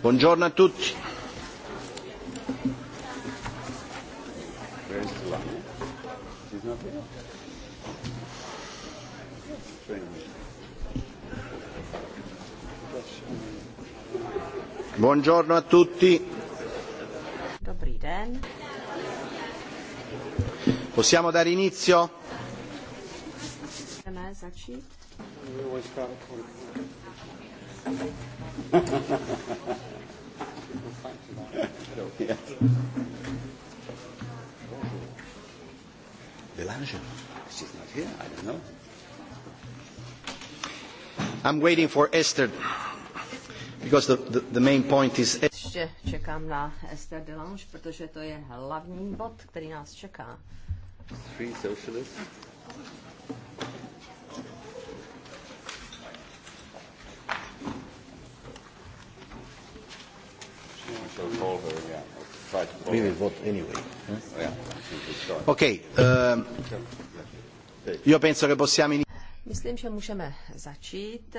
Buongiorno a tutti. Buongiorno a tutti. Dobrý den. Possiamo dare inizio? začít. Belange? She's not here. I'm waiting for Esther because the, the, the main point is. E- Ještě čekám na Esther Delange, protože to je hlavní bod, který nás čeká. Three socialists. shall call her, yeah. Try to we will oh, vote anyway. Oh, yeah. Okay. Um, io penso che possiamo Myslím, že můžeme začít.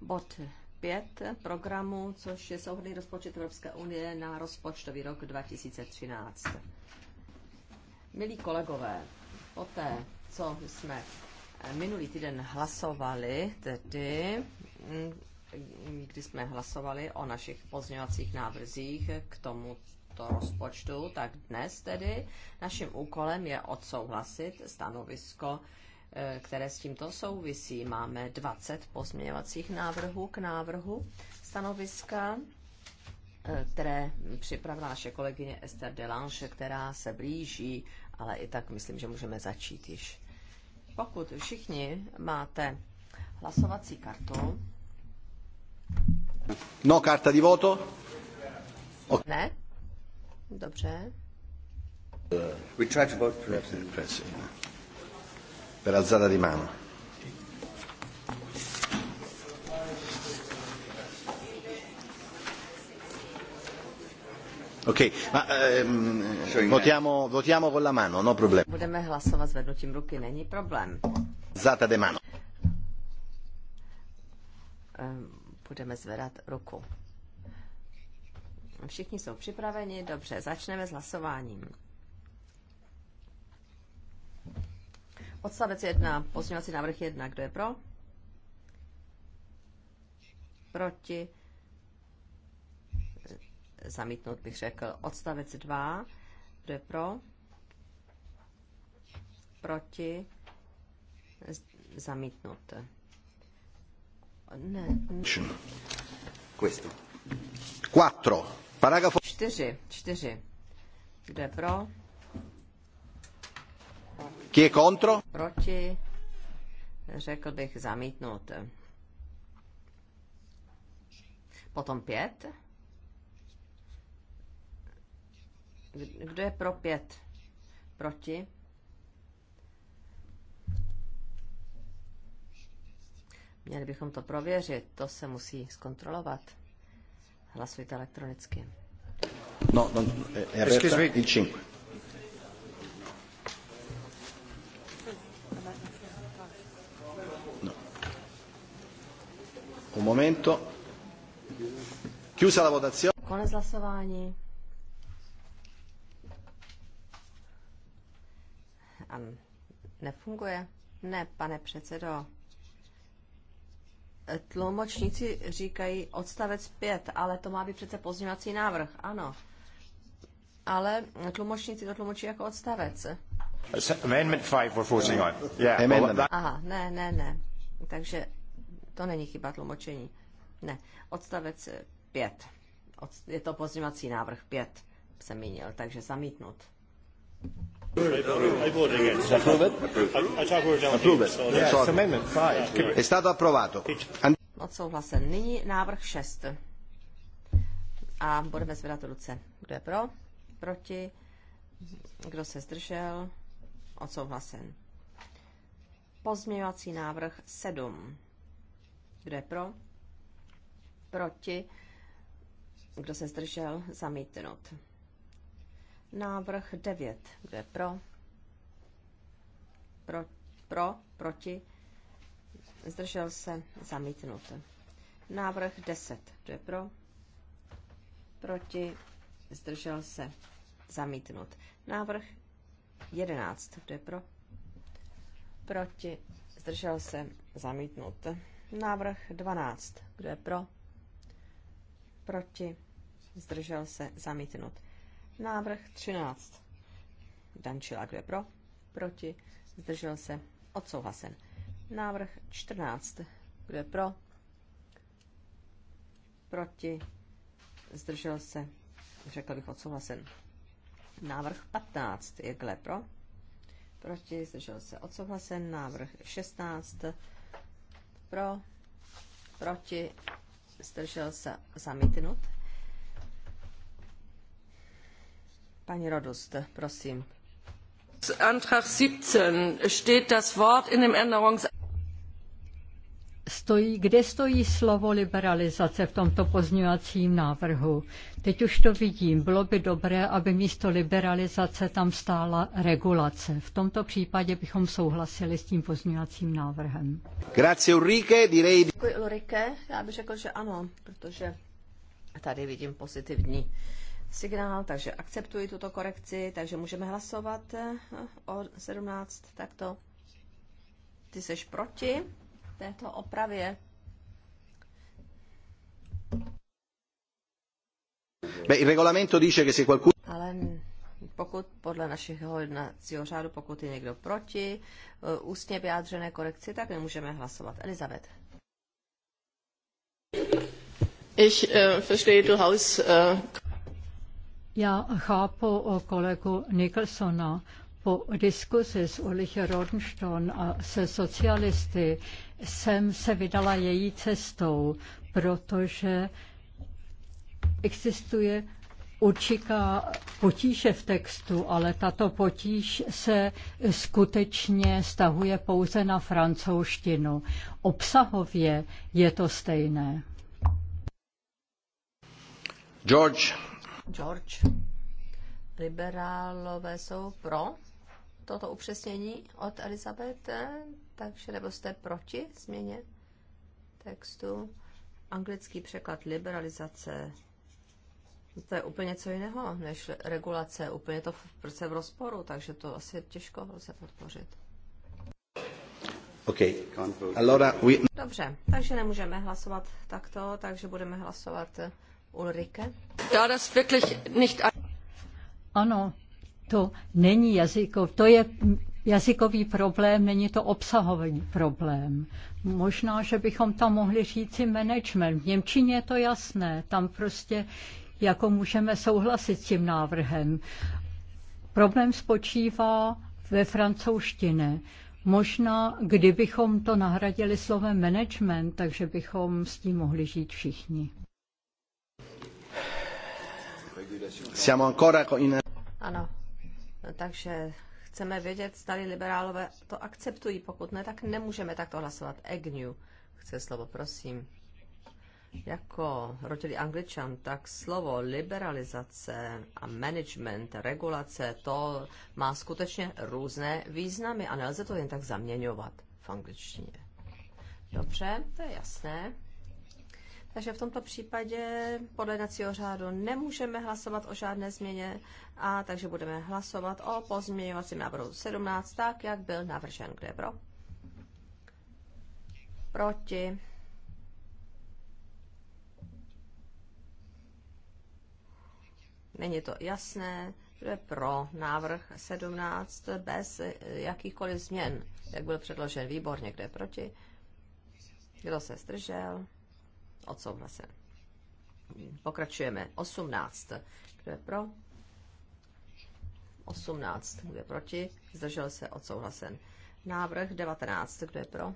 Bod 5 programu, což je souhrný rozpočet Evropské unie na rozpočtový rok 2013. Milí kolegové, poté, co jsme minulý týden hlasovali, tedy kdy jsme hlasovali o našich pozměňovacích návrzích k tomuto rozpočtu, tak dnes tedy naším úkolem je odsouhlasit stanovisko, eh, které s tímto souvisí. Máme 20 pozměňovacích návrhů k návrhu stanoviska, eh, které připravila naše kolegyně Esther Delange, která se blíží, ale i tak myslím, že můžeme začít již. Pokud všichni máte hlasovací kartu, No, karta di voto? Okay. Ne? Dobře. Uh, we try to vote for per alzata di mano. Ok, ma ehm, votiamo, votiamo con la mano, no problema. Budeme hlasovat zvednutím ruky, není problém. Zata de mano. Um budeme zvedat ruku. Všichni jsou připraveni, dobře, začneme s hlasováním. Odstavec 1, pozměňovací návrh 1, kdo je pro? Proti? Zamítnout bych řekl. Odstavec 2, kdo je pro? Proti? Zamítnout. Ne. Questo. Quattro. Paragrafo... Čtyři. Čtyři. Kde pro? Chi je contro? Proti. Řekl bych zamítnout. Potom pět. Kdo je pro pět? Proti? Měli bychom to prověřit, to se musí zkontrolovat. Hlasujte elektronicky. No, no, eh, Excuse me. No. Un momento. Chiusa la votazione. Konec hlasování. A nefunguje? Ne, pane předsedo tlumočníci říkají odstavec 5, ale to má být přece pozměňovací návrh, ano. Ale tlumočníci to tlumočí jako odstavec. Amendment 5 we're forcing on. Yeah. Amendment. Aha, ne, ne, ne. Takže to není chyba tlumočení. Ne, odstavec 5. Je to pozměňovací návrh 5, jsem mínil, takže zamítnut. Odsouhlasen. Nyní návrh 6. A budeme zvedat ruce. Kdo je pro? Proti? Kdo se zdržel? Odsouhlasen. Pozměňovací návrh 7. Kdo je pro? Proti? Kdo se zdržel? Zamítnout. Návrh 9. Kdo je pro? Pro, pro proti? Zdržel se zamítnut. Návrh 10. Kdo je pro? Proti? Zdržel se zamítnut. Návrh 11. Kdo je pro? Proti? Zdržel se zamítnut. Návrh 12. Kdo je pro? Proti? Zdržel se zamítnut. Návrh 13. Dančila, kdo je pro? Proti. Zdržel se. Odsouhlasen. Návrh 14. Kdo je pro? Proti. Zdržel se. Řekl bych odsouhlasen. Návrh 15. Je kdo je pro? Proti. Zdržel se. Odsouhlasen. Návrh 16. Pro. Proti. Zdržel se. Zamítnut. Paní Rodust, prosím. Antrag 17 steht das Wort in dem Änderungs Stojí, kde stojí slovo liberalizace v tomto pozňovacím návrhu? Teď už to vidím. Bylo by dobré, aby místo liberalizace tam stála regulace. V tomto případě bychom souhlasili s tím pozňovacím návrhem. Grazie Ulrike, direi... Děkuji Ulrike, já bych řekl, že ano, protože tady vidím pozitivní signál, takže akceptuji tuto korekci, takže můžeme hlasovat eh, o 17 takto. Ty seš proti této opravě. Beh, regolamento dice che se qualcuno... Ale pokud podle našeho jednacího řádu, pokud je někdo proti eh, ústně vyjádřené korekci, tak nemůžeme hlasovat. Elizabeth. Ich uh, verstehe hast, uh... Já chápu eh, kolegu Nicholsona. Po diskuzi s Ulrich Rodenstone a se socialisty jsem se vydala její cestou, protože existuje určitá potíže v textu, ale tato potíž se skutečně stahuje pouze na francouzštinu. Obsahově je to stejné. George George. Liberálové jsou pro toto upřesnění od Elizabeth, takže nebo jste proti změně textu? Anglický překlad liberalizace. To je úplně něco jiného než regulace. Úplně to v, prostě v rozporu, takže to asi je těžko se podpořit. Okay. Dobře, takže nemůžeme hlasovat takto, takže budeme hlasovat ano, to není jazykov, to je jazykový problém, není to obsahový problém. Možná, že bychom tam mohli říci management. V Němčině je to jasné, tam prostě jako můžeme souhlasit s tím návrhem. Problém spočívá ve francouzštině. Možná, kdybychom to nahradili slovem management, takže bychom s tím mohli žít všichni. Siamo ancora in... Ano, no, takže chceme vědět, zdali liberálové to akceptují. Pokud ne, tak nemůžeme takto hlasovat. Agnew chce slovo, prosím. Jako rodilý angličan, tak slovo liberalizace a management, regulace, to má skutečně různé významy a nelze to jen tak zaměňovat v angličtině. Dobře, to je jasné. Takže v tomto případě podle jednacího řádu nemůžeme hlasovat o žádné změně, a takže budeme hlasovat o pozměňovacím návrhu 17, tak jak byl navržen. Kde pro? Proti. Není to jasné, kdo je pro návrh 17 bez jakýchkoliv změn, jak byl předložen výborně, kde proti, kdo se zdržel. Odsouhlasen. Pokračujeme. 18. Kdo je pro? 18. Kdo je proti? Zdržel se. Odsouhlasen. Návrh 19. Kdo je pro?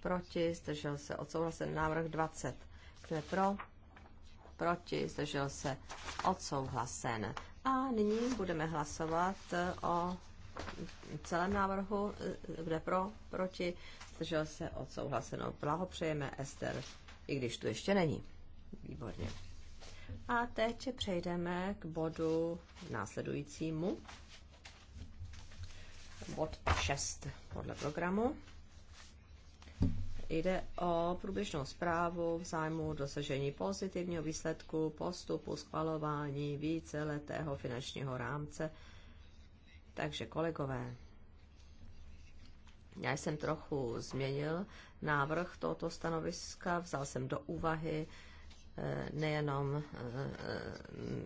Proti. Zdržel se. Odsouhlasen. Návrh 20. Kdo je pro? Proti. Zdržel se. Odsouhlasen. A nyní budeme hlasovat o celém návrhu, kdo je pro, proti, zdržel se odsouhlasen. Blahopřejeme Ester i když tu ještě není. Výborně. A teď přejdeme k bodu následujícímu. Bod 6 podle programu. Jde o průběžnou zprávu v zájmu dosažení pozitivního výsledku postupu schvalování víceletého finančního rámce. Takže kolegové, já jsem trochu změnil návrh tohoto stanoviska, vzal jsem do úvahy eh, nejenom eh, eh,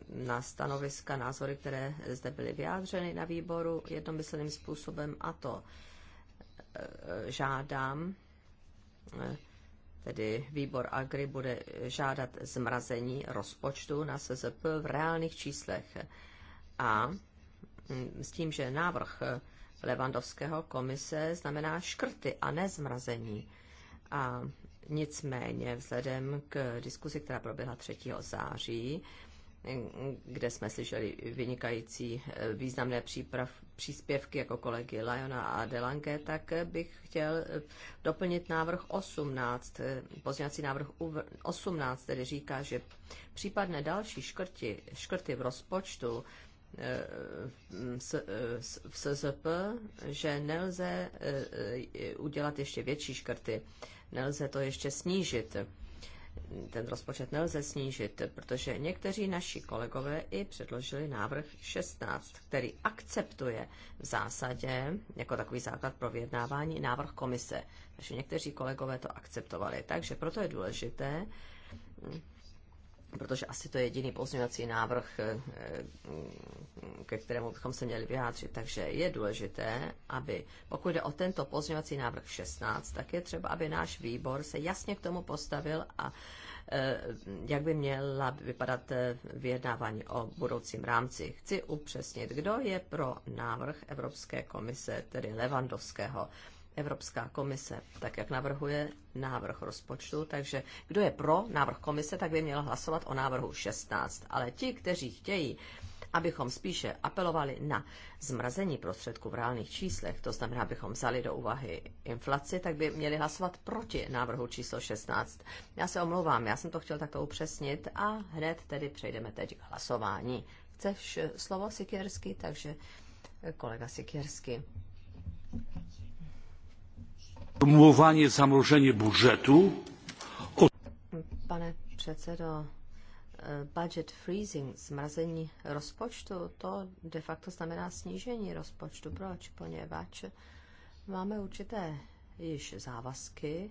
na stanoviska, názory, které zde byly vyjádřeny na výboru jednomyslným způsobem a to žádám, tedy výbor Agri bude žádat zmrazení rozpočtu na SZP v reálných číslech a mm, s tím, že návrh Levandovského komise znamená škrty a ne zmrazení. A nicméně vzhledem k diskuzi, která proběhla 3. září, kde jsme slyšeli vynikající eh, významné příprav, příspěvky jako kolegy Lajona a Delange, tak bych chtěl eh, doplnit návrh 18, pozměňovací návrh 18, který říká, že případné další škrty, škrty v rozpočtu v SZP, že nelze e, e, udělat ještě větší škrty, nelze to ještě snížit. Ten rozpočet nelze snížit, protože někteří naši kolegové i předložili návrh 16, který akceptuje v zásadě jako takový základ pro vyjednávání návrh komise. Takže někteří kolegové to akceptovali. Takže proto je důležité, protože asi to je jediný pozměňovací návrh, eh, eh, ke kterému bychom se měli vyjádřit. Takže je důležité, aby pokud jde o tento pozměňovací návrh 16, tak je třeba, aby náš výbor se jasně k tomu postavil a eh, jak by měla vypadat vyjednávání o budoucím rámci. Chci upřesnit, kdo je pro návrh Evropské komise, tedy Levandovského. Evropská komise, tak jak navrhuje návrh rozpočtu. Takže kdo je pro návrh komise, tak by měl hlasovat o návrhu 16. Ale ti, kteří chtějí, abychom spíše apelovali na zmrazení prostředků v reálných číslech, to znamená, abychom vzali do úvahy inflaci, tak by měli hlasovat proti návrhu číslo 16. Já se omlouvám, já jsem to chtěl takto upřesnit a hned tedy přejdeme teď k hlasování. Chceš slovo Sikiersky, takže eh, kolega Sikiersky formułowanie zamrożenie budżetu. Pane předsedo, eh, budget freezing, zmrazení rozpočtu, to de facto znamená snížení rozpočtu. Proč? Poněvadž máme určité již závazky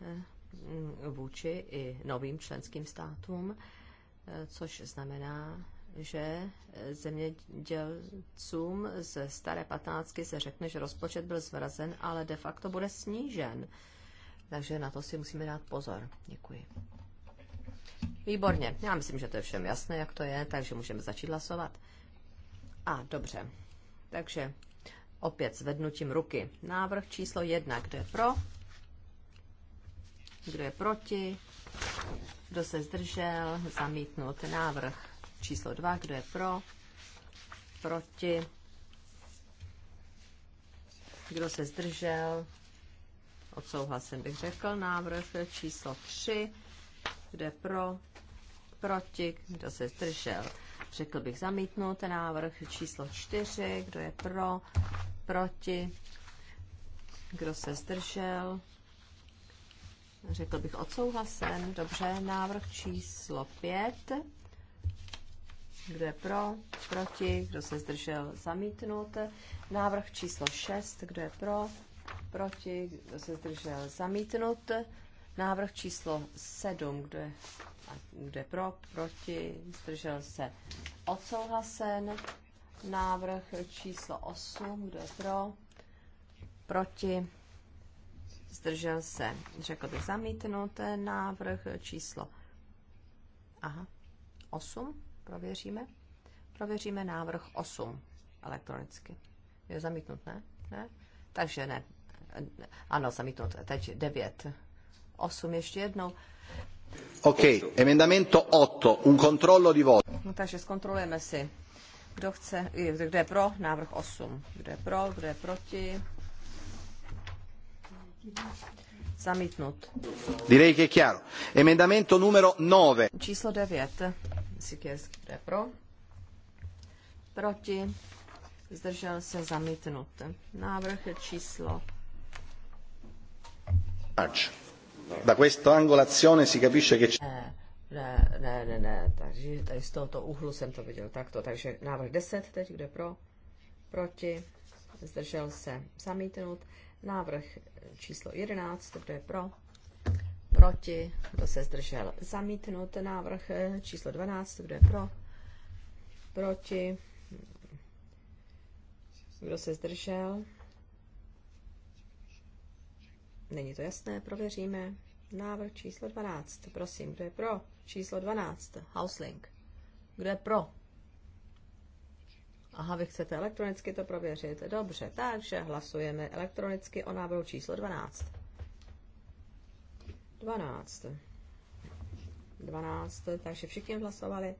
eh, vůči i novým členským státům, eh, což znamená, že eh, zemědělcům ze staré patnáctky se řekne, že rozpočet byl zvrazen, ale de facto bude snížen. Takže na to si musíme dát pozor. Děkuji. Výborně. Já myslím, že to je všem jasné, jak to je, takže můžeme začít hlasovat. A, dobře. Takže opět zvednutím ruky. Návrh číslo jedna. Kdo je pro? Kdo je proti? Kdo se zdržel? Zamítnut návrh číslo 2, kdo je pro, proti, kdo se zdržel, odsouhlasen bych řekl, návrh číslo 3, kdo je pro, proti, kdo se zdržel, řekl bych zamítnout Ten návrh číslo 4, kdo je pro, proti, kdo se zdržel, řekl bych odsouhlasen, dobře, návrh číslo 5, kdo je pro? Proti? Kdo se zdržel? Zamítnut. Návrh číslo 6. Kdo je pro? Proti? Kdo se zdržel? Zamítnut. Návrh číslo 7. Kdo je, kdo je pro? Proti? Zdržel se? Odsouhlasen. Návrh číslo 8. Kdo je pro? Proti? Zdržel se? Řekl bych zamítnut. Návrh číslo Aha. 8. Prověříme. Prověříme návrh 8 elektronicky. Je zamítnut, ne? Ne? Takže ne. Ano, zamítnut. Teď 9. 8 ještě jednou. OK, emendamento 8, un controllo di voto. No, takže zkontrolujeme si, kdo chce, kdo je pro návrh 8, kdo je pro, kdo je proti. Zamítnut. Direi che è chiaro. Emendamento numero 9. Číslo 9. Sikerský, kdo pro? Proti? Zdržel se zamítnut. Návrh je číslo. Da questa angolazione si capisce che c'è... Ne, ne, ne, ne, takže tady z tohoto úhlu jsem to viděl takto. Takže návrh 10 teď, kde pro? Proti? Zdržel se zamítnut. Návrh číslo 11, kde pro? proti, kdo se zdržel. Zamítnut návrh číslo 12, kdo je pro, proti, kdo se zdržel. Není to jasné, prověříme. Návrh číslo 12, prosím, kdo je pro? Číslo 12, Houselink. Kdo je pro? Aha, vy chcete elektronicky to prověřit. Dobře, takže hlasujeme elektronicky o návrhu číslo 12. 12. 12, takže všichni hlasovali.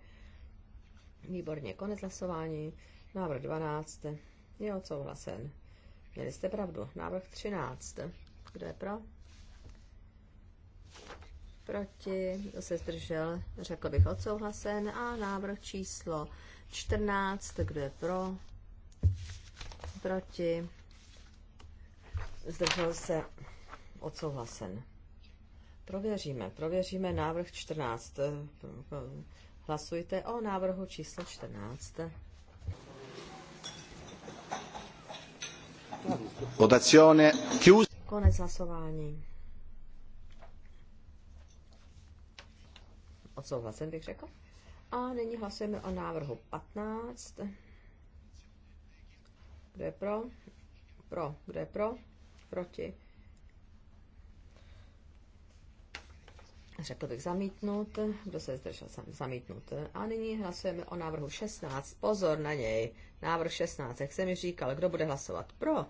Výborně, konec hlasování. Návrh 12 je odsouhlasen. Měli jste pravdu. Návrh 13. Kdo je pro? Proti, se zdržel, řekl bych odsouhlasen. A návrh číslo 14, kdo je pro? Proti, zdržel se, odsouhlasen. Prověříme, prověříme návrh 14. Eh, hlasujte o návrhu číslo 14. Votazione chiusa. Konec hlasování. Odsouhlasen bych řekl. A nyní hlasujeme o návrhu 15. Kdo je pro? Pro. Kdo je pro? Proti? řekl bych zamítnut, kdo se zdržel zamítnut. A nyní hlasujeme o návrhu 16. Pozor na něj. Návrh 16, jak jsem mi říkal, kdo bude hlasovat pro,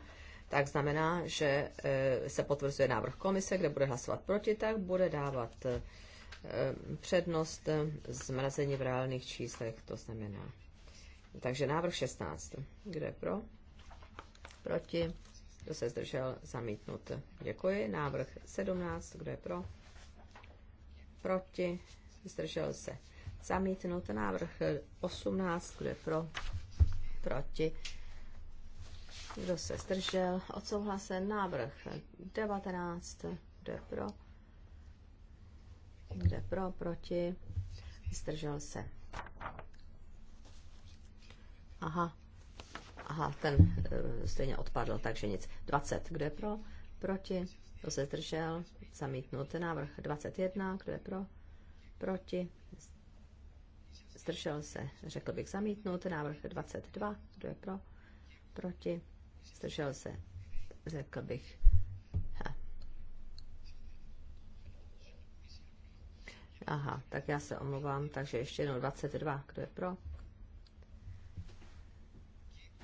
tak znamená, že e, se potvrzuje návrh komise, kde bude hlasovat proti, tak bude dávat e, přednost zmrazení v reálných číslech, to znamená. Takže návrh 16. Kdo je pro? Proti? Kdo se zdržel? Zamítnut. Děkuji. Návrh 17. Kdo je pro? proti, zdržel se. Zamítnut návrh 18, kdo je pro, proti, kdo se zdržel, odsouhlasen návrh 19, kdo je pro, kdo je pro, proti, zdržel se. Aha, aha, ten eh, stejně odpadl, takže nic. 20, kdo je pro, proti, kdo se zdržel? Zamítnut. Návrh 21. Kdo je pro? Proti? Zdržel se, řekl bych, zamítnut. Návrh 22. Kdo je pro? Proti? Zdržel se, řekl bych. Ha. Aha, tak já se omluvám, takže ještě jednou 22. Kdo je pro?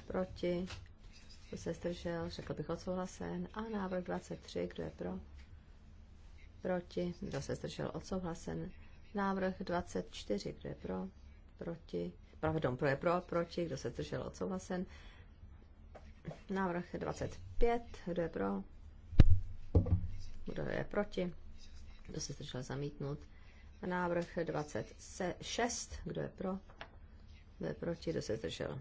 Proti? kdo se zdržel, řekl bych odsouhlasen. A návrh 23, kdo je pro, proti, kdo se zdržel, odsouhlasen. Návrh 24, kdo je pro, proti, pardon, pro je pro, proti, kdo se zdržel, odsouhlasen. Návrh 25, kdo je pro, kdo je proti, kdo se zdržel, zamítnut. Návrh 26, kdo je pro, kdo je proti, kdo se zdržel,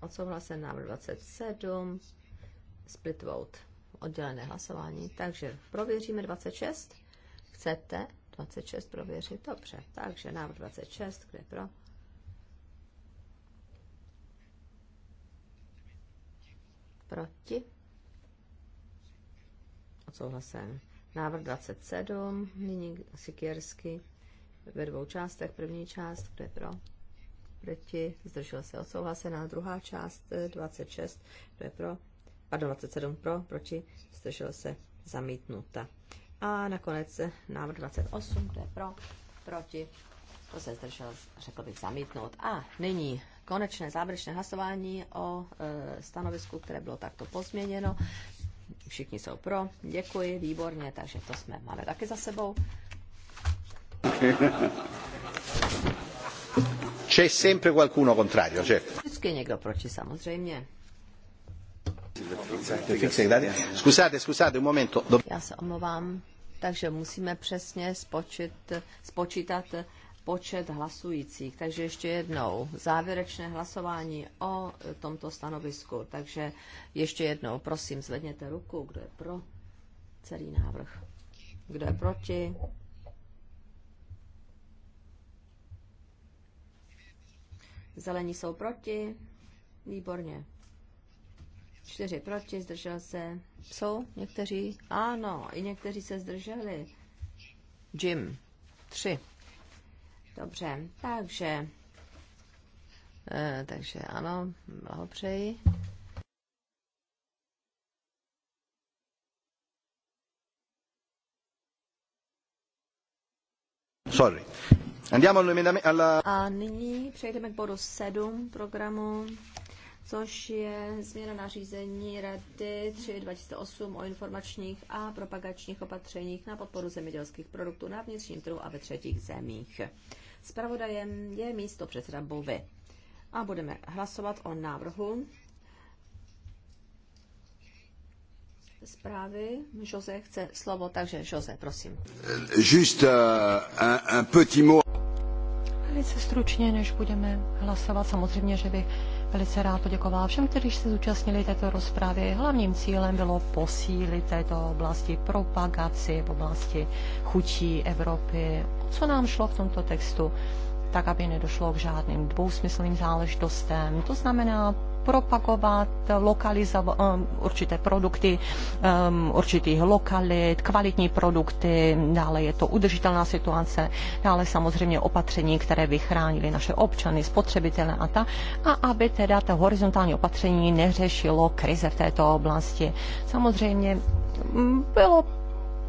odsouhlasen, návrh 27, split vote, oddělené hlasování. Takže prověříme 26. Chcete 26 prověřit? Dobře, takže návrh 26, kde pro? Proti? Odsouhlasen. Návrh 27, nyní Sikiersky ve dvou částech. První část, kde pro? proti, zdržel se odsouhlasená. Druhá část 26, eh, to je pro, pardon, 27 pro, proti, zdržel se zamítnuta. A nakonec eh, návrh 28, to je pro, proti, to se zdržel, řekl bych, zamítnout. A nyní konečné závěrečné hlasování o e, stanovisku, které bylo takto pozměněno. Všichni jsou pro, děkuji, výborně, takže to jsme máme taky za sebou. C'è sempre qualcuno contrario, certo. samozřejmě. Scusate, scusate, un momento. Já se omlouvám, takže musíme přesně spočit, spočítat počet hlasujících. Takže ještě jednou, závěrečné hlasování o tomto stanovisku. Takže ještě jednou, prosím, zvedněte ruku, kdo je pro celý návrh. Kdo je proti? Zelení jsou proti. Výborně. Čtyři proti, zdržel se. Jsou někteří? Ano, i někteří se zdrželi. Jim. Tři. Dobře, takže... E, takže ano, blahopřeji. Sorry. A nyní přejdeme k bodu 7 programu, což je změna nařízení Rady 3 o informačních a propagačních opatřeních na podporu zemědělských produktů na vnitřním trhu a ve třetích zemích. Spravodajem je místo předseda Bovy. A budeme hlasovat o návrhu zprávy. Jose chce slovo, takže Jose, prosím. Just uh, un, un petit mot. Velice stručně, než budeme hlasovat, samozřejmě, že bych velice rád poděkovala všem, kteří se zúčastnili této rozpravy. Hlavním cílem bylo posílit této oblasti propagaci v oblasti chutí Evropy. Co nám šlo v tomto textu? tak, aby nedošlo k žádným dvousmyslným záležitostem. To znamená propagovat, lokalizovat um, určité produkty um, určitých lokalit, kvalitní produkty, dále je to udržitelná situace, dále samozřejmě opatření, které by chránili naše občany, spotřebitele a ta, a aby teda to horizontální opatření neřešilo krize v této oblasti. Samozřejmě mm, bylo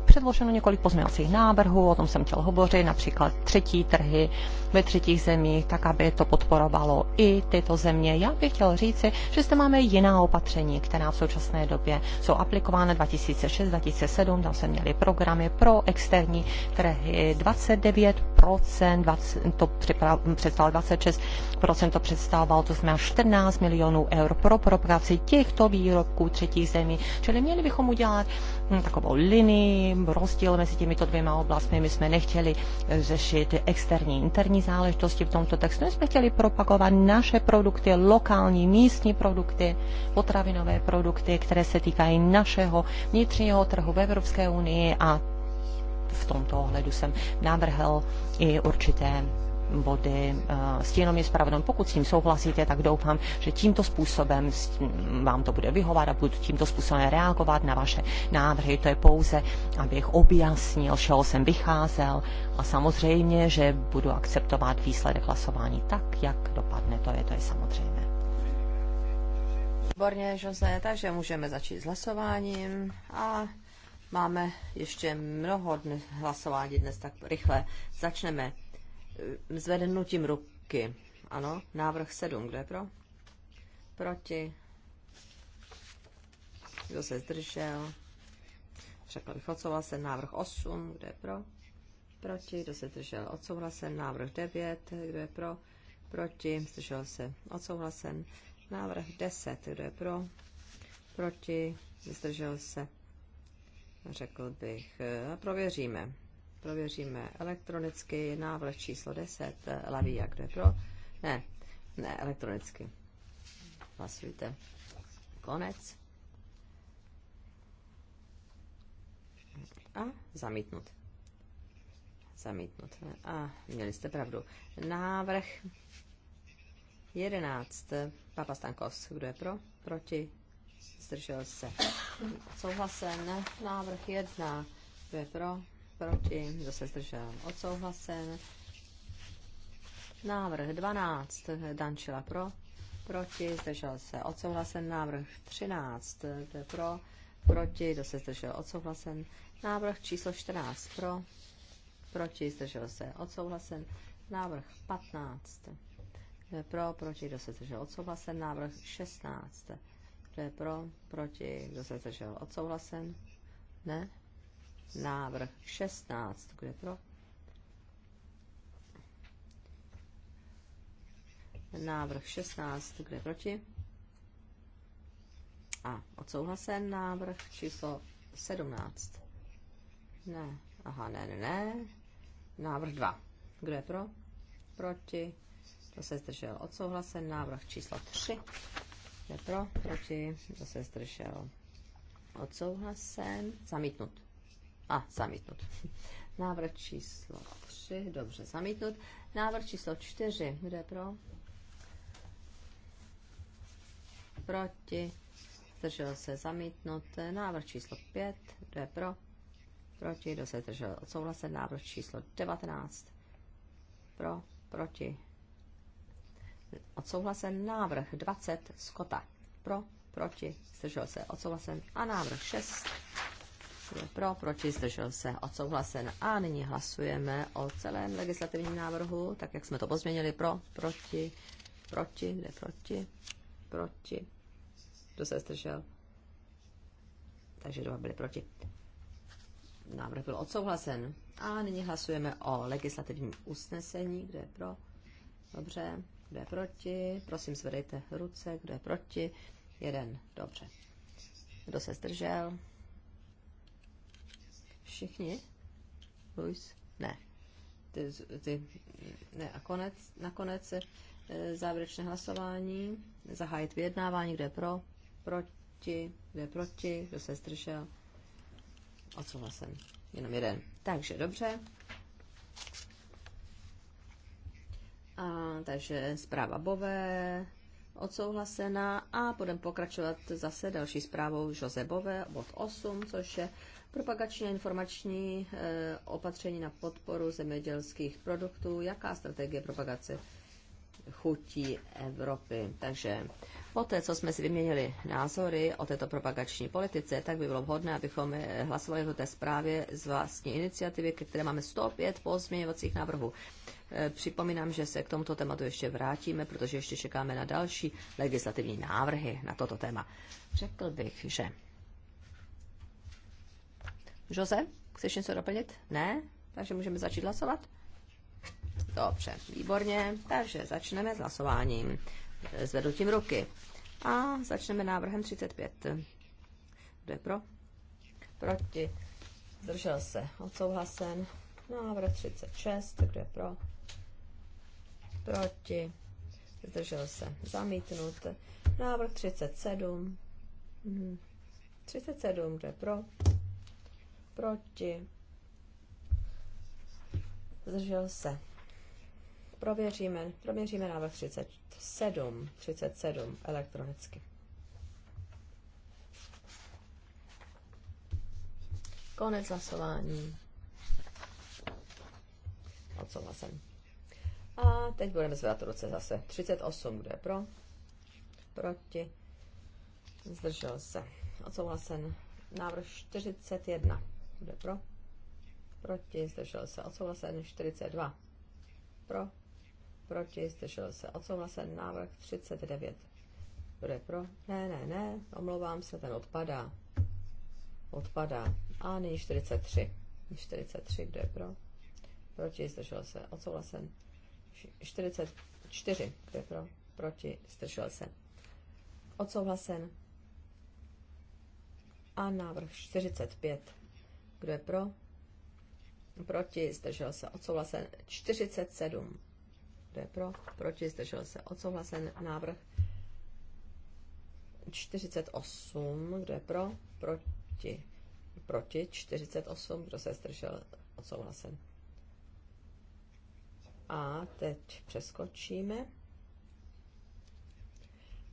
předloženo několik pozměňovacích návrhů, o tom jsem chtěl hovořit, například třetí trhy ve třetích zemích, tak aby to podporovalo i tyto země. Já bych chtěl říci, že zde máme jiná opatření, která v současné době jsou aplikována 2006-2007, tam se měli programy pro externí trhy 29%, 20, to představovalo 26%, to představovalo, to znamená 14 milionů eur pro propagaci těchto výrobků třetích zemí. Čili měli bychom udělat Hm, takovou linii, rozdíl mezi těmito dvěma oblastmi. My jsme nechtěli eh, řešit externí, interní záležitosti v tomto textu. My jsme chtěli propagovat naše produkty, lokální, místní produkty, potravinové produkty, které se týkají našeho vnitřního trhu v Evropské unii a v tomto ohledu jsem navrhl i určité body je eh, spravedlnost. Pokud s tím souhlasíte, tak doufám, že tímto způsobem vám to bude vyhovat a budu tímto způsobem reagovat na vaše návrhy. To je pouze, abych objasnil, z čeho jsem vycházel a samozřejmě, že budu akceptovat výsledek hlasování tak, jak dopadne. To je, to je samozřejmé. Výborně, Jose, takže můžeme začít s hlasováním a máme ještě mnoho dnes, hlasování dnes tak rychle. Začneme Eh, zvednutím ruky. Ano, návrh 7, je pro? Proti. Kdo se zdržel? Řekl bych odsouhlasen návrh 8, je pro? Proti. Kdo se zdržel? Odsouhlasen návrh 9, je pro? Proti. Zdržel se. Odsouhlasen návrh 10, je pro? Proti. Zdržel se. Řekl bych, eh, prověříme. Prověříme elektronicky návrh číslo 10. Laví, jak jde pro? Ne, ne, elektronicky. Hlasujte. Konec. A zamítnut. Zamítnut. A měli jste pravdu. Návrh 11. Papa Stankos, kdo je pro? Proti? Zdržel se. Souhlasen. Návrh 1. Kdo je pro? proti, kdo se zdržel, odsouhlasen. Návrh 12, Dančila pro, proti, zdržel se, odsouhlasen. Návrh 13, kdo pro, proti, kdo se zdržel, odsouhlasen. Návrh číslo 14, pro, proti, zdržel se, odsouhlasen. Návrh 15, kdo je pro, proti, kdo se zdržel, odsouhlasen. Návrh 16, kdo je pro, proti, kdo se zdržel, odsouhlasen. Ne? návrh 16. Kdo je pro? Návrh 16. Kdo je proti? A odsouhlasen návrh číslo 17. Ne, aha, ne, ne, ne. Návrh 2. Kdo je pro? Proti. To se zdržel odsouhlasen. Návrh číslo 3. Kdo je pro? Proti. To se zdržel odsouhlasen. Zamítnut. A, zamítnut. Návrh číslo 3, dobře, zamítnut. Návrh číslo 4, kdo je pro? Proti. Zdržel se zamítnut. Návrh číslo 5, kdo je pro? Proti. Kdo se zdržel odsouhlasen? Návrh číslo 19. Pro, proti. Odsouhlasen návrh 20 Skota. Pro, proti, zdržel se odsouhlasen. A návrh 6 kdo je pro, proti, zdržel se, odsouhlasen. A nyní hlasujeme o celém legislativním návrhu, tak jak jsme to pozměnili. Pro, proti, proti, ne proti, proti. Kdo se zdržel? Takže dva byly proti. Návrh byl odsouhlasen. A nyní hlasujeme o legislativním usnesení. Kdo je pro? Dobře. Kdo je proti? Prosím, zvedejte ruce. Kdo je proti? Jeden. Dobře. Kdo se zdržel? Všichni? Luis? Ne. Ty, ty, ne. A konec, nakonec eh, závěrečné hlasování, zahájit vyjednávání, kde je pro, proti, kde je proti, kdo se zdržel, jsem? jenom jeden. Takže dobře. A, takže zpráva Bové odsouhlasená a budeme pokračovat zase další zprávou Josebové, bod 8, což je propagační a informační eh, opatření na podporu zemědělských produktů, jaká strategie propagace chutí Evropy. Takže po té, co jsme si vyměnili názory o této propagační politice, tak by bylo vhodné, abychom eh, hlasovali o té zprávě z vlastní iniciativy, které máme 105 pozměňovacích návrhů. Eh, připomínám, že se k tomuto tématu ještě vrátíme, protože ještě čekáme na další legislativní návrhy na toto téma. Řekl bych, že Jose, chceš něco doplnit? Ne? Takže můžeme začít hlasovat? Dobře, výborně. Takže začneme s hlasováním. Zvednutím ruky. A začneme návrhem 35. Kdo je pro? Proti. Zdržel se. Odsouhlasen. Návrh 36. Kdo je pro? Proti. Zdržel se. Zamítnut. Návrh 37. 37. Mhm. Kdo je pro? Proti. Zdržel se. Prověříme, prověříme návrh 37, 37 elektronicky. Konec hlasování. Odsouhlasen. A teď budeme zvedat ruce zase. 38, kdo je pro? Proti? Zdržel se. Odsouhlasen. Návrh 41. Kdo pro? Proti, zdržel se odsouhlasen. 42. Pro. Proti, zdržel se odsouhlasen. Návrh 39. Kdo je pro? Ne, ne, ne, omlouvám se, ten odpadá. Odpadá. A nyní 43. 43, kdo je pro? Proti, zdržel se, odsouhlasen. 44, kdo je pro? Proti, zdržel se. Odsouhlasen. A návrh 45. Kdo je pro? Proti, zdržel se, odsouhlasen 47. Kdo je pro? Proti, zdržel se, odsouhlasen návrh 48. Kdo je pro? Proti. Proti 48. Kdo se zdržel, odsouhlasen. A teď přeskočíme.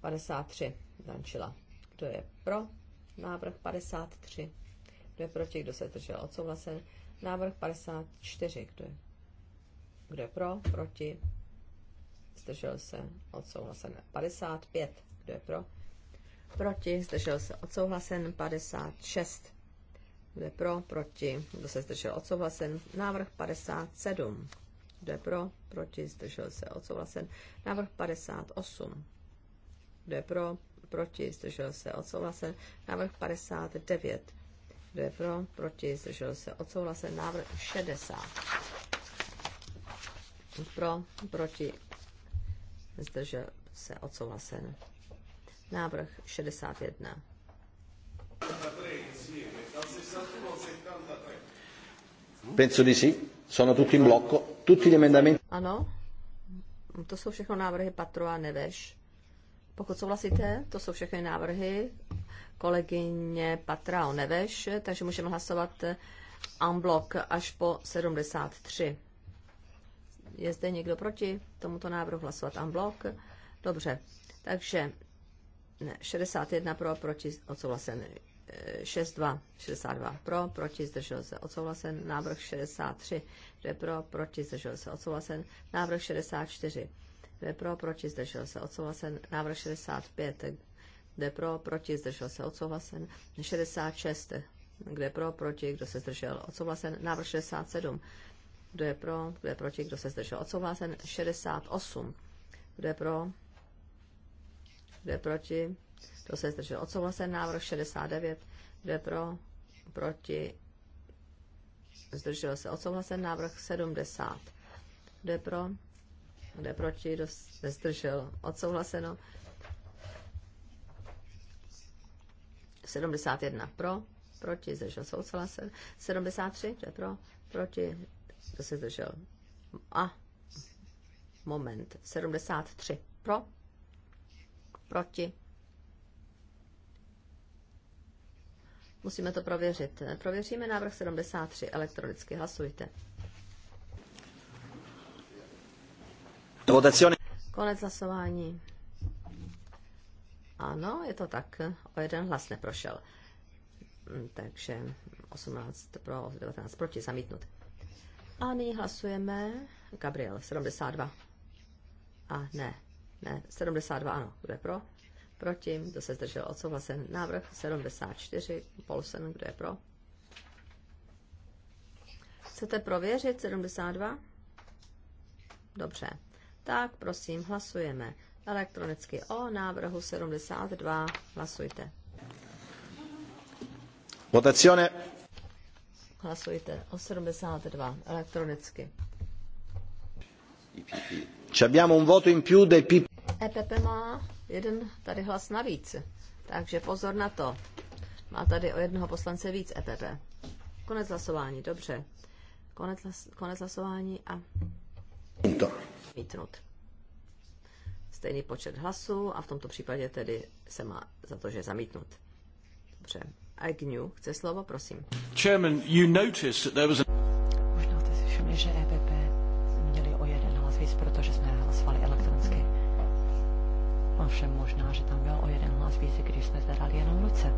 53. Dančila. Kdo je pro? Návrh 53. Kdo je proti? Kdo se držel? Odsouhlasen. Návrh 54. Kdo je, kdo je pro? Proti? Zdržel se? Odsouhlasen. 55. Kdo je pro? Proti? Zdržel se? Odsouhlasen. 56. Kdo je pro? Proti? Kdo se zdržel? Odsouhlasen. Návrh 57. Kdo je pro? Proti? Zdržel se? Odsouhlasen. Návrh 58. Kdo je pro? Proti? Zdržel se? Odsouhlasen. Návrh 59. Kdo je pro? Proti? Zdržel se. Odsouhlasen návrh 60. Pro? Proti? Zdržel se. Odsouhlasen. Návrh 61. Penso di sì, sono tutti in blocco, tutti gli emendamenti. Ano, to jsou všechno návrhy Patro a Neveš. Pokud souhlasíte, to jsou všechny návrhy kolegyně Patrao Neveš, takže můžeme hlasovat unblock až po 73. Je zde někdo proti tomuto návrhu hlasovat unblock? Dobře, takže ne, 61 pro, proti odsouhlasen 62, eh, 62 pro, proti zdržel se odsouhlasen, návrh 63, kde pro, proti zdržel se odsouhlasen, návrh 64, kde pro, proti zdržel se odsouhlasen, návrh 65, kde pro, proti, zdržel se odsouhlasen. 66, kde pro, proti, kdo se zdržel odsouhlasen. Návrh 67, kdo je pro, kdo je proti, kdo se zdržel odsouhlasen. 68, kdo je pro, kdo je proti, kdo se zdržel odsouhlasen. Návrh 69, kdo je pro, proti, zdržel se odsouhlasen. Návrh 70, kdo je pro, kdo je proti, kdo se zdržel odsouhlaseno. 71 pro, proti, zdržel se, odsala se. 73, kdo je pro, proti, to se zdržel. A, moment, 73 pro, proti. Musíme to prověřit. Prověříme návrh 73, elektronicky hlasujte. Konec hlasování. Ano, je to tak. O jeden hlas neprošel. Hm, takže 18 pro, 19 proti, zamítnut. A nyní hlasujeme Gabriel 72. A ne, ne, 72 ano, kdo je pro? Proti, kdo se zdržel odsouhlasen návrh 74, Polsen, kdo je pro? Chcete prověřit 72? Dobře, tak prosím, hlasujeme Elektronicky o návrhu 72. Hlasujte. Votazione. Hlasujte o 72. Elektronicky. Ci abbiamo un voto in più del PP. EPP má jeden tady hlas navíc. Takže pozor na to. Má tady o jednoho poslance víc EPP. Konec hlasování, dobře. Konec, konec hlasování a... Mítnut stejný počet hlasů a v tomto případě tedy se má za to, že je zamítnut. Dobře. Agnew chce slovo, prosím. Chairman, you noticed that there was a... Možná jste si že EPP měli o jeden hlas víc, protože jsme hlasovali elektronicky. Ovšem možná, že tam byl o jeden hlas víc, když jsme zvedali jenom ruce.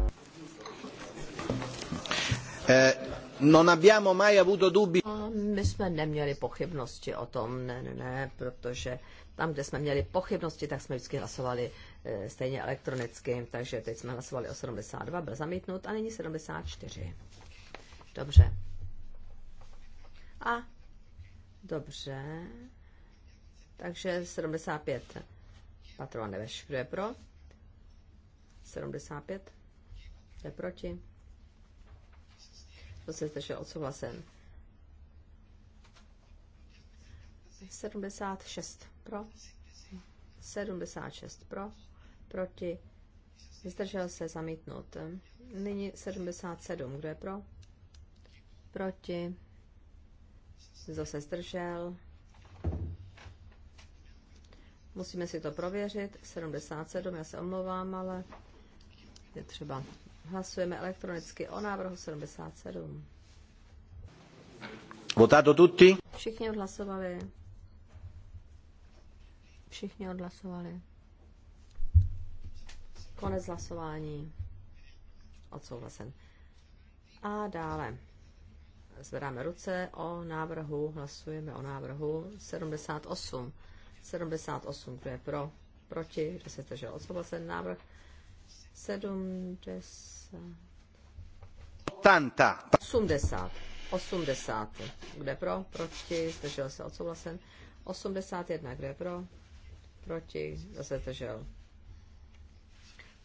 Eh, non abbiamo mai avuto dubbi. My jsme neměli pochybnosti o tom, ne, ne, ne, protože tam, kde jsme měli pochybnosti, tak jsme vždycky hlasovali e, stejně elektronicky, takže teď jsme hlasovali o 72, byl zamítnut a nyní 74. Dobře. A dobře. Takže 75. Patrova neveš, kdo je pro? 75. Kdo je proti? To se zdržel odsouhlasen? 76 pro, 76 pro, proti, zdržel se zamítnout. Nyní 77, kdo je pro, proti, Zase zdržel. Musíme si to prověřit. 77, já se omlouvám, ale je třeba. Hlasujeme elektronicky o návrhu 77. Votato tutti? Všichni odhlasovali. Všichni odhlasovali. Konec hlasování. Odsouhlasen. A dále zvedáme ruce o návrhu, hlasujeme o návrhu 78. 78, kdo je pro, proti, kdo se zdržel odsouhlasen návrh 70. 80. 80. 80. je pro? Proti. Zdržel se odsouhlasen. 81. kdo je pro? proti, Zase se zdržel.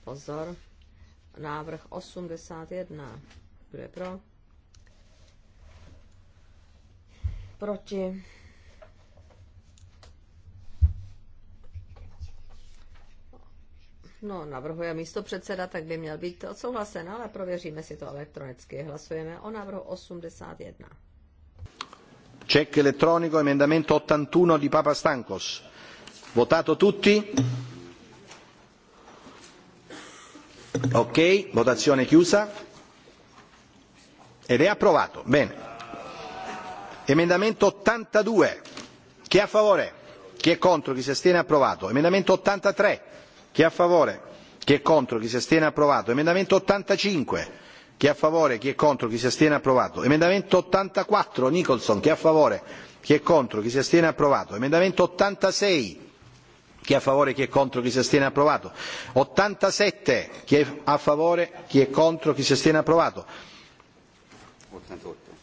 Pozor, návrh 81, kdo je pro, proti, No, navrhuje místo předseda, tak by měl být odsouhlasen, ale prověříme si to elektronicky. Hlasujeme o návrhu 81. Check elettronico emendamento 81 di Papa Stankos. Votato tutti? Ok, votazione chiusa. Ed è approvato. Bene. Emendamento 82. Chi è a favore? Chi è contro? Chi si astiene? Approvato. Emendamento 83. Chi è a favore? Chi è contro? Chi si astiene? Approvato. Emendamento 85. Chi è a favore? Chi è contro? Chi si astiene? Approvato. Emendamento 84. Nicholson. Chi è a favore? Chi è contro? Chi si astiene? Approvato. Emendamento 86 chi è a favore chi è contro chi si astiene approvato ottantasette chi è a favore chi è contro chi si astiene approvato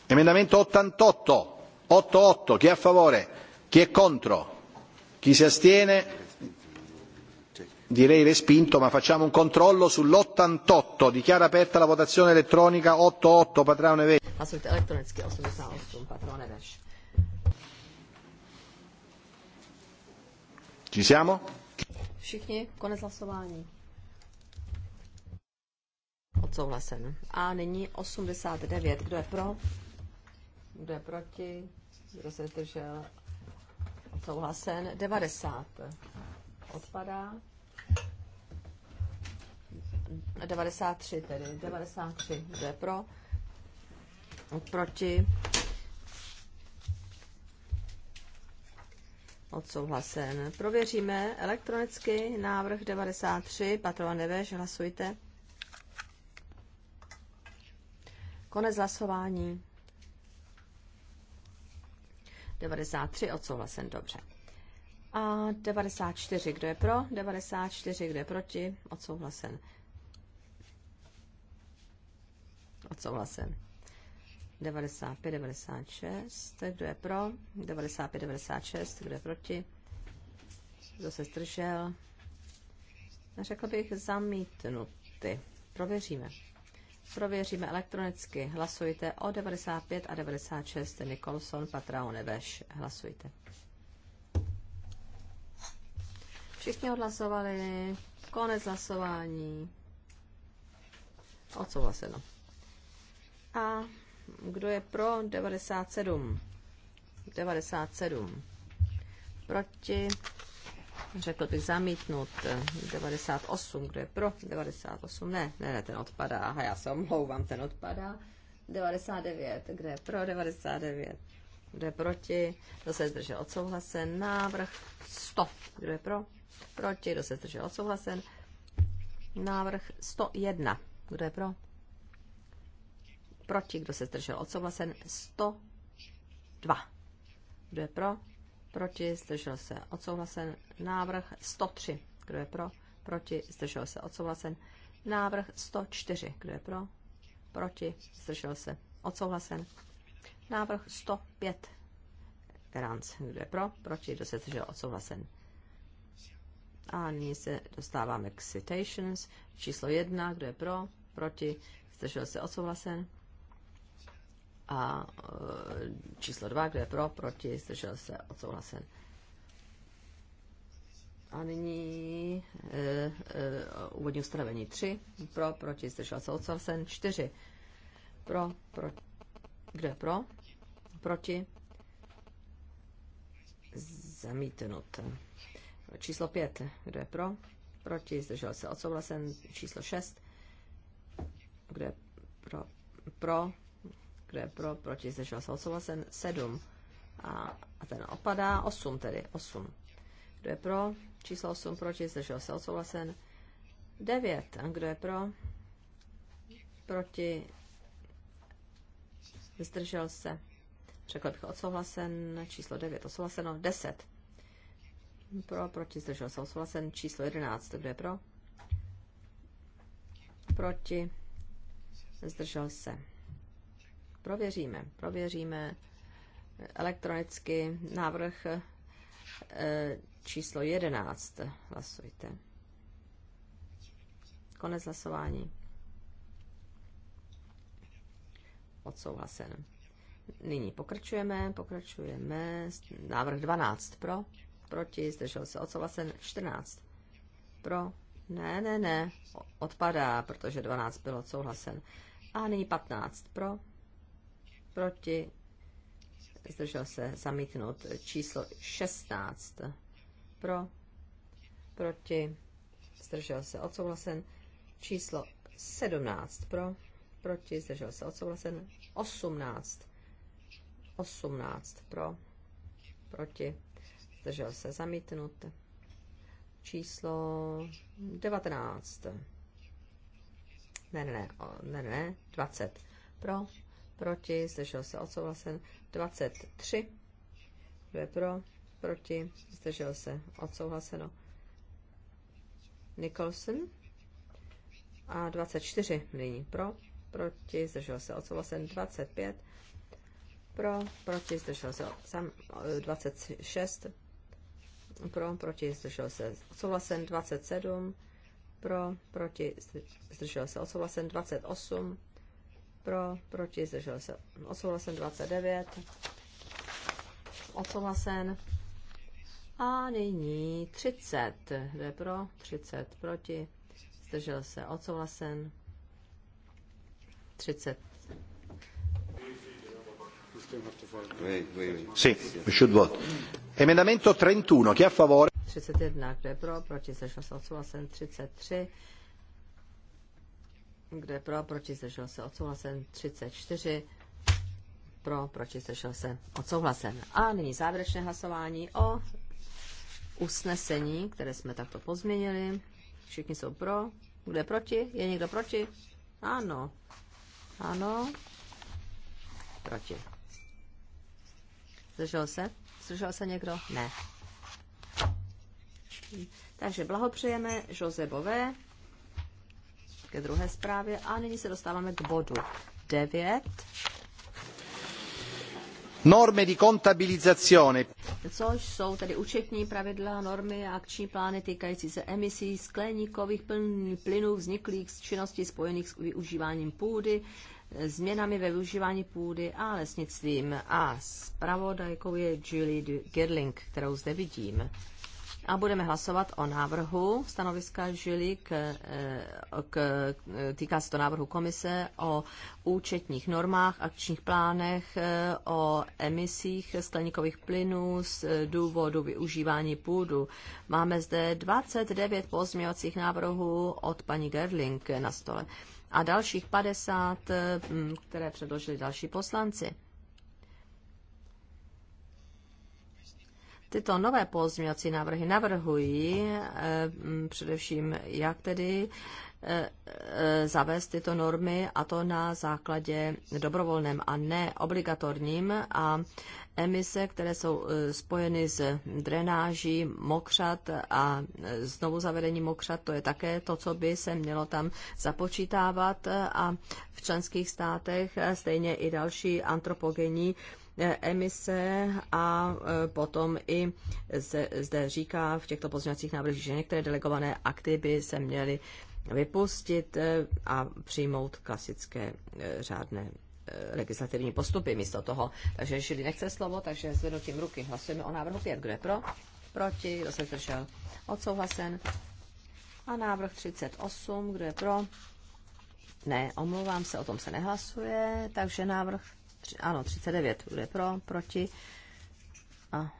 emendamento ottantotto ottantotto chi è a favore chi è contro chi si astiene direi respinto ma facciamo un controllo sull'88 dichiara aperta la votazione elettronica ottantotto patrone Hlasujte Ci siamo? Všichni, konec hlasování. Odsouhlasen. A nyní 89. Kdo je pro? Kdo je proti? Kdo se zdržel? Odsouhlasen. 90. Odpadá. 93 tedy. 93. Kdo je pro? Proti? Odsouhlasen. Prověříme elektronicky návrh 93. Patrova Neveš, hlasujte. Konec hlasování. 93 odsouhlasen, dobře. A 94, kdo je pro? 94, kdo je proti? Odsouhlasen. Odsouhlasen. 95, 96, kdo je pro, 95, 96, kdo je proti, kdo se zdržel, řekl bych zamítnuty. Prověříme. Prověříme elektronicky. Hlasujte o 95 a 96 Nikolson Patrao Neveš. Hlasujte. Všichni odhlasovali. Konec hlasování. Odsouhlaseno. A kdo je pro 97? 97. Proti? Řekl bych zamítnut 98. Kdo je pro 98? Ne, ne, ne, ten odpadá. Aha, já se omlouvám, ten odpadá. 99. Kdo je pro 99? Kdo je proti? Kdo se zdržel odsouhlasen? Návrh 100. Kdo je pro? Proti? Kdo se zdržel odsouhlasen? Návrh 101. Kdo je pro? proti, kdo se zdržel odsouhlasen, 102. Kdo je pro, proti, zdržel se odsouhlasen, návrh 103. Kdo je pro, proti, zdržel se odsouhlasen, návrh 104. Kdo je pro, proti, zdržel se odsouhlasen, návrh 105. Garanc, kdo je pro, proti, kdo se zdržel odsouhlasen. A nyní se dostáváme k citations. Číslo 1, kdo je pro, proti, zdržel se odsouhlasen. A e, číslo dva, kdo je pro, proti, zdržel se, odsouhlasen. A nyní e, uh, úvodní ustanovení Tři, pro, proti, zdržel se, odsouhlasen. Čtyři, pro, proti, kdo je pro, proti, zamítnut. Číslo pět, kdo je pro, proti, zdržel se, odsouhlasen. Číslo šest, kdo je pro, pro kdo je pro? Proti? Zdržel se odsouhlasen. sedm. A, a ten opadá. osm tedy. osm. Kdo je pro? Číslo osm, proti? Zdržel se odsouhlasen. devět. A kdo je pro? Proti? Zdržel se. Řekl bych odsouhlasen. Číslo 9 odsouhlaseno. 10. Pro, proti, zdržel se odsouhlasen. Číslo 11. Kdo je pro? Proti? Zdržel se. Prověříme, prověříme elektronicky návrh eh, číslo 11. Hlasujte. Konec hlasování. Odsouhlasen. Nyní pokračujeme, pokračujeme. Návrh 12 pro, proti, zdržel se odsouhlasen. 14 pro, ne, ne, ne, odpadá, protože 12 bylo odsouhlasen. A nyní 15 pro, proti, zdržel se zamítnout číslo 16 pro, proti, zdržel se odsouhlasen číslo 17 pro, proti, zdržel se odsouhlasen 18, 18 pro, proti, zdržel se zamítnout číslo 19. Ne, ne, ne, ne, ne, 20 pro, proti, zdržel se odsouhlasen. 23, kdo je pro, proti, zdržel se odsouhlaseno. Nicholson a 24 nyní pro, proti, zdržel se odsouhlasen. 25, pro, proti, zdržel se sam, 26, pro, proti, zdržel se odsouhlasen. 27, pro, proti, zdržel se odsouhlasen. 28, pro, proti, zdržel se. Odsouhlasen 29. Odsouhlasen. A nyní 30. jde pro? 30 proti. Zdržel se. Odsouhlasen. 30. Sì, should vote. Emendamento 31, chi è a favore? 31, kdo je pro, proti, zdržel se, odsouhlasen, 33 kde pro, proti zdržel se odsouhlasen, 34 pro, proti zdržel se odsouhlasen. A nyní závěrečné hlasování o usnesení, které jsme takto pozměnili. Všichni jsou pro. Kde proti? Je někdo proti? Ano. Ano. Proti. Zdržel se? Zdržel se někdo? Ne. Takže blahopřejeme Josebové ke druhé zprávě a nyní se dostáváme k bodu 9. Norme di contabilizzazione. Což jsou tedy účetní pravidla, normy a akční plány týkající se emisí skleníkových plynů vzniklých z činností spojených s využíváním půdy, změnami ve využívání půdy a lesnictvím. A zpravodajkou je Julie Gerling, kterou zde vidím a budeme hlasovat o návrhu stanoviska Žili, k, eh, k, eh, týká se to návrhu komise o účetních normách, akčních plánech, eh, o emisích skleníkových plynů z důvodu využívání půdu. Máme zde 29 pozměňovacích návrhů od paní Gerling na stole a dalších 50, které předložili další poslanci. Tyto nové pozměňovací návrhy navrhují eh, především, jak tedy eh, eh, zavést tyto normy a to na základě dobrovolném a ne obligatorním a emise, které jsou spojeny s drenáží mokřat a znovu zavedení mokřat, to je také to, co by se mělo tam započítávat a v členských státech stejně i další antropogenní E, emise a e, potom i se zde říká v těchto pozměňovacích návrzích, že některé delegované akty by se měly vypustit e, a přijmout klasické řádné legislativní postupy místo toho. Takže Žili nechce slovo, takže zvednutím ruky hlasujeme o návrhu 5. Kdo je pro? Proti? Kdo se zdržel? Odsouhlasen. A návrh 38. Kdo je pro? Ne, omlouvám se, o tom se nehlasuje, takže návrh ano, 39 bude pro, proti. A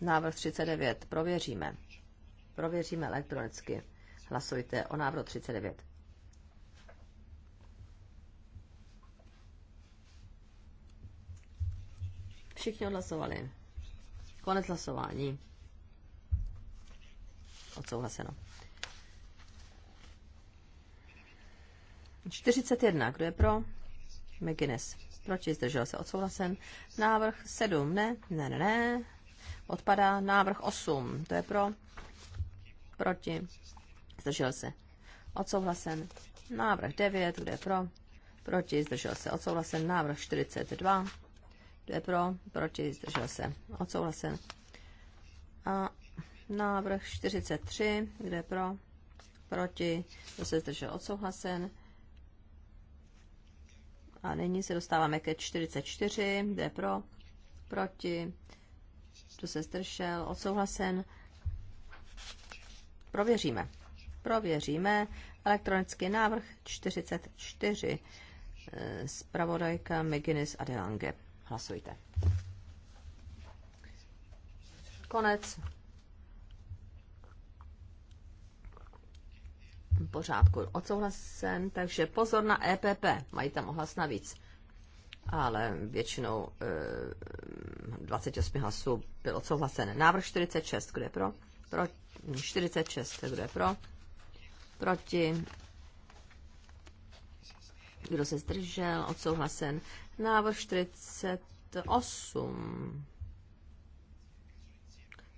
návrh 39 prověříme. Prověříme elektronicky. Hlasujte o návrhu 39. Všichni odhlasovali. Konec hlasování. Odsouhlaseno. 41. Kdo je pro? McGuinness. Proti, zdržel se, odsouhlasen. Návrh 7, ne, ne, ne, ne. Odpadá návrh 8, to je pro. Proti, zdržel se, odsouhlasen. Návrh 9, kde je pro. Proti, zdržel se, odsouhlasen. Návrh 42, kde je pro. Proti, zdržel se, odsouhlasen. A návrh 43, kde je pro. Proti, kdo se zdržel, odsouhlasen. A nyní se dostáváme ke 44, kde pro, proti, tu se zdržel, odsouhlasen. Prověříme. Prověříme elektronický návrh 44. Spravodajka McGuinness a Delange. Hlasujte. Konec. pořádku odsouhlasen, takže pozor na EPP, mají tam ohlas navíc. Ale většinou e, eh, 28 hlasů byl odsouhlasen. Návrh 46, kdo je pro? pro 46, hm, kdo je pro? Proti? Kdo se zdržel? Odsouhlasen. Návrh 48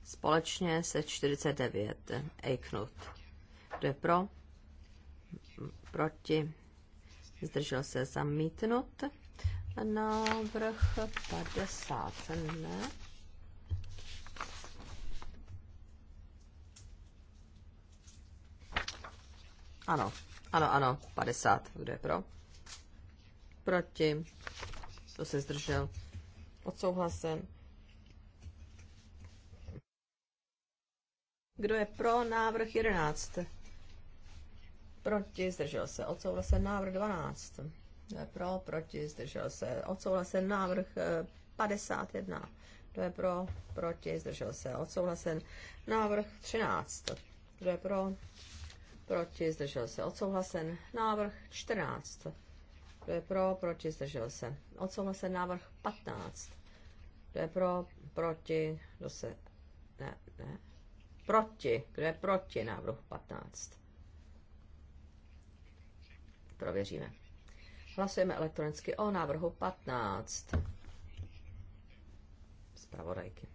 společně se 49 Ejknut. Kdo je pro? proti, zdržel se zamítnut. Návrh 50 ne. Ano, ano, ano, 50, kdo je pro? Proti, to se zdržel, odsouhlasen. Kdo je pro návrh 11? proti, zdržel se, odsouhlasen návrh 12. Kdo je pro, proti, zdržel se, odsouhlasen návrh 51. Eh, kdo je pro, proti, zdržel se, odsouhlasen návrh 13. Kdo je pro, proti, zdržel se, odsouhlasen návrh 14. Kdo je pro, proti, zdržel se, odsouhlasen návrh 15. Kdo je pro, proti, kdo se, ne, ne, proti, kdo je proti návrhu 15 prověříme. Hlasujeme elektronicky o návrhu 15. Zpravodajky.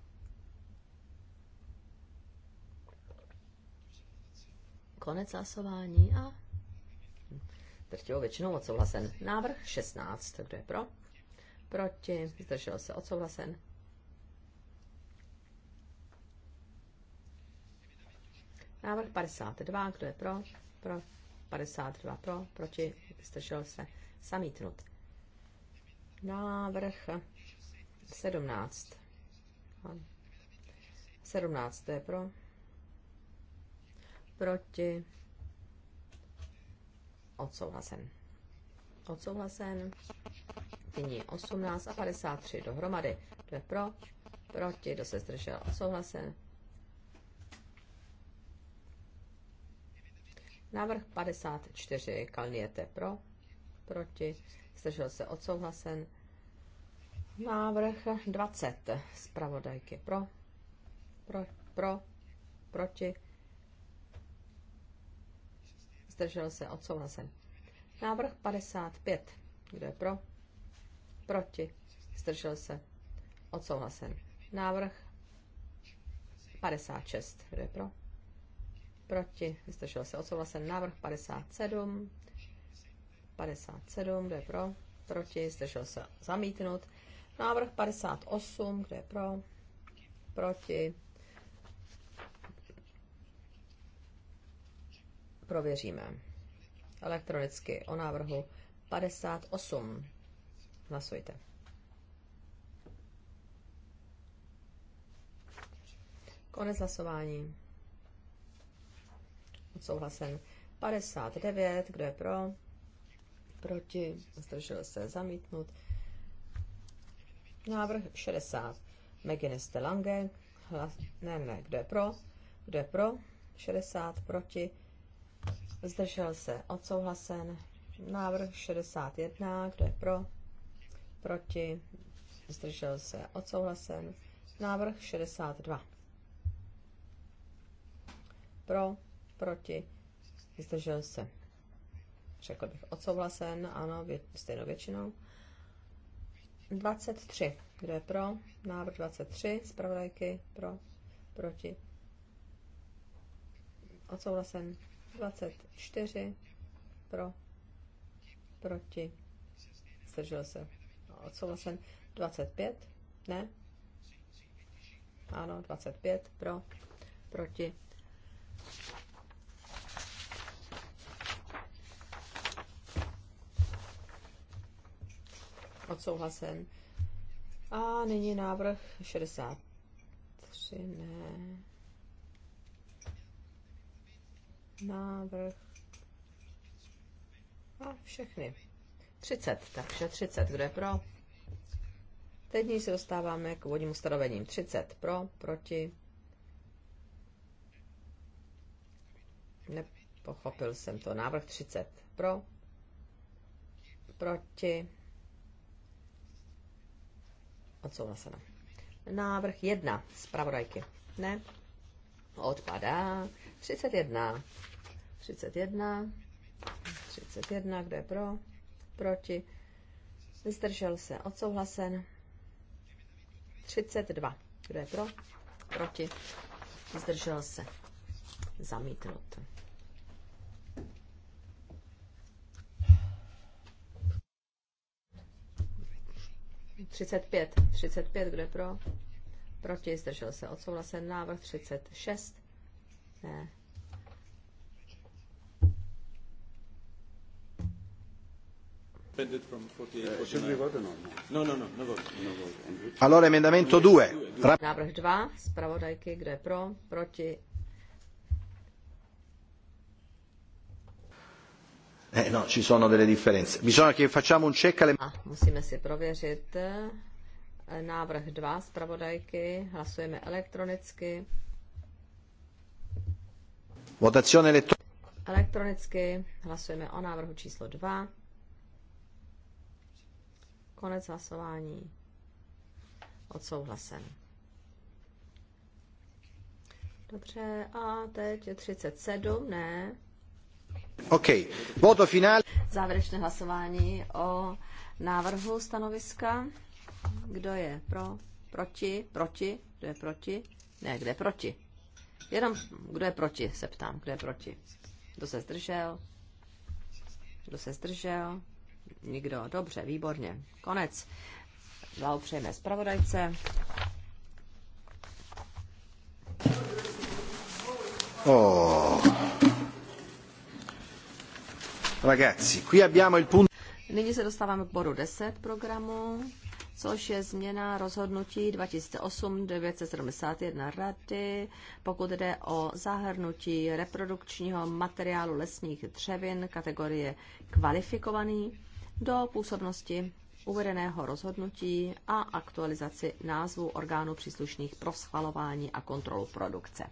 Konec hlasování a drtivou většinou odsouhlasen. Návrh 16. Kdo je pro? Proti. Zdržel se odsouhlasen. Návrh 52. Kdo je pro? Proti 52 pro, proti, zdržel se, zamítnut. Návrh 17. 17 je pro, proti, odsouhlasen. Odsouhlasen. Nyní 18 a 53 dohromady. To je pro, proti, kdo se zdržel, odsouhlasen. Návrh 54 Kalniete pro, proti, zdržel se odsouhlasen. Návrh 20 zpravodajky pro, pro, pro, proti, zdržel se odsouhlasen. Návrh 55, kdo je pro, proti, zdržel se odsouhlasen. Návrh 56, kdo je pro, proti, zdržel se odsouhlasen návrh 57, 57, kdo je pro, proti, zdržel se zamítnut, návrh 58, kdo je pro, proti, prověříme elektronicky o návrhu 58. Hlasujte. Konec hlasování odsouhlasen. 59, kdo je pro, proti, zdržel se, zamítnut. Návrh 60, McGuinness de Lange, hlas, ne, ne, kdo je pro, kdo je pro, 60, proti, zdržel se, odsouhlasen. Návrh 61, kdo je pro, proti, zdržel se, odsouhlasen. Návrh 62. Pro, proti, zdržel se, řekl bych, odsouhlasen, ano, vě, stejnou většinou. 23, kdo je pro, návrh 23, zpravodajky, pro, proti, odsouhlasen, 24, pro, proti, zdržel se, odsouhlasen, 25, ne, ano, 25, pro, proti, odsouhlasen. A nyní návrh 63, ne. Návrh. A všechny. 30, takže 30, kdo je pro? Teď se dostáváme k vodním ustanovením. 30 pro, proti. Nepochopil jsem to. Návrh 30 pro, proti Odsouhlaseno. Návrh 1. Zpravodajky. Ne. Odpadá. 31. 31. 31. Kdo je pro? Proti. Zdržel se. Odsouhlasen. 32. Kdo je pro? Proti. Zdržel se. Zamítnut. 35. 35, kdo je pro? Proti, zdržel se, odsouhlasen. Návrh 36. Ne. Allora emendamento 2. Návrh 2, zpravodajky, kdo je pro, proti, Eh no, ci sono delle differenze. Bisogna che facciamo un check alle... Musíme si prověřit eh, návrh 2 zpravodajky. Hlasujeme elektronicky. Votazione Elektronicky hlasujeme o návrhu číslo 2. Konec hlasování. Odsouhlasen. Dobře, a teď je 37, ne, Závěrečné hlasování o návrhu stanoviska. Kdo je pro? Proti? Proti? Kdo je proti? Ne, kde je proti? Jenom kdo je proti, se ptám. Kdo je proti? Kdo se zdržel? Kdo se zdržel? Nikdo. Dobře, výborně. Konec. Blahopřejeme zpravodajce. Oh. Nyní se dostáváme k bodu 10 programu, což je změna rozhodnutí 2008-971 rady, pokud jde o zahrnutí reprodukčního materiálu lesních dřevin kategorie kvalifikovaný do působnosti uvedeného rozhodnutí a aktualizaci názvu orgánů příslušných pro schvalování a kontrolu produkce.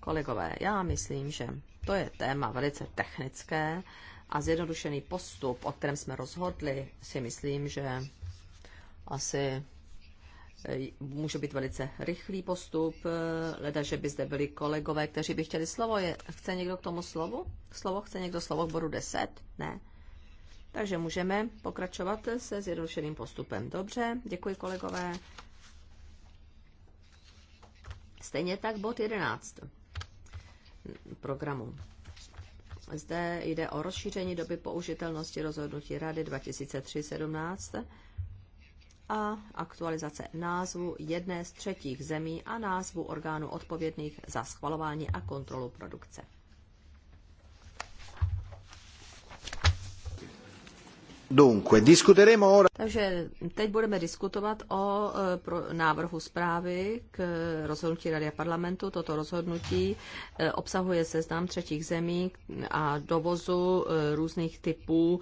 Kolegové, já myslím, že to je téma velice technické a zjednodušený postup, o kterém jsme rozhodli, si myslím, že asi e, může být velice rychlý postup, e, leda, že by zde byli kolegové, kteří by chtěli slovo. Je, chce někdo k tomu slovu? Slovo? Chce někdo slovo k bodu 10? Ne. Takže můžeme pokračovat se zjednodušeným postupem. Dobře, děkuji kolegové. Stejně tak bod 11 programu. Zde jde o rozšíření doby použitelnosti rozhodnutí Rady 2003-17 a aktualizace názvu jedné z třetích zemí a názvu orgánů odpovědných za schvalování a kontrolu produkce. Dunque, discuteremo ora... Takže teď budeme diskutovat o e, pro, návrhu zprávy k rozhodnutí Rady a parlamentu. Toto rozhodnutí e, obsahuje seznam třetích zemí a dovozu e, různých typů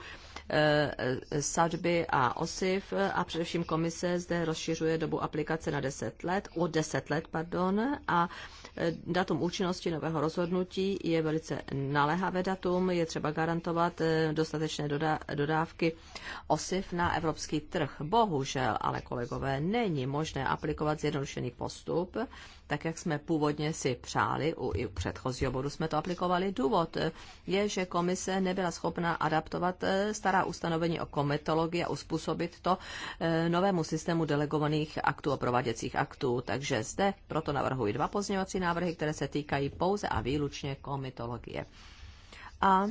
sadby a osiv a především komise zde rozšiřuje dobu aplikace na 10 let, o 10 let, pardon, a Eh, datum účinnosti nového rozhodnutí je velice naléhavé datum. Je třeba garantovat eh, dostatečné dodávky osiv na evropský trh. Bohužel, ale kolegové, není možné aplikovat zjednodušený postup tak jak jsme původně si přáli, u, i u předchozího bodu jsme to aplikovali. Důvod je, že komise nebyla schopna adaptovat eh, stará ustanovení o kometologii a uspůsobit to eh, novému systému delegovaných aktů a prováděcích aktů. Takže zde proto navrhuji dva pozměňovací návrhy, které se týkají pouze a výlučně komitologie. A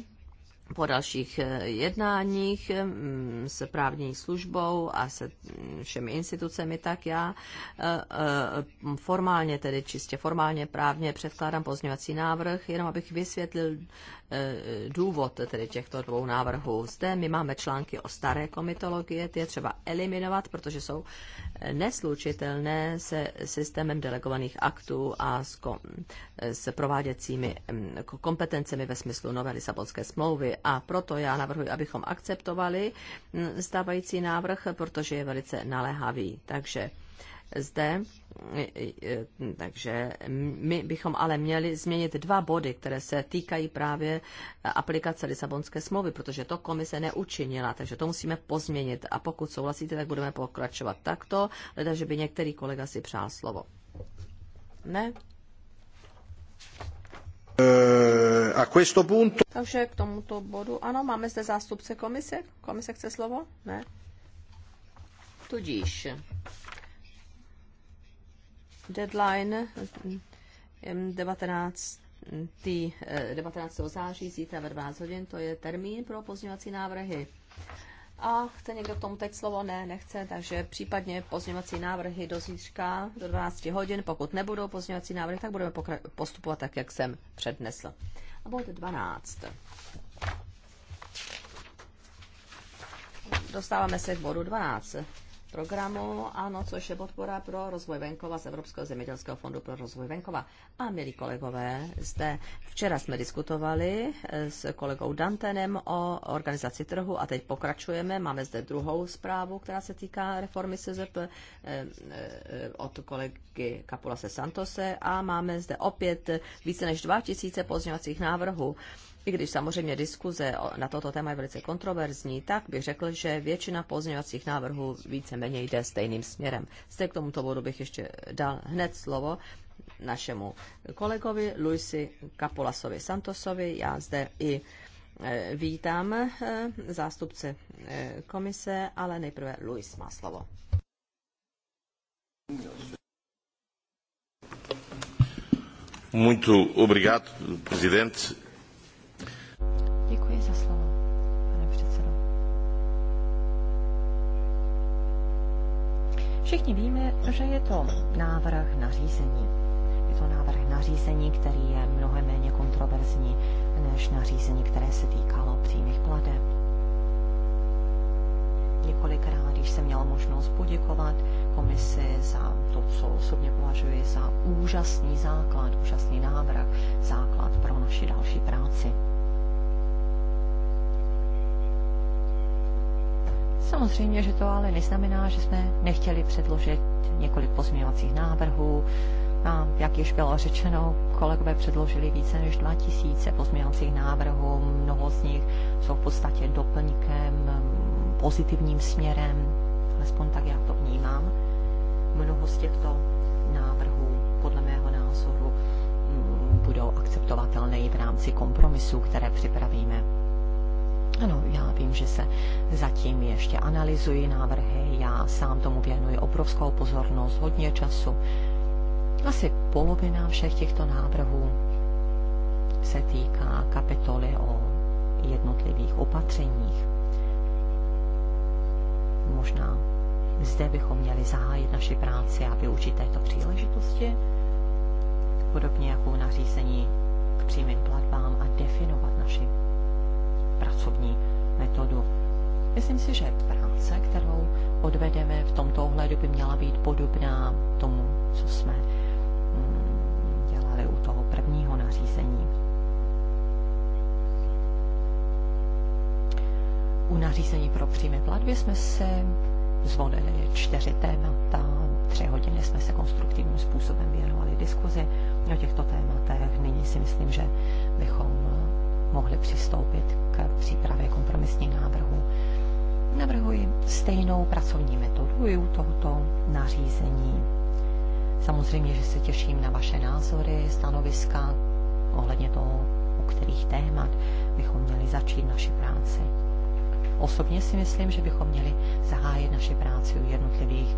po dalších eh, jednáních eh, mm, s právní službou a se mm, všemi institucemi, tak já eh, formálně, tedy čistě formálně právně předkládám pozměňovací návrh, jenom abych vysvětlil Eh, důvod tedy těchto dvou návrhů. Zde my máme články o staré komitologie, ty je třeba eliminovat, protože jsou eh, neslučitelné se systémem delegovaných aktů a s, kom, eh, s prováděcími mm, kompetencemi ve smyslu nové Lisabonské smlouvy. A proto já navrhuji, abychom akceptovali mm, stávající návrh, protože je velice naléhavý. Takže zde, e, e, e, takže my bychom ale měli změnit dva body, které se týkají právě aplikace Lisabonské smlouvy, protože to komise neučinila, takže to musíme pozměnit a pokud souhlasíte, tak budeme pokračovat takto, leda, že by některý kolega si přál slovo. Ne? A questo punto... Takže k tomuto bodu, ano, máme zde zástupce komise. Komise chce slovo? Ne? Tudíž deadline 19. Hm, 19. Eh, září, zítra ve 12 hodin, to je termín pro pozměňovací návrhy. A chce někdo k tomu teď slovo? Ne, nechce, takže případně pozměňovací návrhy do zítřka do 12 hodin. Pokud nebudou pozměňovací návrhy, tak budeme postupovat tak, jak jsem přednesl. A bod 12. Dostáváme se k bodu 12, programu, ano, což je podpora pro rozvoj venkova z Evropského zemědělského fondu pro rozvoj venkova. A milí kolegové, zde včera jsme diskutovali eh, s kolegou Dantenem o organizaci trhu a teď pokračujeme. Máme zde druhou zprávu, která se týká reformy SZP eh, eh, od kolegy Kapulase Santose a máme zde opět více než 2000 pozměňovacích návrhů i když samozřejmě diskuze na toto téma je velice kontroverzní, tak bych řekl, že většina pozměňovacích návrhů víceméně jde stejným směrem. Zde k tomuto bodu bych ještě dal hned slovo našemu kolegovi Luisi Kapolasovi Santosovi. Já zde i e, vítám e, zástupce e, komise, ale nejprve Luis má slovo. Muito obrigado, presidente. Všichni víme, že je to návrh nařízení. Je to návrh nařízení, který je mnohem méně kontroverzní než nařízení, které se týkalo přímých plateb. Několikrát, když jsem měla možnost poděkovat komisi za to, co osobně považuji za úžasný základ, úžasný návrh, základ pro naši další práci. Samozřejmě, že to ale neznamená, že jsme nechtěli předložit několik pozměňovacích návrhů. A jak již bylo řečeno, kolegové předložili více než 2000 pozměňovacích návrhů. Mnoho z nich jsou v podstatě doplňkem, pozitivním směrem, alespoň tak já to vnímám. Mnoho z těchto návrhů, podle mého názoru, budou akceptovatelné i v rámci kompromisů, které připravíme. Ano, já vím, že se zatím ještě analyzují návrhy, já sám tomu věnuji obrovskou pozornost, hodně času. Asi polovina všech těchto návrhů se týká kapitoly o jednotlivých opatřeních. Možná zde bychom měli zahájit naši práci a využít této příležitosti, podobně jako nařízení k přímým platbám a definovat naši pracovní metodu. Myslím si, že práce, kterou odvedeme v tomto ohledu, by měla být podobná tomu, co jsme mm, dělali u toho prvního nařízení. U nařízení pro přímé platby jsme se zvolili čtyři témata, tři hodiny jsme se konstruktivním způsobem věnovali diskuzi o těchto tématech. Nyní si myslím, že bychom mohli přistoupit k přípravě kompromisních návrhů. Navrhuji stejnou pracovní metodu i u tohoto nařízení. Samozřejmě, že se těším na vaše názory, stanoviska ohledně toho, u kterých témat bychom měli začít naši práci. Osobně si myslím, že bychom měli zahájit naši práci u jednotlivých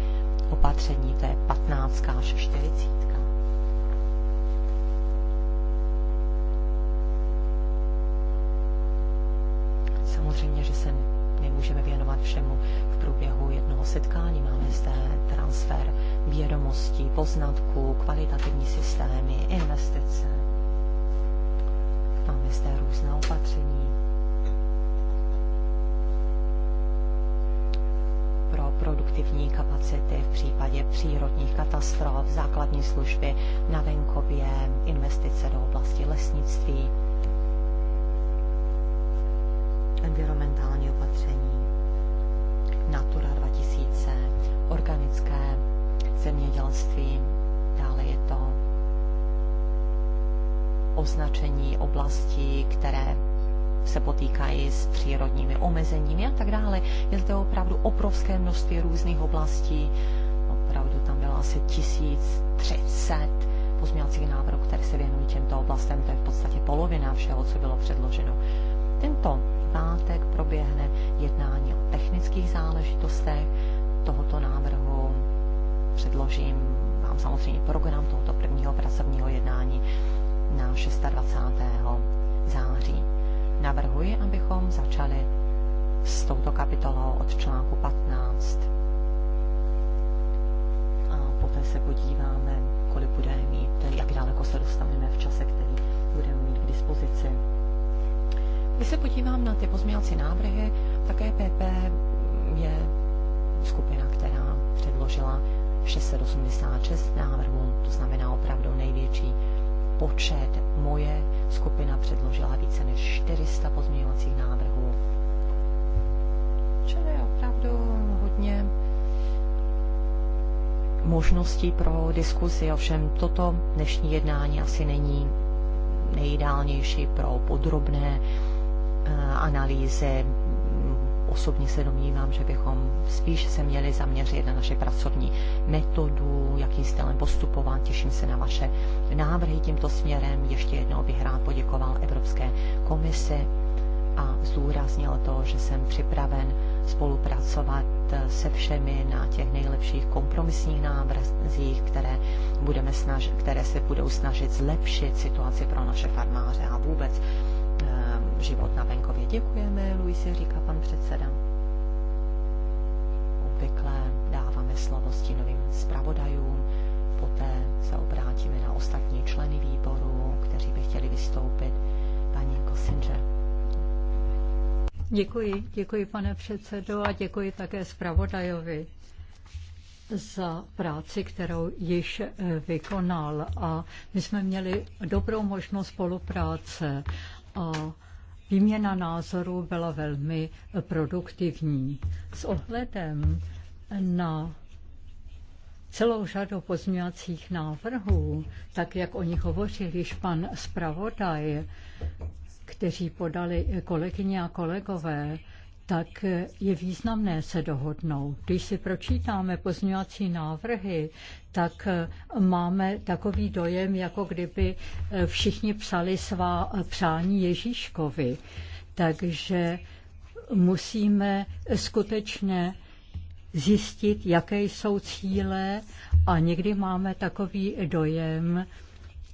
opatření, to je 15 až 40. samozřejmě, že se nemůžeme věnovat všemu v průběhu jednoho setkání. Máme zde transfer vědomostí, poznatků, kvalitativní systémy, investice. Máme zde různá opatření pro produktivní kapacity v případě přírodních katastrof, základní služby na venkově, investice do oblasti lesnictví environmentální opatření, Natura 2000, organické zemědělství, dále je to označení oblastí, které se potýkají s přírodními omezeními a tak dále. Je zde opravdu obrovské množství různých oblastí. Opravdu tam bylo asi 1030 pozměňovacích návrhů, které se věnují těmto oblastem. To je v podstatě polovina všeho, co bylo předloženo. Tento pátek proběhne jednání o technických záležitostech tohoto návrhu. Předložím vám samozřejmě program tohoto prvního pracovního jednání na 26. září. Navrhuji, abychom začali s touto kapitolou od článku 15. A poté se podíváme, kolik budeme mít, jak daleko se dostaneme v čase, který budeme mít k dispozici. Když se podívám na ty pozměňovací návrhy, tak EPP je skupina, která předložila 686 návrhů, to znamená opravdu největší počet. Moje skupina předložila více než 400 pozměňovacích návrhů. Čili opravdu hodně možností pro diskusi, ovšem toto dnešní jednání asi není nejideálnější pro podrobné Eh, analýzy. Osobně se domnívám, že bychom spíš se měli zaměřit na naše pracovní metodu, jakým stylem postupovat. Těším se na vaše návrhy tímto směrem. Ještě jednou bych rád poděkoval Evropské komisi a zdůraznil to, že jsem připraven spolupracovat se všemi na těch nejlepších kompromisních návrzích, které, budeme snaž- které se budou snažit zlepšit situaci pro naše farmáře a vůbec život na venkově. Děkujeme, Luisi, říká pan předseda. Obvykle dáváme slovo stínovým zpravodajům, poté se obrátíme na ostatní členy výboru, kteří by chtěli vystoupit. Paní Kosinger. Děkuji, děkuji pane předsedo a děkuji také zpravodajovi za práci, kterou již eh, vykonal. A my jsme měli dobrou možnost spolupráce. A Výměna názorů byla velmi produktivní. S ohledem na celou řadu pozměňovacích návrhů, tak jak o nich hovořil již pan zpravodaj, kteří podali kolegyně a kolegové, tak je významné se dohodnout. Když si pročítáme pozměňovací návrhy, tak eh, máme takový dojem, jako kdyby eh, všichni psali svá přání Ježíškovi. Takže musíme skutečně zjistit, jaké jsou cíle a někdy máme takový dojem,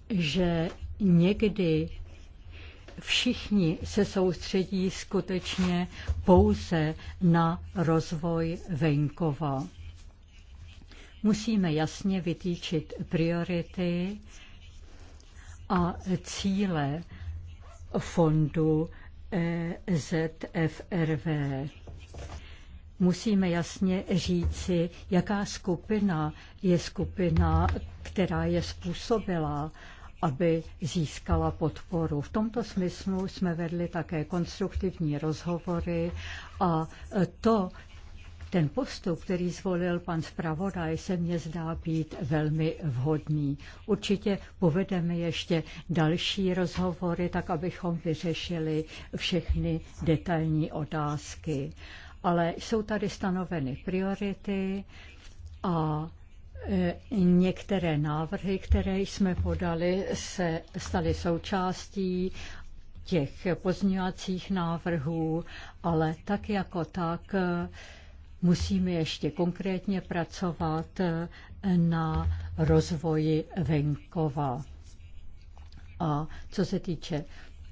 že někdy všichni se soustředí skutečně pouze na rozvoj venkova. Musíme jasně vytýčit priority a cíle fondu eh, ZFRV. Musíme jasně říci, jaká skupina je skupina, která je způsobila aby získala podporu. V tomto smyslu jsme vedli také konstruktivní rozhovory a e, to, ten postup, který zvolil pan zpravodaj, se mně zdá být velmi vhodný. Určitě povedeme ještě další rozhovory, tak abychom vyřešili všechny detailní otázky. Ale jsou tady stanoveny priority a E, některé návrhy, které jsme podali, se staly součástí těch pozměňovacích návrhů, ale tak jako tak e, musíme ještě konkrétně pracovat e, na rozvoji venkova. A co se týče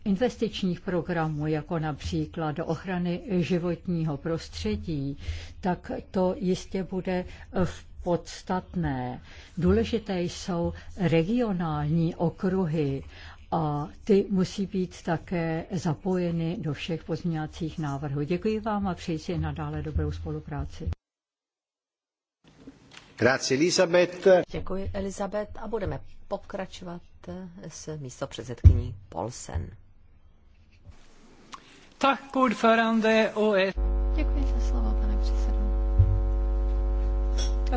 investičních programů, jako například do ochrany životního prostředí, tak to jistě bude v podstatné. Důležité jsou regionální okruhy a ty musí být také zapojeny do všech pozměňovacích návrhů. Děkuji vám a přeji si nadále dobrou spolupráci. Grazie Elizabeth. Děkuji Elizabeth a budeme pokračovat s místo předsedkyní Polsen. Tak, ordförande, Děkuji za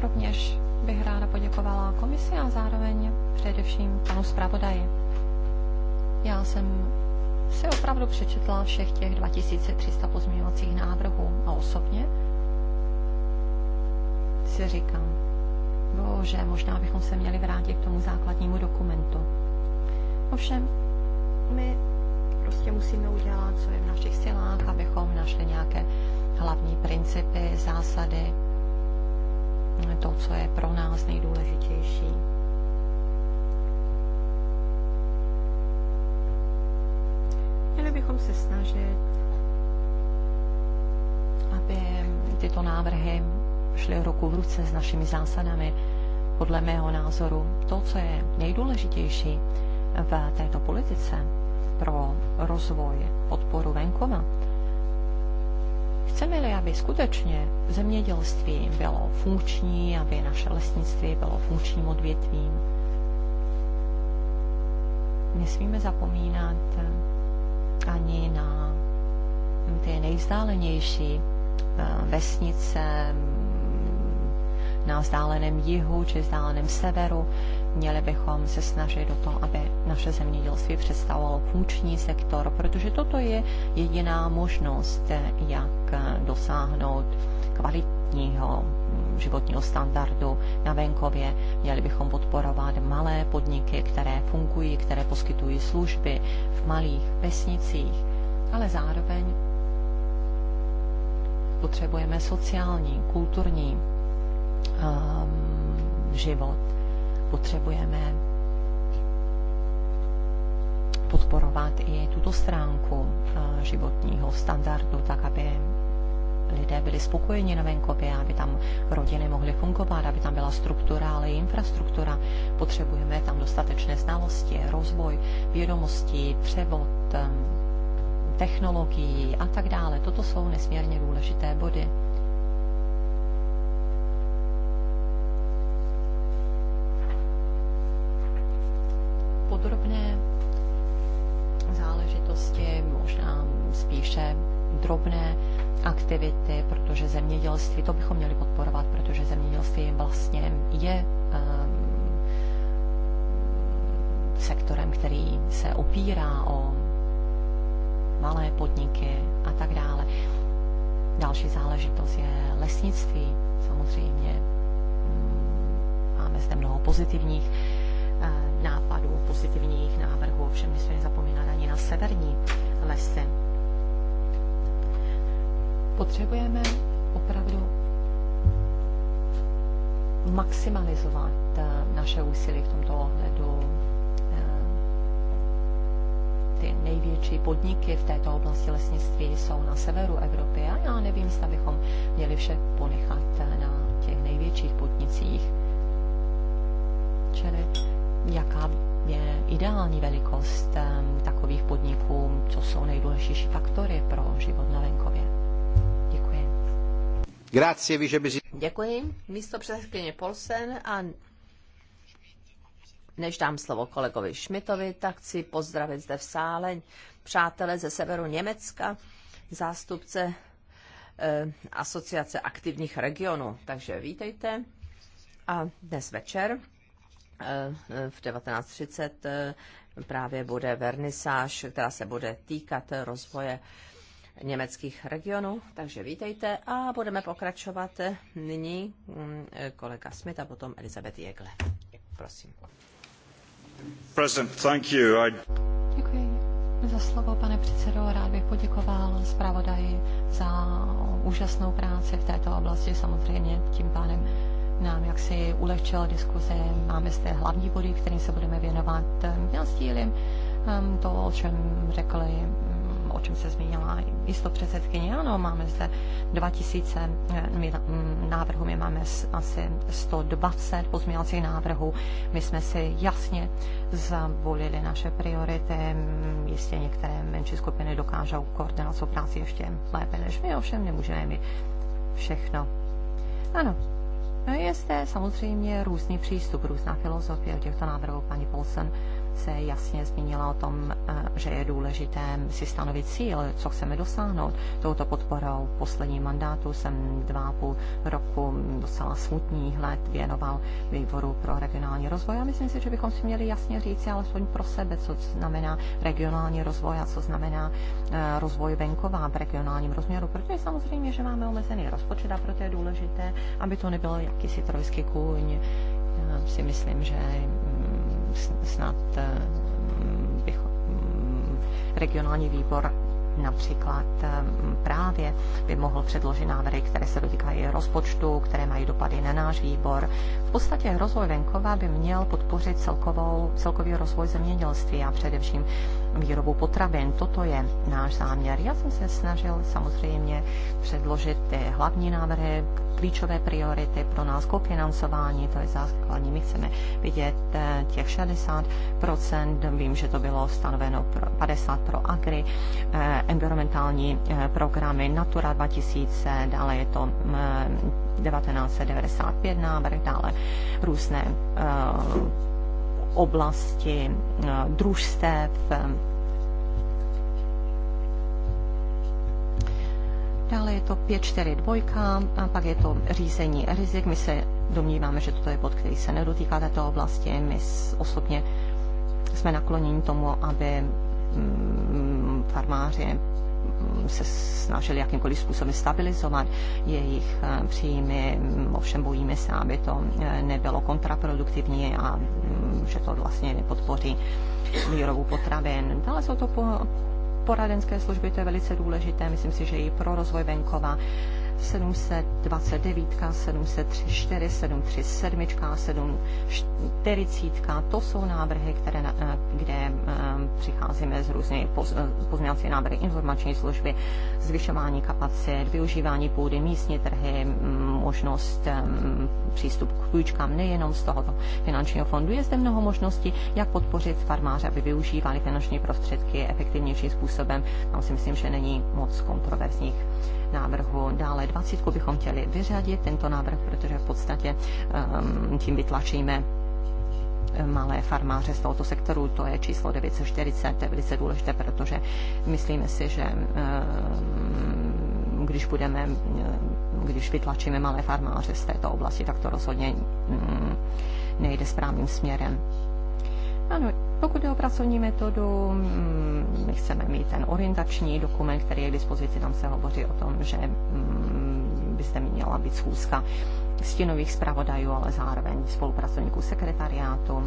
Rovněž bych ráda poděkovala komisi a zároveň především panu zpravodaji. Já jsem si opravdu přečetla všech těch 2300 pozměňovacích návrhů a osobně si říkám, bože, možná bychom se měli vrátit k tomu základnímu dokumentu. Ovšem, my prostě musíme udělat, co je v našich silách, abychom našli nějaké hlavní principy, zásady, to, co je pro nás nejdůležitější. Měli bychom se snažit, aby tyto návrhy šly ruku v ruce s našimi zásadami. Podle mého názoru to, co je nejdůležitější v této politice pro rozvoj podporu venkova, Chceme-li, aby skutečně zemědělství bylo funkční, aby naše lesnictví bylo funkčním odvětvím, nesmíme zapomínat ani na ty nejvzdálenější eh, vesnice, na vzdáleném jihu či vzdáleném severu. Měli bychom se snažit o to, aby naše zemědělství představovalo funkční sektor, protože toto je jediná možnost, jak dosáhnout kvalitního životního standardu na venkově. Měli bychom podporovat malé podniky, které fungují, které poskytují služby v malých vesnicích, ale zároveň potřebujeme sociální, kulturní Ehm, život. Potřebujeme podporovat i tuto stránku eh, životního standardu, tak aby lidé byli spokojeni na venkově, aby tam rodiny mohly fungovat, aby tam byla struktura, ale i infrastruktura. Potřebujeme tam dostatečné znalosti, rozvoj vědomostí, převod ehm, technologií a tak dále. Toto jsou nesmírně důležité body. podrobné záležitosti, možná spíše drobné aktivity, protože zemědělství, to bychom měli podporovat, protože zemědělství vlastně je um, sektorem, který se opírá o malé podniky a tak dále. Další záležitost je lesnictví, samozřejmě. Mm, máme zde mnoho pozitivních nápadů, pozitivních návrhů, ovšem jsme nezapomínali ani na severní lesy. Potřebujeme opravdu maximalizovat eh, naše úsilí v tomto ohledu. Eh, ty největší podniky v této oblasti lesnictví jsou na severu Evropy a já nevím, zda bychom měli vše ponechat eh, na těch největších podnicích. Čili jaká je ideální velikost ehm, takových podniků, co jsou nejdůležitější faktory pro život na venkově. Děkuji. Grazie, vice Děkuji. Místo předsedkyně Polsen a než dám slovo kolegovi Šmitovi, tak chci pozdravit zde v sále přátele ze severu Německa, zástupce eh, Asociace aktivních regionů. Takže vítejte. A dnes večer Eh, v 1930 eh, právě bude vernisáž, která se bude týkat rozvoje německých regionů. Takže vítejte a budeme pokračovat nyní mm, eh, kolega Smith a potom Elizabeth Jegle. Prosím. President, thank you. I... Děkuji za slovo, pane předsedo. Rád bych poděkoval zpravodaji za úžasnou práci v této oblasti. Samozřejmě tím pádem nám jak si ulehčil diskuze. Máme zde hlavní body, kterým se budeme věnovat. Já sdílím ehm, to, o čem řekli, mm, o čem se zmínila jisto předsedkyně. Ano, máme zde 2000 eh, mm, návrhů, my máme asi 120 pozměňovacích návrhů. My jsme si jasně zvolili naše priority. Mm, jistě některé menší skupiny dokážou koordinovat svou práci ještě lépe než my, ovšem nemůžeme mít všechno. Ano, No, Je zde samozřejmě různý přístup, různá filozofie těchto návrhů. Paní Polsen se jasně zmínila o tom, eh, že je důležité si stanovit cíl, co chceme dosáhnout touto podporou. poslední mandátu jsem dva a půl roku docela smutných let věnoval výboru pro regionální rozvoj a myslím si, že bychom si měli jasně říci alespoň pro sebe, co znamená regionální rozvoj a co znamená eh, rozvoj venkova v regionálním rozměru, protože samozřejmě, že máme omezený rozpočet a proto je důležité, aby to nebylo jakýsi trojský kůň. Já si myslím, že snad eh, bych, mm, regionální výbor například eh, právě by mohl předložit návrhy, které se dotýkají rozpočtu, které mají dopady na náš výbor. V podstatě rozvoj venkova by měl podpořit celkovou, celkový rozvoj zemědělství a především výrobu potravin. Toto je náš záměr. Já jsem se snažil samozřejmě předložit ty hlavní návrhy, klíčové priority pro nás, kofinancování, to je základní. My chceme vidět eh, těch 60 vím, že to bylo stanoveno pro 50 pro agri, eh, environmentální eh, programy Natura 2000, dále je to 1995 návrh, dále různé oblasti eh, družstev. Eh. Dále je to 542 a pak je to řízení rizik. My se domníváme, že toto je bod, který se nedotýká této oblasti. My osobně jsme nakloněni tomu, aby mm, farmáři se snažili jakýmkoliv způsobem stabilizovat jejich eh, příjmy. Ovšem bojíme se, aby to eh, nebylo kontraproduktivní a mm, že to vlastně nepodpoří výrobu potravin. Dále jsou to poradenské služby, to je velice důležité. Myslím si, že i pro rozvoj venkova 729, 734, 737, 740. To jsou návrhy, které, kde přicházíme z různých eh, pozměňovací návrhy informační služby, zvyšování kapacit, využívání půdy, místní trhy, možnost přístup k půjčkám nejenom z tohoto finančního fondu. Je zde mnoho možností, jak podpořit farmáře, aby využívali finanční prostředky efektivnějším způsobem. Tam si myslím, že není moc kontroverzních návrhu. Dále 20 bychom chtěli vyřadit tento návrh, protože v podstatě ehm, tím vytlačíme ehm, malé farmáře z tohoto sektoru, to je číslo 940, to je velice důležité, protože myslíme si, že ehm, když budeme, když vytlačíme malé farmáře z této oblasti, tak to rozhodně mm, nejde správným směrem. Ano, pokud je o pracovní metodu, mm, my chceme mít ten orientační dokument, který je k dispozici, tam se hovoří o tom, že mm, byste měla být schůzka stěnových zpravodajů, ale zároveň spolupracovníků sekretariátu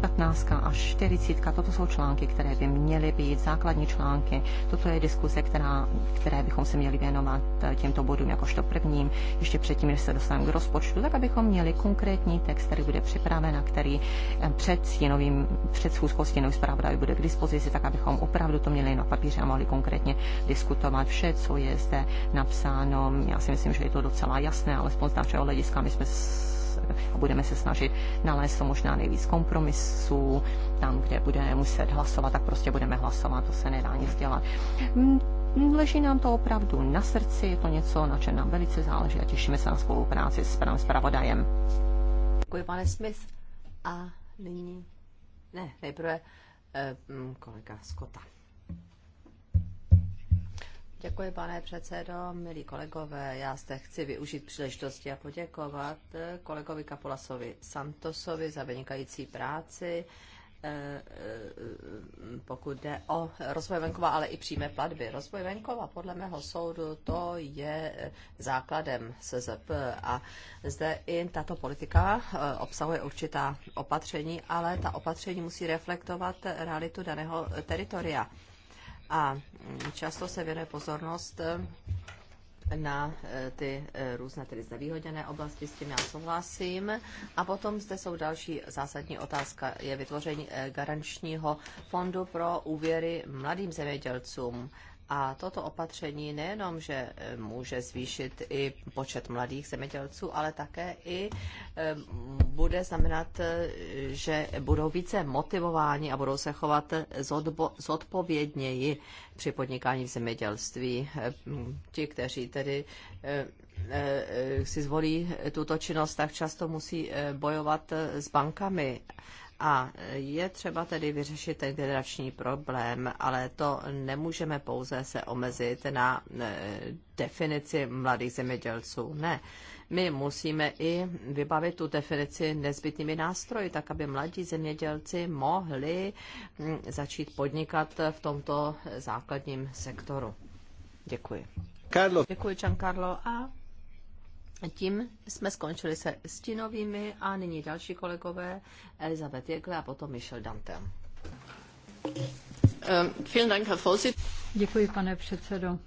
15 až 40. Toto jsou články, které by měly být základní články. Toto je diskuse, která, které bychom se měli věnovat těmto bodům jakožto prvním, ještě předtím, než se dostaneme k rozpočtu, tak abychom měli konkrétní text, který bude připraven a který eh, před, stínovým, před schůzkou stínových zpravodaj bude k dispozici, tak abychom opravdu to měli na papíře a mohli konkrétně diskutovat vše, co je zde napsáno. Já si myslím, že je to docela jasné, alespoň z našeho hlediska. My jsme a budeme se snažit nalézt co možná nejvíc kompromisů, tam, kde budeme muset hlasovat, tak prostě budeme hlasovat, to se nedá nic dělat. Mm, leží nám to opravdu na srdci, je to něco, na čem nám velice záleží a těšíme se na spolupráci s panem zpravodajem. Děkuji, pane Smith. A nyní, ne, nejprve eh, mm, kolega Skota. Děkuji, pane předsedo, milí kolegové. Já zde chci využít příležitosti a poděkovat eh, kolegovi Kapolasovi Santosovi za vynikající práci, eh, eh, pokud jde o rozvoj venkova, ale i přímé platby. Rozvoj venkova, podle mého soudu, to je základem SZP a zde i tato politika obsahuje určitá opatření, ale ta opatření musí reflektovat realitu daného teritoria. A často se věnuje pozornost eh, na eh, ty eh, různé tedy znevýhodněné oblasti, s tím já souhlasím. A potom zde jsou další zásadní otázka, je vytvoření garančního fondu pro úvěry mladým zemědělcům. A toto opatření nejenom, že eh, může zvýšit i počet mladých zemědělců, ale také i eh, bude znamenat, eh, že budou více motivováni a budou se chovat zodpovědněji při podnikání v zemědělství. Ti, kteří tedy si zvolí tuto činnost, tak často musí bojovat s bankami a je třeba tedy vyřešit ten generační problém, ale to nemůžeme pouze se omezit na e, definici mladých zemědělců. Ne. My musíme i vybavit tu definici nezbytnými nástroji, tak aby mladí zemědělci mohli začít podnikat v tomto základním sektoru. Děkuji. Carlo. Děkuji, Giancarlo. A tím jsme skončili se stinovými a nyní další kolegové Elizabeth Jekle a potom Michel Dante. Ehm, Děkuji, pane předsedo.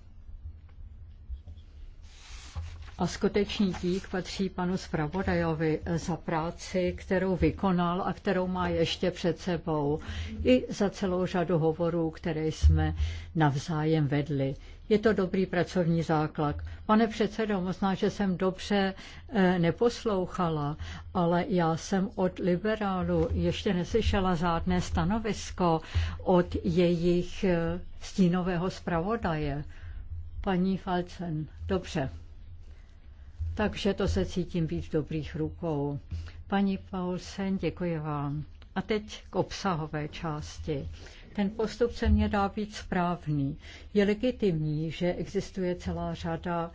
A skutečný dík patří panu Spravodajovi za práci, kterou vykonal a kterou má ještě před sebou. I za celou řadu hovorů, které jsme navzájem vedli je to dobrý pracovní základ. Pane předsedo, možná, že jsem dobře eh, neposlouchala, ale já jsem od liberálu ještě neslyšela žádné stanovisko od jejich eh, stínového zpravodaje. Paní Falcen, dobře. Takže to se cítím být v dobrých rukou. Paní Paulsen, děkuji vám. A teď k obsahové části. Ten postup se mě dá být správný. Je legitimní, že existuje celá řada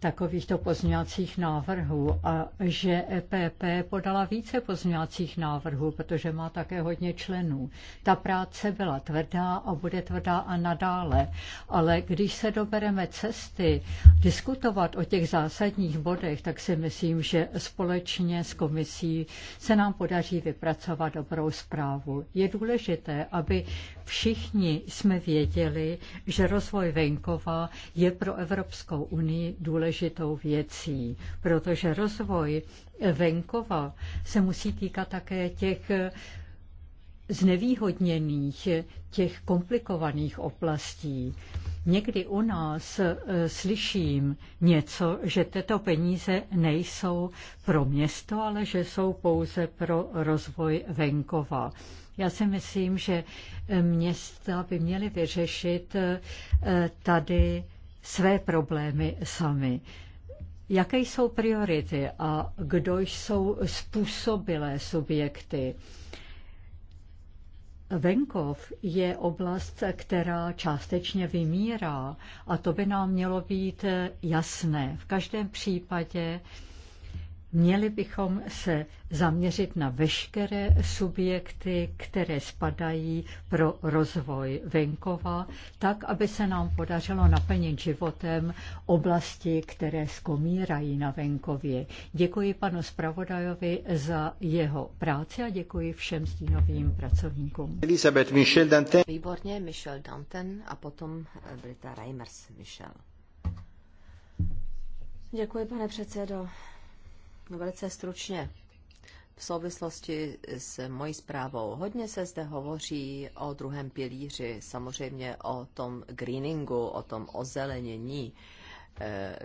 takovýchto pozměňovacích návrhů a že EPP podala více pozměňovacích návrhů, protože má také hodně členů. Ta práce byla tvrdá a bude tvrdá a nadále, ale když se dobereme cesty diskutovat o těch zásadních bodech, tak si myslím, že společně s komisí se nám podaří vypracovat dobrou zprávu. Je důležité, aby všichni jsme věděli, že rozvoj venkova je pro Evropskou unii důležitý důležitou věcí, protože rozvoj venkova se musí týkat také těch znevýhodněných, těch komplikovaných oblastí. Někdy u nás e, slyším něco, že tyto peníze nejsou pro město, ale že jsou pouze pro rozvoj venkova. Já si myslím, že města by měly vyřešit e, tady své problémy sami. Jaké jsou priority a kdo jsou způsobilé subjekty? Venkov je oblast, která částečně vymírá a to by nám mělo být jasné. V každém případě Měli bychom se zaměřit na veškeré subjekty, které spadají pro rozvoj venkova, tak, aby se nám podařilo naplnit životem oblasti, které skomírají na venkově. Děkuji panu zpravodajovi za jeho práci a děkuji všem stínovým pracovníkům. Elizabeth Michel Danten. Výborně, Michel Danten a potom eh, Brita Reimers Michel. Děkuji, pane předsedo. No, velice stručně. V souvislosti s mojí zprávou hodně se zde hovoří o druhém pilíři, samozřejmě o tom greeningu, o tom ozelenění eh,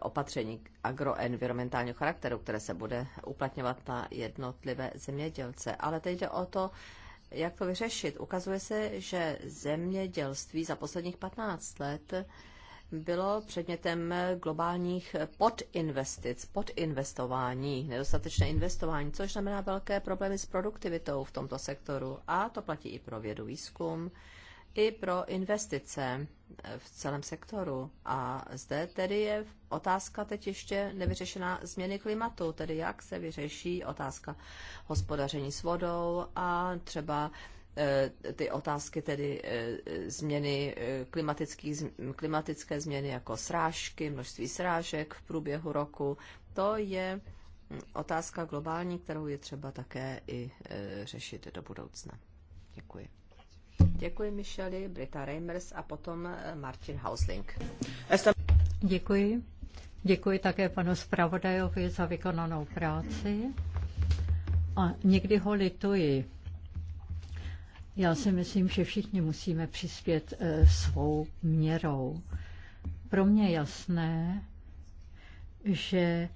opatření agroenvironmentálního charakteru, které se bude uplatňovat na jednotlivé zemědělce. Ale teď jde o to, jak to vyřešit. Ukazuje se, že zemědělství za posledních 15 let bylo předmětem globálních podinvestic, podinvestování, nedostatečné investování, což znamená velké problémy s produktivitou v tomto sektoru. A to platí i pro vědu výzkum, i pro investice eh, v celém sektoru. A zde tedy je otázka teď ještě nevyřešená změny klimatu, tedy jak se vyřeší otázka hospodaření s vodou a třeba Eh, ty otázky tedy eh, změny eh, klimatické změny jako srážky, množství srážek v průběhu roku. To je hm, otázka globální, kterou je třeba také i řešit do budoucna. Děkuji. Děkuji Michelle, Brita Reimers a potom Martin Hausling. Děkuji. Děkuji také panu zpravodajovi za vykonanou práci. A někdy ho lituji, já si myslím, že všichni musíme přispět eh, svou měrou. Pro mě jasné, že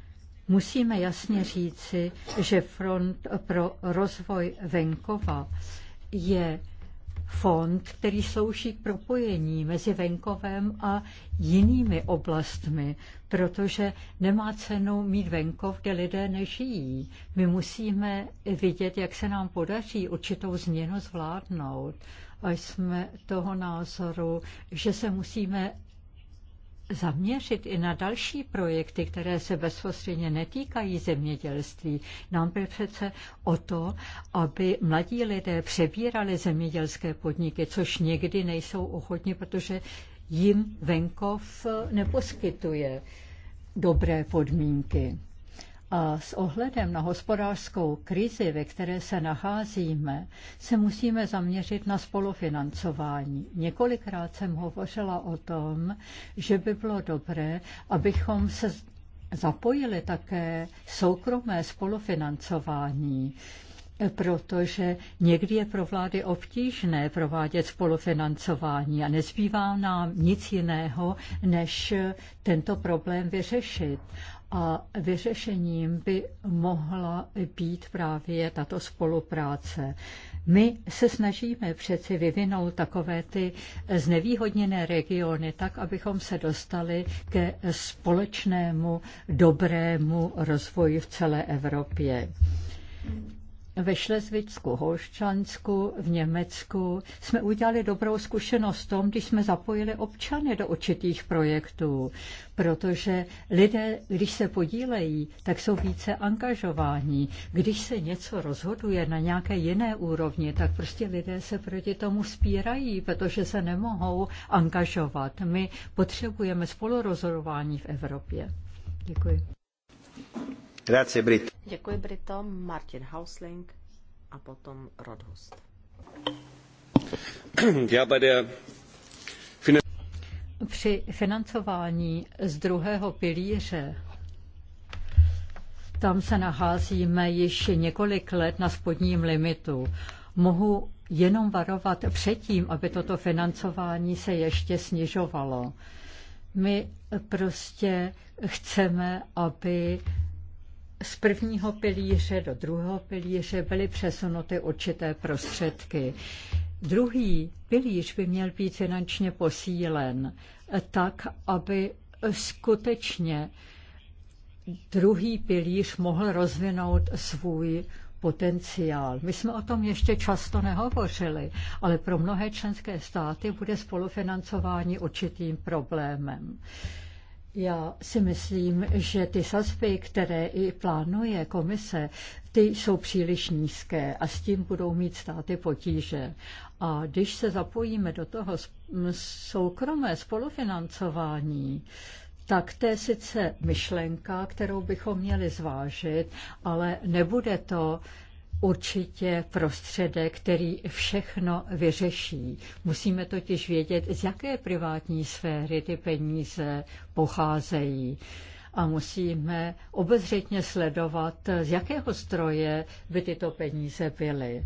musíme jasně říci, že Front pro rozvoj venkova je fond, který slouží k propojení mezi venkovem a jinými oblastmi, protože nemá cenu mít venkov, kde lidé nežijí. My musíme vidět, jak se nám podaří určitou změnu zvládnout. A jsme toho názoru, že se musíme zaměřit i na další projekty, které se bezprostředně netýkají zemědělství. Nám by přece o to, aby mladí lidé přebírali zemědělské podniky, což někdy nejsou ochotni, protože jim venkov neposkytuje dobré podmínky. A s ohledem na hospodářskou krizi, ve které se nacházíme, se musíme zaměřit na spolufinancování. Několikrát jsem hovořila o tom, že by bylo dobré, abychom se zapojili také soukromé spolufinancování protože někdy je pro vlády obtížné provádět spolufinancování a nezbývá nám nic jiného, než tento problém vyřešit a vyřešením by mohla být právě tato spolupráce. My se snažíme přeci vyvinout takové ty znevýhodněné regiony tak, abychom se dostali ke společnému dobrému rozvoji v celé Evropě ve Šlezvicku, Holščansku, v Německu jsme udělali dobrou zkušenost tom, když jsme zapojili občany do určitých projektů, protože lidé, když se podílejí, tak jsou více angažováni. Když se něco rozhoduje na nějaké jiné úrovni, tak prostě lidé se proti tomu spírají, protože se nemohou angažovat. My potřebujeme spolurozhodování v Evropě. Děkuji. Grazie, Děkuji, Brito. Martin Hausling a potom Rodhust. Já tady při financování z druhého pilíře tam se nacházíme již několik let na spodním limitu. Mohu jenom varovat předtím, aby toto financování se ještě snižovalo. My prostě chceme, aby z prvního pilíře do druhého pilíře byly přesunuty určité prostředky. Druhý pilíř by měl být finančně posílen tak, aby skutečně druhý pilíř mohl rozvinout svůj potenciál. My jsme o tom ještě často nehovořili, ale pro mnohé členské státy bude spolufinancování určitým problémem. Já si myslím, že ty sazby, které i plánuje komise, ty jsou příliš nízké a s tím budou mít státy potíže. A když se zapojíme do toho soukromé spolufinancování, tak to je sice myšlenka, kterou bychom měli zvážit, ale nebude to určitě prostředek, který všechno vyřeší. Musíme totiž vědět, z jaké privátní sféry ty peníze pocházejí. A musíme obezřetně sledovat, z jakého stroje by tyto peníze byly.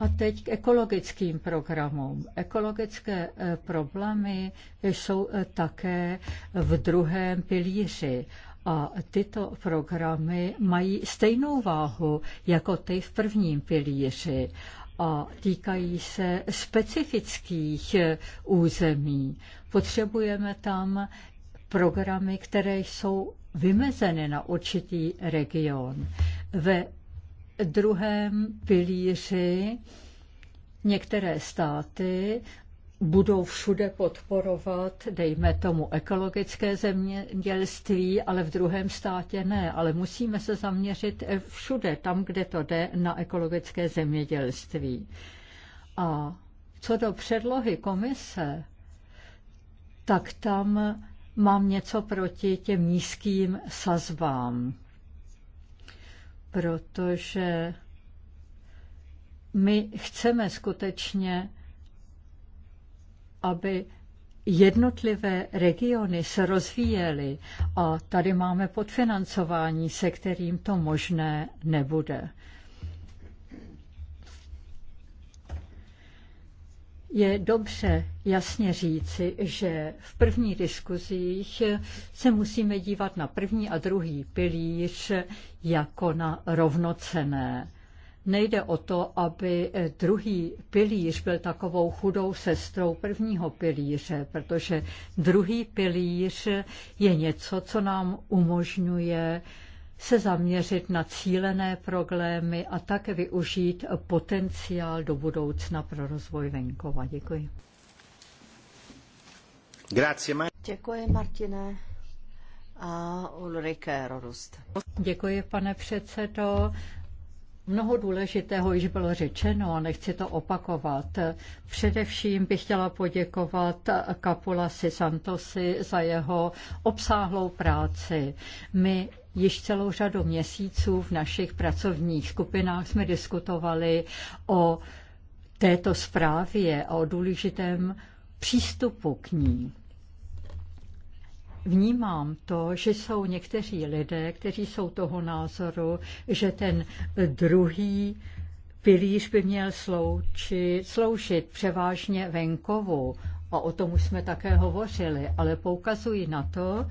A teď k ekologickým programům. Ekologické eh, problémy jsou eh, také v druhém pilíři a tyto programy mají stejnou váhu jako ty v prvním pilíři a týkají se specifických eh, území. Potřebujeme tam programy, které jsou vymezeny na určitý region. Ve druhém pilíři některé státy budou všude podporovat, dejme tomu, ekologické zemědělství, ale v druhém státě ne. Ale musíme se zaměřit všude, tam, kde to jde, na ekologické zemědělství. A co do předlohy komise, tak tam mám něco proti těm nízkým sazbám, protože my chceme skutečně aby jednotlivé regiony se rozvíjely a tady máme podfinancování, se kterým to možné nebude. Je dobře jasně říci, že v první diskuzích se musíme dívat na první a druhý pilíř jako na rovnocené. Nejde o to, aby eh, druhý pilíř byl takovou chudou sestrou prvního pilíře, protože druhý pilíř je něco, co nám umožňuje se zaměřit na cílené problémy a také využít potenciál do budoucna pro rozvoj venkova. Děkuji. Grazie, Děkuji, Martine. A Ulrike Rodust. Děkuji, pane předsedo. Mnoho důležitého již bylo řečeno a nechci to opakovat. Především bych chtěla poděkovat Kapulasi Santosi za jeho obsáhlou práci. My Již celou řadu měsíců v našich pracovních skupinách jsme diskutovali o této zprávě a o důležitém přístupu k ní vnímám to, že jsou někteří lidé, kteří jsou toho názoru, že ten druhý pilíř by měl sloučit, sloužit převážně venkovu. A o tom už jsme také hovořili, ale poukazují na to,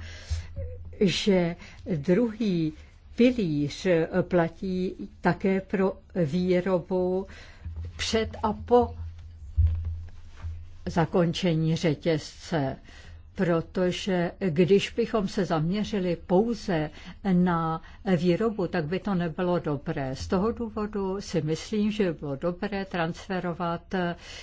že druhý pilíř platí také pro výrobu před a po zakončení řetězce protože když bychom se zaměřili pouze na výrobu, tak by to nebylo dobré. Z toho důvodu si myslím, že by bylo dobré transferovat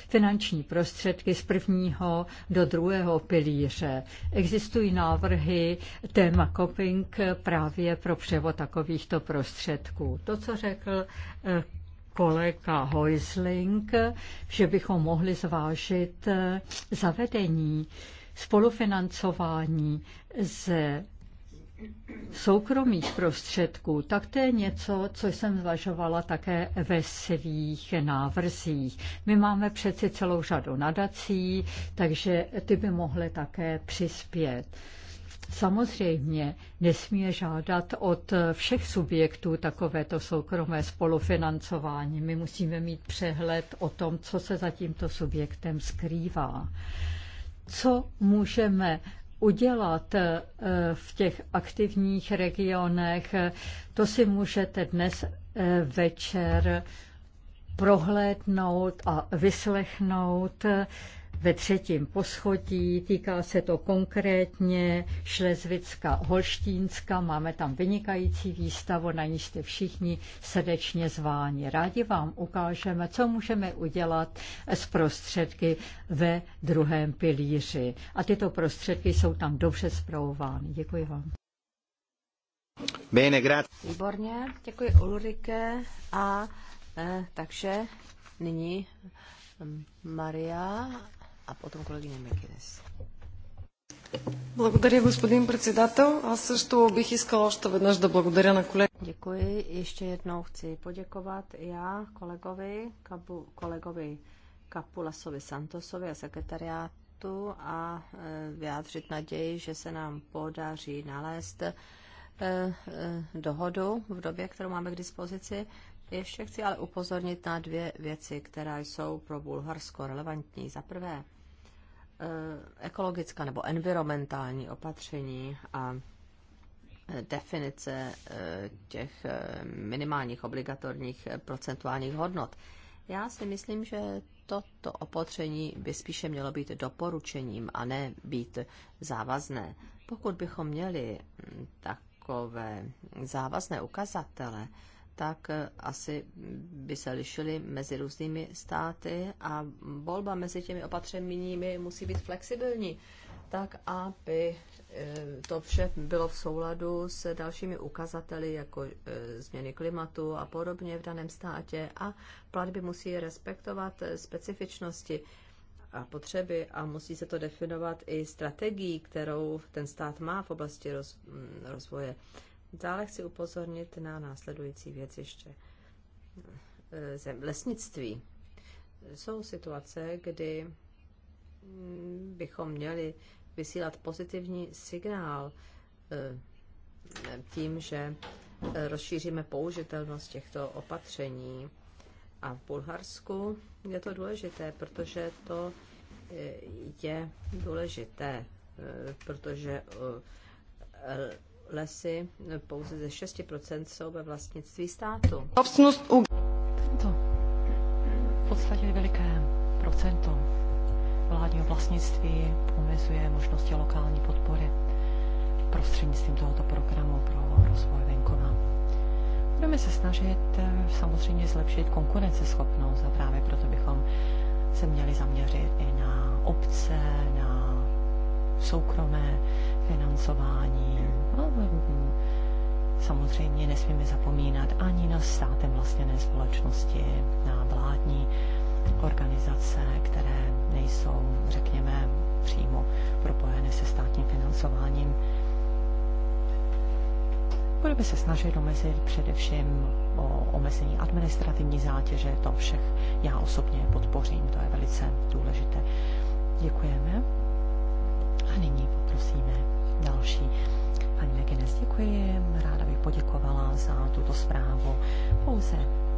finanční prostředky z prvního do druhého pilíře. Existují návrhy téma coping právě pro převod takovýchto prostředků. To, co řekl eh, kolega Heusling, že bychom mohli zvážit eh, zavedení spolufinancování ze soukromých prostředků, tak to je něco, co jsem zvažovala také ve svých návrzích. My máme přeci celou řadu nadací, takže ty by mohly také přispět. Samozřejmě nesmí žádat od všech subjektů takovéto soukromé spolufinancování. My musíme mít přehled o tom, co se za tímto subjektem skrývá co můžeme udělat eh, v těch aktivních regionech, to si můžete dnes eh, večer prohlédnout a vyslechnout ve třetím poschodí. Týká se to konkrétně Šlezvicka Holštínska. Máme tam vynikající výstavu, na ní jste všichni srdečně zváni. Rádi vám ukážeme, co můžeme udělat s prostředky ve druhém pilíři. A tyto prostředky jsou tam dobře zpravovány. Děkuji vám. Bene, Výborně, děkuji Ulrike. A eh, takže nyní hm, Maria а потом kolegyně Мекинес. Благодаря, господин председател. Аз също бих искала още веднъж да благодаря на колегите. Děkuji. Ještě jednou chci poděkovat já kolegovi, kabu, kolegovi Kapulasovi Santosovi a sekretariátu a e, vyjádřit naději, že se nám podaří nalézt e, e, dohodu v době, kterou máme k dispozici. Ještě chci ale upozornit na dvě věci, které jsou pro Bulharsko relevantní. Za prvé, eh, ekologická nebo environmentální opatření a definice eh, těch eh, minimálních obligatorních procentuálních hodnot. Já si myslím, že toto opatření by spíše mělo být doporučením a ne být závazné. Pokud bychom měli hm, takové závazné ukazatele, tak eh, asi by se lišily mezi různými státy a volba mezi těmi opatřeními musí být flexibilní, tak aby eh, to vše bylo v souladu s dalšími ukazateli, jako eh, změny klimatu a podobně v daném státě a platby musí respektovat specifičnosti a potřeby a musí se to definovat i strategií, kterou ten stát má v oblasti mm, rozvoje. Dále chci upozornit na následující věc ještě. Zem, lesnictví. Jsou situace, kdy bychom měli vysílat pozitivní signál eh, tím, že rozšíříme použitelnost těchto opatření. A v Bulharsku je to důležité, protože to eh, je důležité, eh, protože lesy pouze ze 6% jsou ve vlastnictví státu. Tento v podstatě veliké procento vládního vlastnictví omezuje možnosti lokální podpory prostřednictvím tohoto programu pro rozvoj venkova. Budeme se snažit eh, samozřejmě zlepšit konkurenceschopnost a právě proto bychom se měli zaměřit i na obce, na soukromé financování, No, samozřejmě nesmíme zapomínat ani na státem vlastněné společnosti, na vládní organizace, které nejsou, řekněme, přímo propojené se státním financováním. Budeme se snažit omezit především o omezení administrativní zátěže, to všech já osobně podpořím, to je velice důležité. Děkujeme. A nyní poprosíme další Paní McGuinness, děkuji. Ráda bych poděkovala za tuto zprávu. Pouze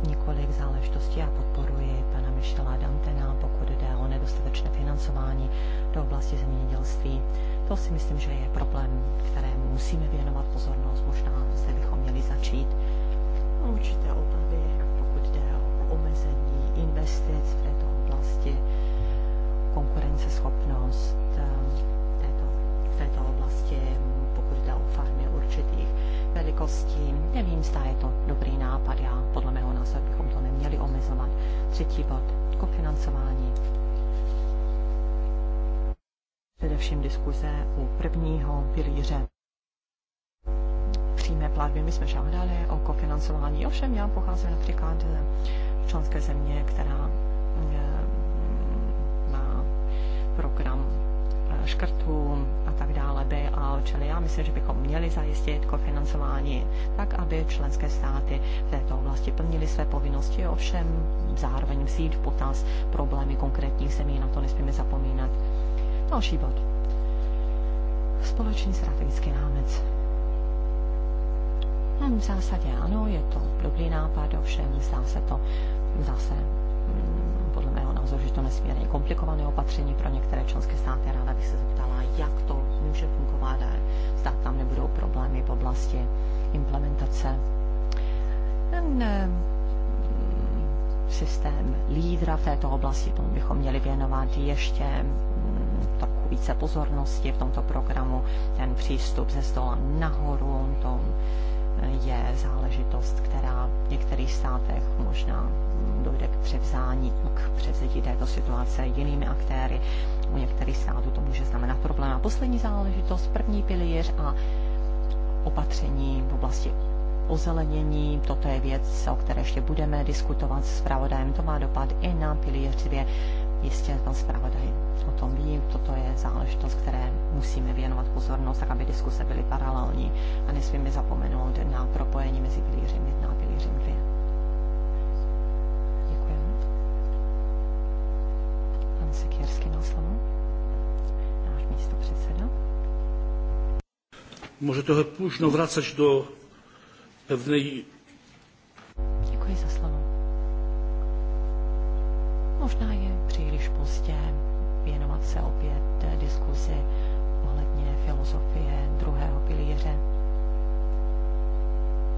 několik záležitostí a podporuji pana Michela Dantena, pokud jde o nedostatečné financování do oblasti zemědělství. To si myslím, že je problém, kterému musíme věnovat pozornost. Možná zde bychom měli začít. Určité obavy, pokud jde o omezení investic v této oblasti, konkurenceschopnost ehm, této, v této oblasti O farmě určitých velikostí. Nevím, zda je to dobrý nápad. Já podle mého názoru bychom to neměli omezovat. Třetí bod. Kofinancování. Především diskuze u prvního pilíře přímé platby. My jsme žádali o kofinancování. Ovšem já pocházím například z členské země, která eh, má program škrtům a tak dále BAO. Čili já myslím, že bychom měli zajistit kofinancování tak, aby členské státy v této oblasti plnily své povinnosti, ovšem zároveň vzít v potaz problémy konkrétních zemí, na to nesmíme zapomínat. Další bod. Společný strategický rámec. Hm, v zásadě ano, je to dobrý nápad, ovšem zdá se to zase názor, že to nesmírně komplikované opatření pro některé členské státy. Ráda bych se zeptala, jak to může fungovat a zda tam nebudou problémy v oblasti implementace. Ten eh, systém lídra v této oblasti, tomu bychom měli věnovat ještě mm, trochu více pozornosti v tomto programu. Ten přístup ze stola nahoru, to je záležitost, která v některých státech možná dojde k převzání, k převzetí této situace jinými aktéry. U některých států to může znamenat problém. A poslední záležitost, první pilíř a opatření v oblasti ozelenění. Toto je věc, o které ještě budeme diskutovat s zpravodajem. To má dopad i na pilíř 2. Jistě pan zpravodaj o tom ví. Toto je záležitost, které musíme věnovat pozornost, tak aby diskuse byly paralelní a nesmíme zapomenout na propojení mezi pilířemi Sikierský má slovo. Náš místo předseda. Může toho půjšno vracet do pevné... Děkuji za slovo. Možná je příliš pozdě věnovat se opět diskuzi ohledně filozofie druhého pilíře.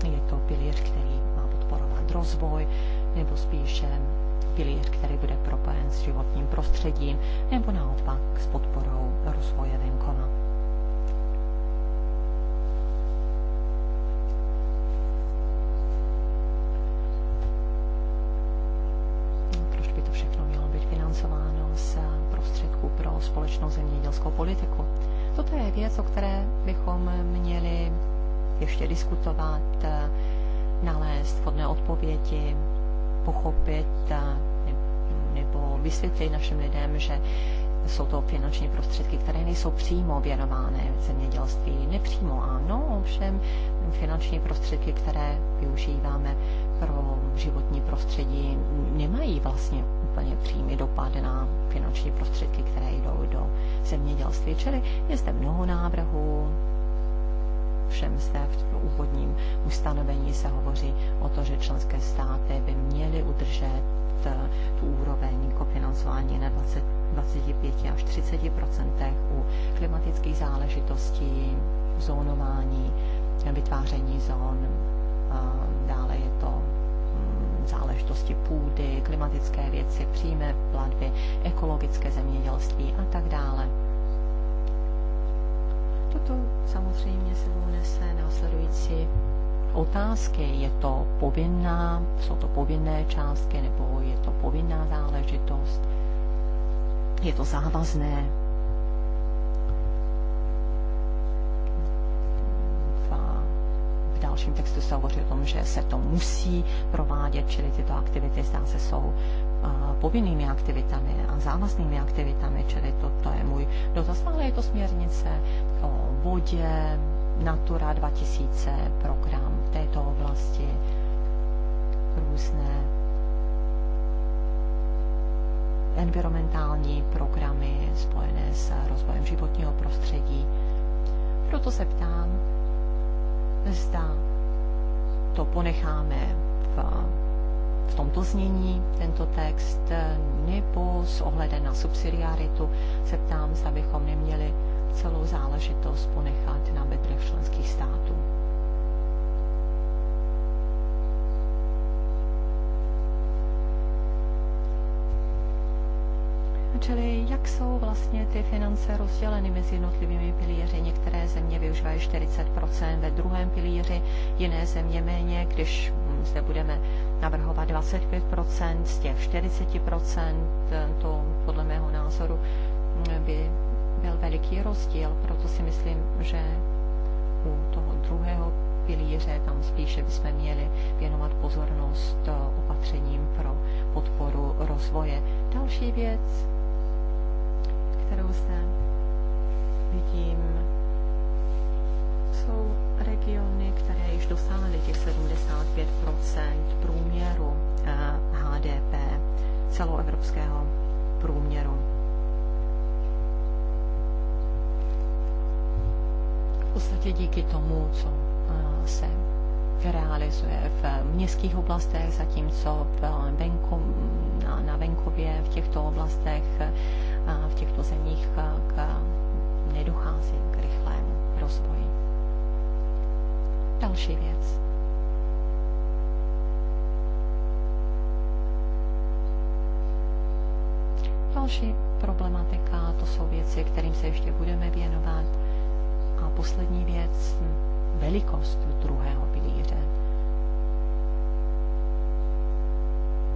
Je to pilíř, který má podporovat rozvoj, nebo spíše pilíř, který bude propojen s životním prostředím nebo naopak s podporou rozvoje venkova. Proč by to všechno mělo být financováno z prostředků pro společnou zemědělskou politiku? Toto je věc, o které bychom měli ještě diskutovat, nalézt vhodné odpovědi, pochopit nebo vysvětlit našim lidem, že jsou to finanční prostředky, které nejsou přímo věnovány zemědělství. Nepřímo ano, ovšem finanční prostředky, které využíváme pro životní prostředí, nemají vlastně úplně přímý dopad na finanční prostředky, které jdou do zemědělství. Čili je zde mnoho návrhů, Ovšem zde v úvodním ustanovení se hovoří o to, že členské státy by měly udržet eh, tu úroveň kofinancování na 20, 25 až 30 u klimatických záležitostí, zónování, vytváření zón, dále je to hm, záležitosti půdy, klimatické věci, přímé platby, ekologické zemědělství a tak dále. Toto samozřejmě sebou nese následující otázky. Je to povinná, jsou to povinné částky nebo je to povinná záležitost? Je to závazné? V dalším textu se hovoří o tom, že se to musí provádět, čili tyto aktivity zdá se jsou Eh, povinnými aktivitami a závaznými aktivitami, čili to, to je můj dotaz. Ale je to směrnice o vodě, Natura 2000, program v této oblasti, různé environmentální programy spojené s rozvojem životního prostředí. Proto se ptám, zda to ponecháme v v tomto znění tento text, nebo s ohledem na subsidiaritu se ptám, zda bychom neměli celou záležitost ponechat na bedrech členských států. Čili jak jsou vlastně ty finance rozděleny mezi jednotlivými pilíři? Některé země využívají 40%, ve druhém pilíři jiné země méně, když zde budeme navrhovat 25% z těch 40%, to podle mého názoru by byl veliký rozdíl, proto si myslím, že u toho druhého pilíře tam spíše bychom měli věnovat pozornost opatřením pro podporu rozvoje. Další věc, kterou zde vidím, jsou regiony, které již dosáhly těch 75 průměru HDP, eh, celoevropského průměru. V podstatě díky tomu, co eh, se realizuje v městských oblastech, zatímco v venku, na, na venkově v těchto oblastech v těchto zemích k, nedochází k rychlému rozvoji. Další věc. Další problematika, to jsou věci, kterým se ještě budeme věnovat. A poslední věc, velikost druhého pilíře.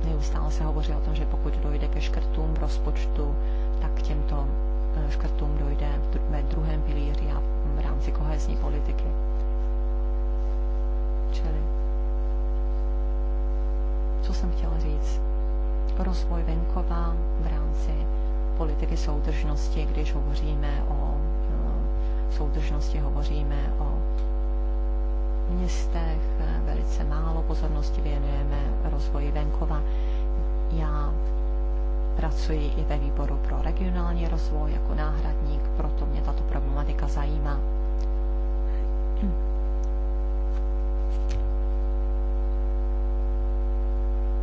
Neustále se hovoří o tom, že pokud dojde ke škrtům v rozpočtu, tak k těmto eh, škrtům dojde ve druhém pilíři a v rámci kohezní politiky. Čili, co jsem chtěla říct? Rozvoj venkova v rámci politiky soudržnosti, když hovoříme o eh, soudržnosti, hovoříme o městech, eh, velice málo pozornosti věnujeme rozvoji venkova. Já pracuji i ve výboru pro regionální rozvoj jako náhradník, proto mě tato problematika zajímá.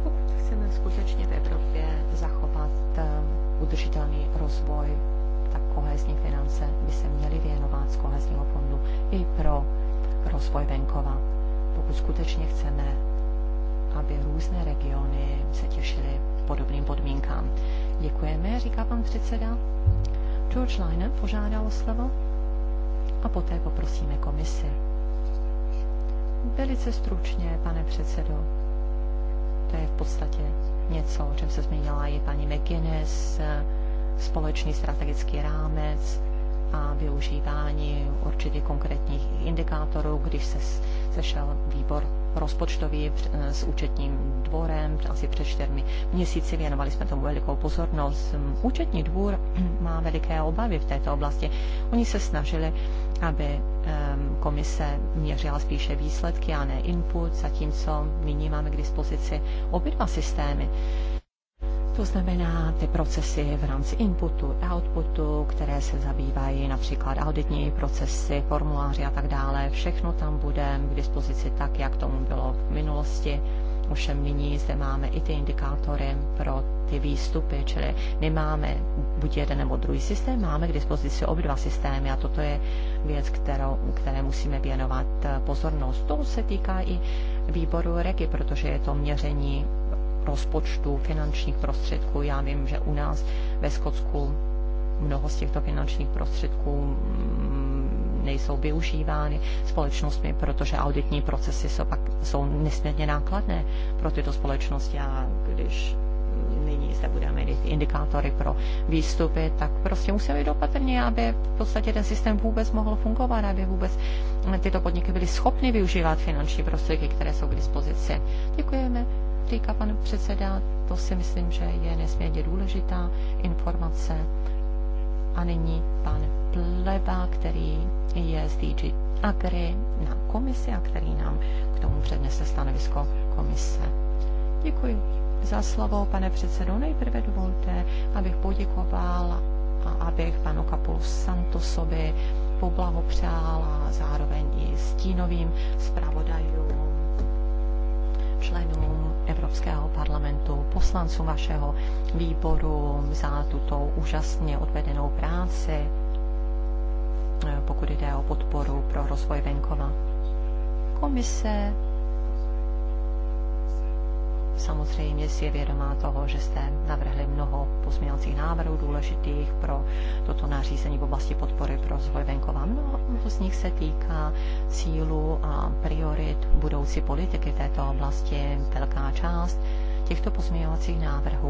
Pokud chceme skutečně v Evropě zachovat eh, udržitelný rozvoj, tak kohezní finance by se měly věnovat z kohezního fondu i pro rozvoj venkova. Pokud skutečně chceme, aby různé regiony se těšily podobným podmínkám. Děkujeme, říká pan předseda. George Line požádal o slovo a poté poprosíme komisi. Velice stručně, pane předsedo. To je v podstatě něco, o čem se zmínila i paní McGuinness, společný strategický rámec a využívání určitě konkrétních indikátorů, když se sešel výbor rozpočtový eh, s účetním dvorem asi před čtyřmi měsíci. Věnovali jsme tomu velikou pozornost. Účetní dvůr má veliké obavy v této oblasti. Oni se snažili, aby komise měřila spíše výsledky a ne input, zatímco nyní máme k dispozici obě dva systémy to znamená ty procesy v rámci inputu, outputu, které se zabývají například auditní procesy, formuláři a tak dále. Všechno tam bude k dispozici tak, jak tomu bylo v minulosti. Ovšem nyní zde máme i ty indikátory pro ty výstupy, čili nemáme buď jeden nebo druhý systém, máme k dispozici obě dva systémy a toto je věc, kterou, které musíme věnovat pozornost. To se týká i výboru REKY, protože je to měření rozpočtu, finančních prostředků. Já vím, že u nás ve Skotsku mnoho z těchto finančních prostředků mm, nejsou využívány společnostmi, protože auditní procesy jsou, pak, jsou nesmírně nákladné pro tyto společnosti a když nyní se budeme mít indikátory pro výstupy, tak prostě musíme být opatrně, aby v podstatě ten systém vůbec mohl fungovat, aby vůbec tyto podniky byly schopny využívat finanční prostředky, které jsou k dispozici. Děkujeme týká pane předseda, to si myslím, že je nesmírně důležitá informace. A nyní pan Pleba, který je z DG Agri na komisi a který nám k tomu přednese stanovisko komise. Děkuji za slovo, pane předsedo. Nejprve dovolte, abych poděkoval a abych panu Kapulu Santosovi poblahopřál a zároveň i stínovým zpravodajům, členům Evropského parlamentu, poslancům vašeho výboru za tuto úžasně odvedenou práci, eh, pokud jde o podporu pro rozvoj venkova. Komise samozřejmě si je vědomá toho, že jste navrhli mnoho pozměňovacích návrhů důležitých pro toto nařízení v oblasti podpory pro rozvoj venkova. Mnoho z nich se týká cílů a priorit budoucí politiky této oblasti. Velká část těchto pozměňovacích návrhů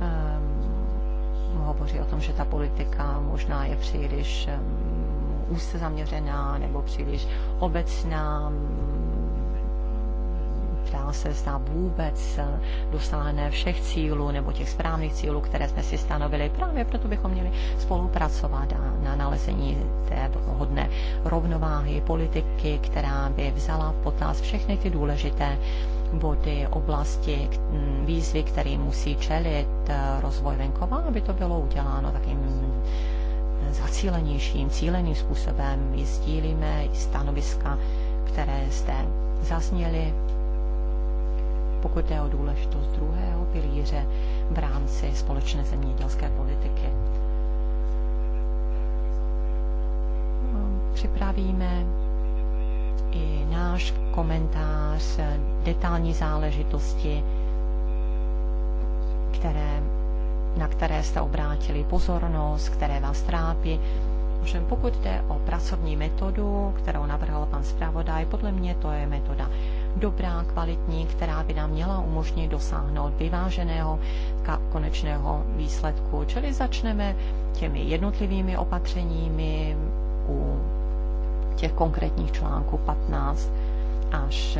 um, hovoří o tom, že ta politika možná je příliš um, úzce zaměřená nebo příliš obecná, um, která se, zdá vůbec eh, dosáhne všech cílů nebo těch správných cílů, které jsme si stanovili. Právě proto bychom měli spolupracovat na nalezení té hodné rovnováhy politiky, která by vzala v potaz všechny ty důležité body, oblasti, mm, výzvy, které musí čelit eh, rozvoj venkova, aby to bylo uděláno takým eh, zacílenějším, cíleným způsobem. My sdílíme stanoviska, které jste zazněli pokud jde o důležitost druhého pilíře v rámci společné zemědělské politiky. Připravíme i náš komentář, detailní záležitosti, které, na které jste obrátili pozornost, které vás trápí. Ovšem pokud jde o pracovní metodu, kterou navrhl pan zpravodaj, podle mě to je metoda dobrá, kvalitní, která by nám měla umožnit dosáhnout vyváženého konečného výsledku. Čili začneme těmi jednotlivými opatřeními u těch konkrétních článků 15 až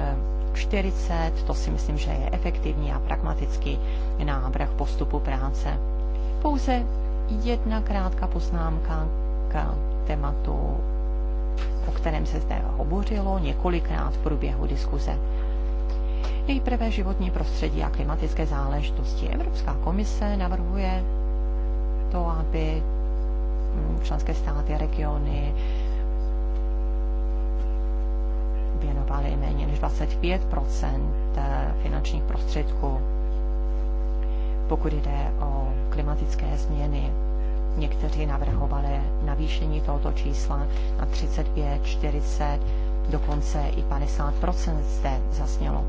40. To si myslím, že je efektivní a pragmatický návrh postupu práce. Pouze jedna krátká poznámka k tématu o kterém se zde hovořilo několikrát v průběhu diskuze. Nejprve životní prostředí a klimatické záležitosti. Evropská komise navrhuje to, aby členské státy, a regiony věnovaly méně než 25 eh, finančních prostředků, pokud jde o klimatické změny Někteří navrhovali navýšení tohoto čísla na 35, 40, dokonce i 50 zde zasnělo.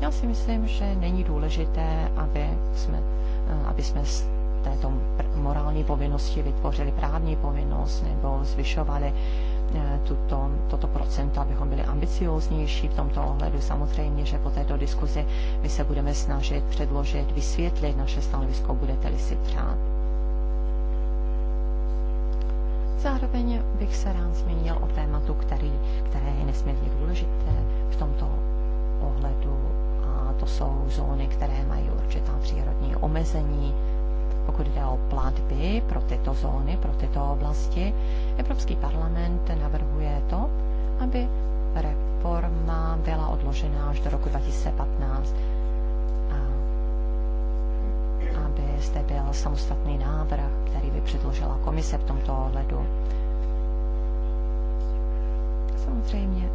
Já si myslím, že není důležité, aby jsme, aby jsme z této morální povinnosti vytvořili právní povinnost nebo zvyšovali eh, tuto, toto procento, abychom byli ambicioznější v tomto ohledu. Samozřejmě, že po této diskuzi my se budeme snažit předložit, vysvětlit naše stanovisko, budete-li si přát. Zároveň bych se rád zmínil o tématu, který, které je nesmírně důležité v tomto ohledu a to jsou zóny, které mají určitá přírodní omezení, pokud jde o platby pro tyto zóny, pro tyto oblasti, Evropský parlament navrhuje to, aby reforma byla odložena až do roku 2015. zde byl samostatný návrh, který by předložila komise v tomto ohledu. Samozřejmě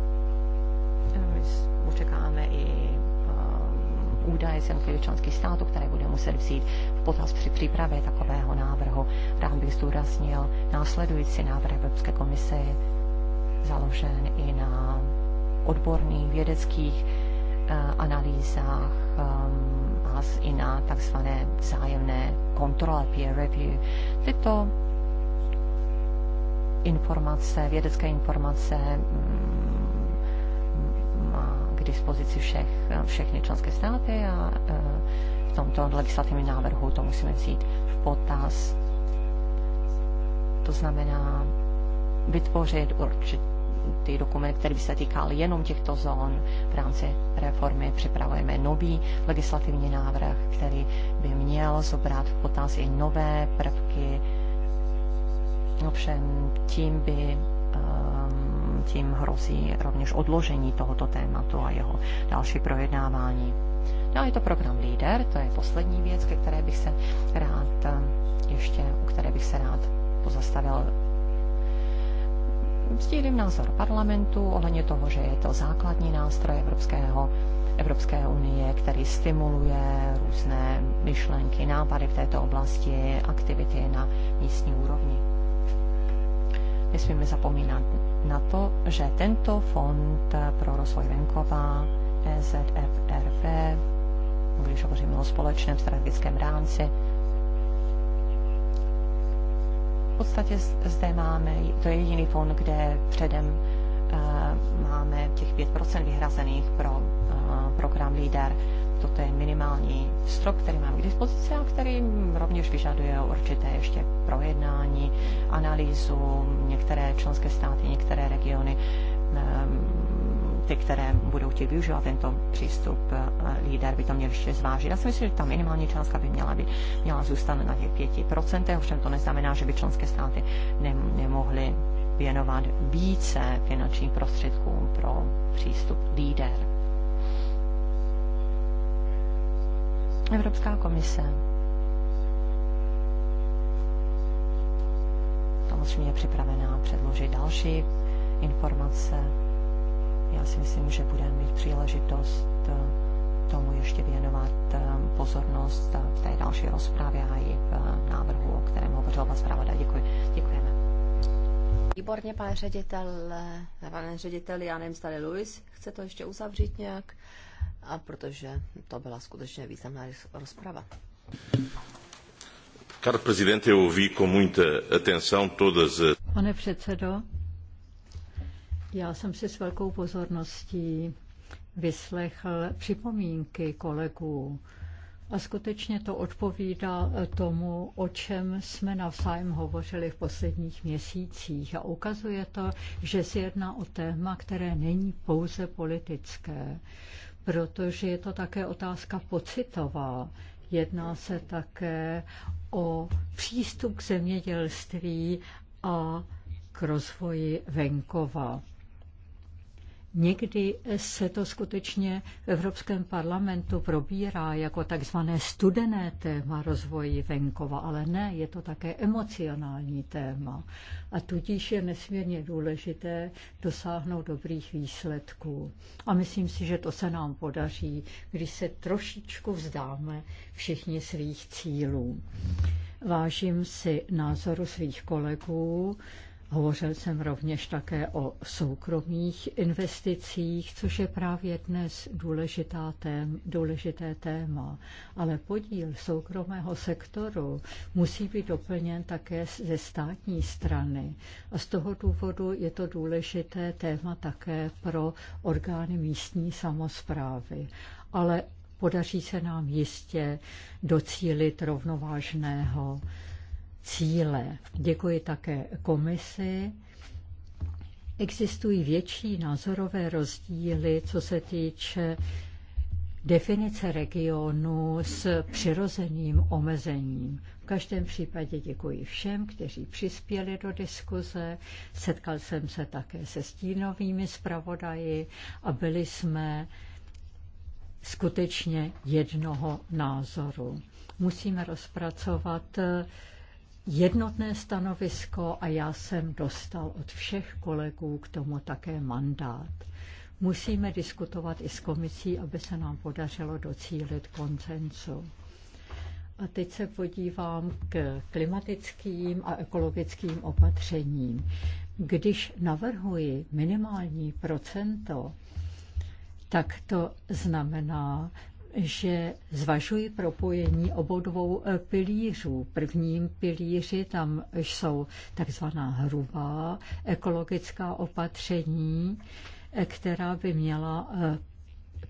eh, my očekáváme i eh, údaje z jednotlivých členských států, které bude muset vzít v potaz při přípravě takového návrhu. Rád bych zdůraznil, následující návrh Evropské komise založen i na odborných vědeckých eh, analýzách ehm, čas i na takzvané vzájemné kontrole peer review. Tyto informace, vědecké informace mm, má k dispozici všech, všechny členské státy a e, v tomto legislativním návrhu to musíme vzít v potaz. To znamená vytvořit určitě ty dokument, který by se týkal jenom těchto zón. V rámci reformy připravujeme nový legislativní návrh, který by měl zobrat v potaz i nové prvky. Ovšem tím by ehm, tím hrozí rovněž odložení tohoto tématu a jeho další projednávání. No a je to program LEADER, to je poslední věc, ke které bych se rád ehm, ještě, u které bych se rád pozastavil sdílím názor parlamentu ohledně toho, že je to základní nástroj Evropského, Evropské unie, který stimuluje různé myšlenky, nápady v této oblasti, aktivity na místní úrovni. Nesmíme zapomínat na to, že tento fond pro rozvoj venkova EZFRV, když hovoříme o společném strategickém rámci, podstatě zde máme, to je jediný fond, kde předem eh, máme těch 5% vyhrazených pro eh, program LEADER. Toto je minimální strop, který mám k dispozici a který rovněž vyžaduje určité ještě projednání, analýzu. Některé členské státy, některé regiony ehm, ty, které budou chtít využívat tento přístup eh, líder, by to měl ještě zvážit. Já si myslím, že ta minimální částka by měla, by měla zůstat na těch 5%, ovšem to neznamená, že by členské státy nemohly věnovat více finančních prostředků pro přístup líder. Evropská komise samozřejmě připravená předložit další informace já si myslím, že budeme mít příležitost eh, tomu ještě věnovat eh, pozornost eh, v té další rozprávě a i v návrhu, o kterém hovořil vás pravda. Děkuji. Děkujeme. Výborně, pane ředitel, pane ředitel, já nevím, tady Luis chce to ještě uzavřít nějak, a protože to byla skutečně významná rozprava. Pane předsedo, já jsem si s velkou pozorností vyslechl připomínky kolegů a skutečně to odpovídá tomu, o čem jsme navzájem hovořili v posledních měsících. A ukazuje to, že se jedná o téma, které není pouze politické, protože je to také otázka pocitová. Jedná se také o přístup k zemědělství a k rozvoji venkova. Někdy se to skutečně v Evropském parlamentu probírá jako takzvané studené téma rozvoji venkova, ale ne, je to také emocionální téma. A tudíž je nesmírně důležité dosáhnout dobrých výsledků. A myslím si, že to se nám podaří, když se trošičku vzdáme všichni svých cílů. Vážím si názoru svých kolegů, Hovořil jsem rovněž také o soukromých investicích, což je právě dnes důležitá tém, důležité téma. Ale podíl soukromého sektoru musí být doplněn také ze státní strany. A z toho důvodu je to důležité téma také pro orgány místní samozprávy. Ale podaří se nám jistě docílit rovnovážného cíle. Děkuji také komisi. Existují větší názorové rozdíly, co se týče definice regionu s přirozeným omezením. V každém případě děkuji všem, kteří přispěli do diskuze. Setkal jsem se také se stínovými zpravodaji a byli jsme skutečně jednoho názoru. Musíme rozpracovat jednotné stanovisko a já jsem dostal od všech kolegů k tomu také mandát. Musíme diskutovat i s komisí, aby se nám podařilo docílit koncensu. A teď se podívám k klimatickým a ekologickým opatřením. Když navrhuji minimální procento, tak to znamená, že zvažuji propojení obou dvou eh, pilířů. prvním pilíři tam jsou takzvaná hrubá ekologická opatření, eh, která by měla eh,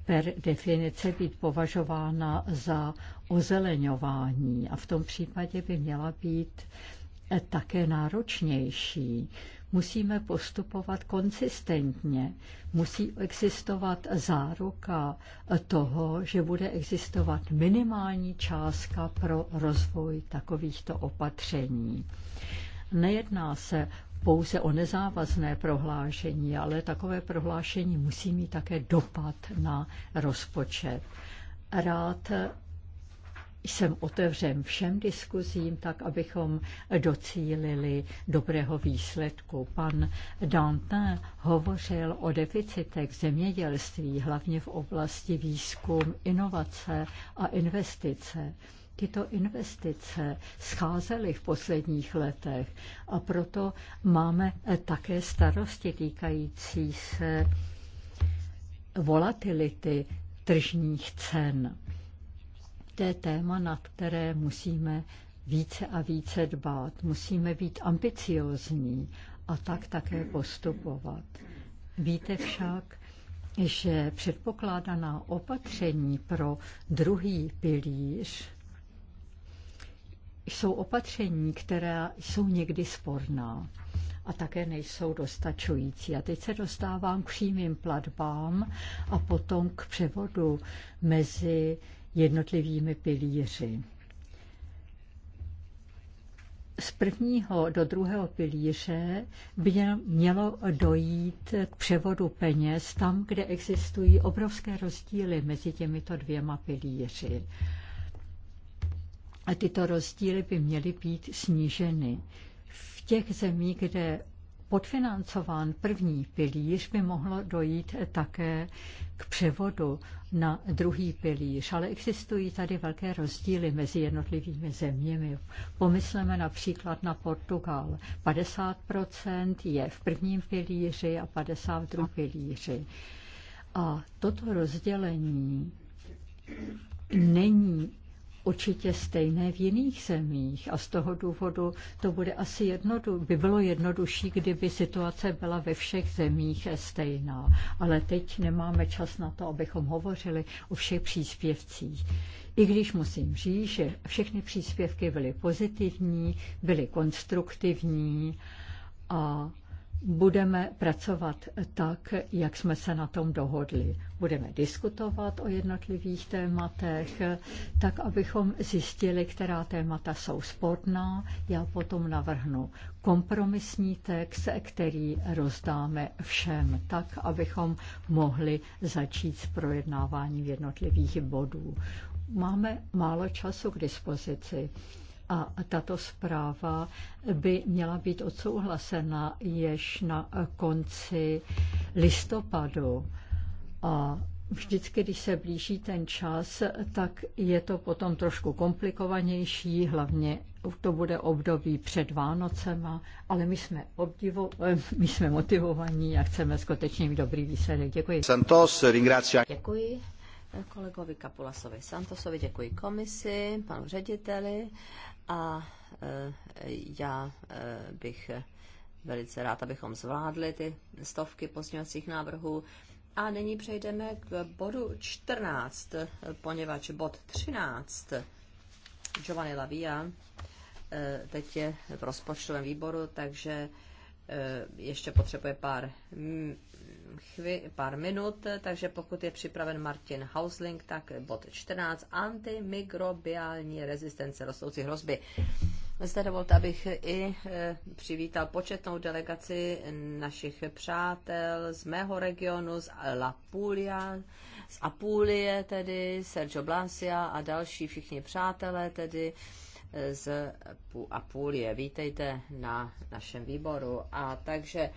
per definice být považována za ozeleňování a v tom případě by měla být také náročnější musíme postupovat konsistentně. Musí existovat záruka toho, že bude existovat minimální částka pro rozvoj takovýchto opatření. Nejedná se pouze o nezávazné prohlášení, ale takové prohlášení musí mít také dopad na rozpočet. Rád jsem otevřen všem diskuzím, tak abychom docílili dobrého výsledku. Pan Dantin hovořil o deficitech zemědělství, hlavně v oblasti výzkum, inovace a investice. Tyto investice scházely v posledních letech a proto máme také starosti týkající se volatility tržních cen důležité téma, na které musíme více a více dbát. Musíme být ambiciozní a tak také postupovat. Víte však, že předpokládaná opatření pro druhý pilíř jsou opatření, která jsou někdy sporná a také nejsou dostačující. A teď se dostávám k přímým platbám a potom k převodu mezi jednotlivými pilíři. Z prvního do druhého pilíře by mělo dojít k převodu peněz tam, kde existují obrovské rozdíly mezi těmito dvěma pilíři. A tyto rozdíly by měly být sníženy. V těch zemích, kde podfinancován první pilíř, by mohlo dojít také k převodu na druhý pilíř, ale existují tady velké rozdíly mezi jednotlivými zeměmi. Pomysleme například na Portugal. 50% je v prvním pilíři a 50% v druhém pilíři. A toto rozdělení není určitě stejné v jiných zemích a z toho důvodu to bude asi jednodu, by bylo jednodušší, kdyby situace byla ve všech zemích stejná. Ale teď nemáme čas na to, abychom hovořili o všech příspěvcích. I když musím říct, že všechny příspěvky byly pozitivní, byly konstruktivní a budeme pracovat tak, jak jsme se na tom dohodli. Budeme diskutovat o jednotlivých tématech, tak abychom zjistili, která témata jsou sporná. Já potom navrhnu kompromisní text, který rozdáme všem, tak, abychom mohli začít s projednáváním jednotlivých bodů. Máme málo času k dispozici a tato zpráva by měla být odsouhlasena jež na konci listopadu. A vždycky, když se blíží ten čas, tak je to potom trošku komplikovanější, hlavně to bude období před Vánocema, ale my jsme, obdivo, eh, my jsme motivovaní a chceme skutečně mít dobrý výsledek. Děkuji. Santos, Děkuji kolegovi Kapulasovi Santosovi, děkuji komisi, panu řediteli a eh, já eh, bych velice rád, abychom zvládli ty stovky pozměňovacích návrhů. A nyní přejdeme k bodu 14, poněvadž bod 13 Giovanni Lavia eh, teď je v rozpočtovém výboru, takže ještě potřebuje pár chvi, pár minut, takže pokud je připraven Martin Hausling, tak bod 14, antimikrobiální rezistence rostoucí hrozby. Zde dovolte, abych i e, přivítal početnou delegaci našich přátel z mého regionu, z Puglia, z Apulie tedy, Sergio Blasia a další všichni přátelé tedy e, z Apulie. Vítejte na našem výboru. A takže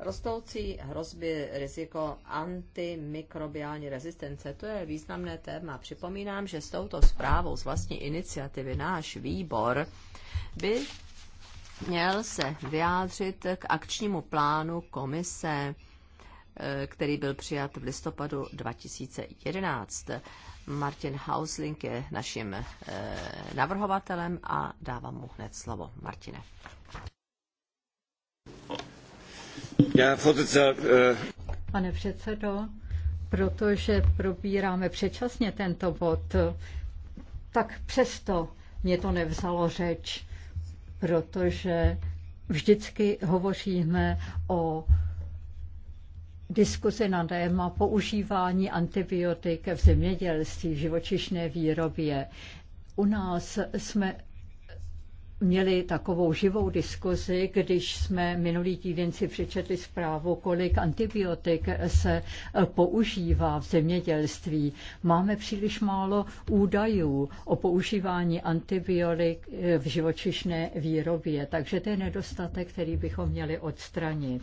Rostoucí hrozby riziko antimikrobiální rezistence, to je významné téma. Připomínám, že s touto zprávou z vlastní iniciativy náš výbor by měl se vyjádřit k akčnímu plánu komise, eh, který byl přijat v listopadu 2011. Martin Hausling je naším eh, navrhovatelem a dávám mu hned slovo. Martine. Eh, Pane předsedo, protože probíráme předčasně tento bod, tak přesto mě to nevzalo řeč, protože vždycky hovoříme o diskuzi na téma používání antibiotik v zemědělství, v živočišné výrobě. U nás jsme měli takovou živou diskuzi, když jsme minulý týden si přečetli zprávu, kolik antibiotik se eh, používá v zemědělství. Máme příliš málo údajů o používání antibiotik eh, v živočišné výrobě, takže to je nedostatek, který bychom měli odstranit.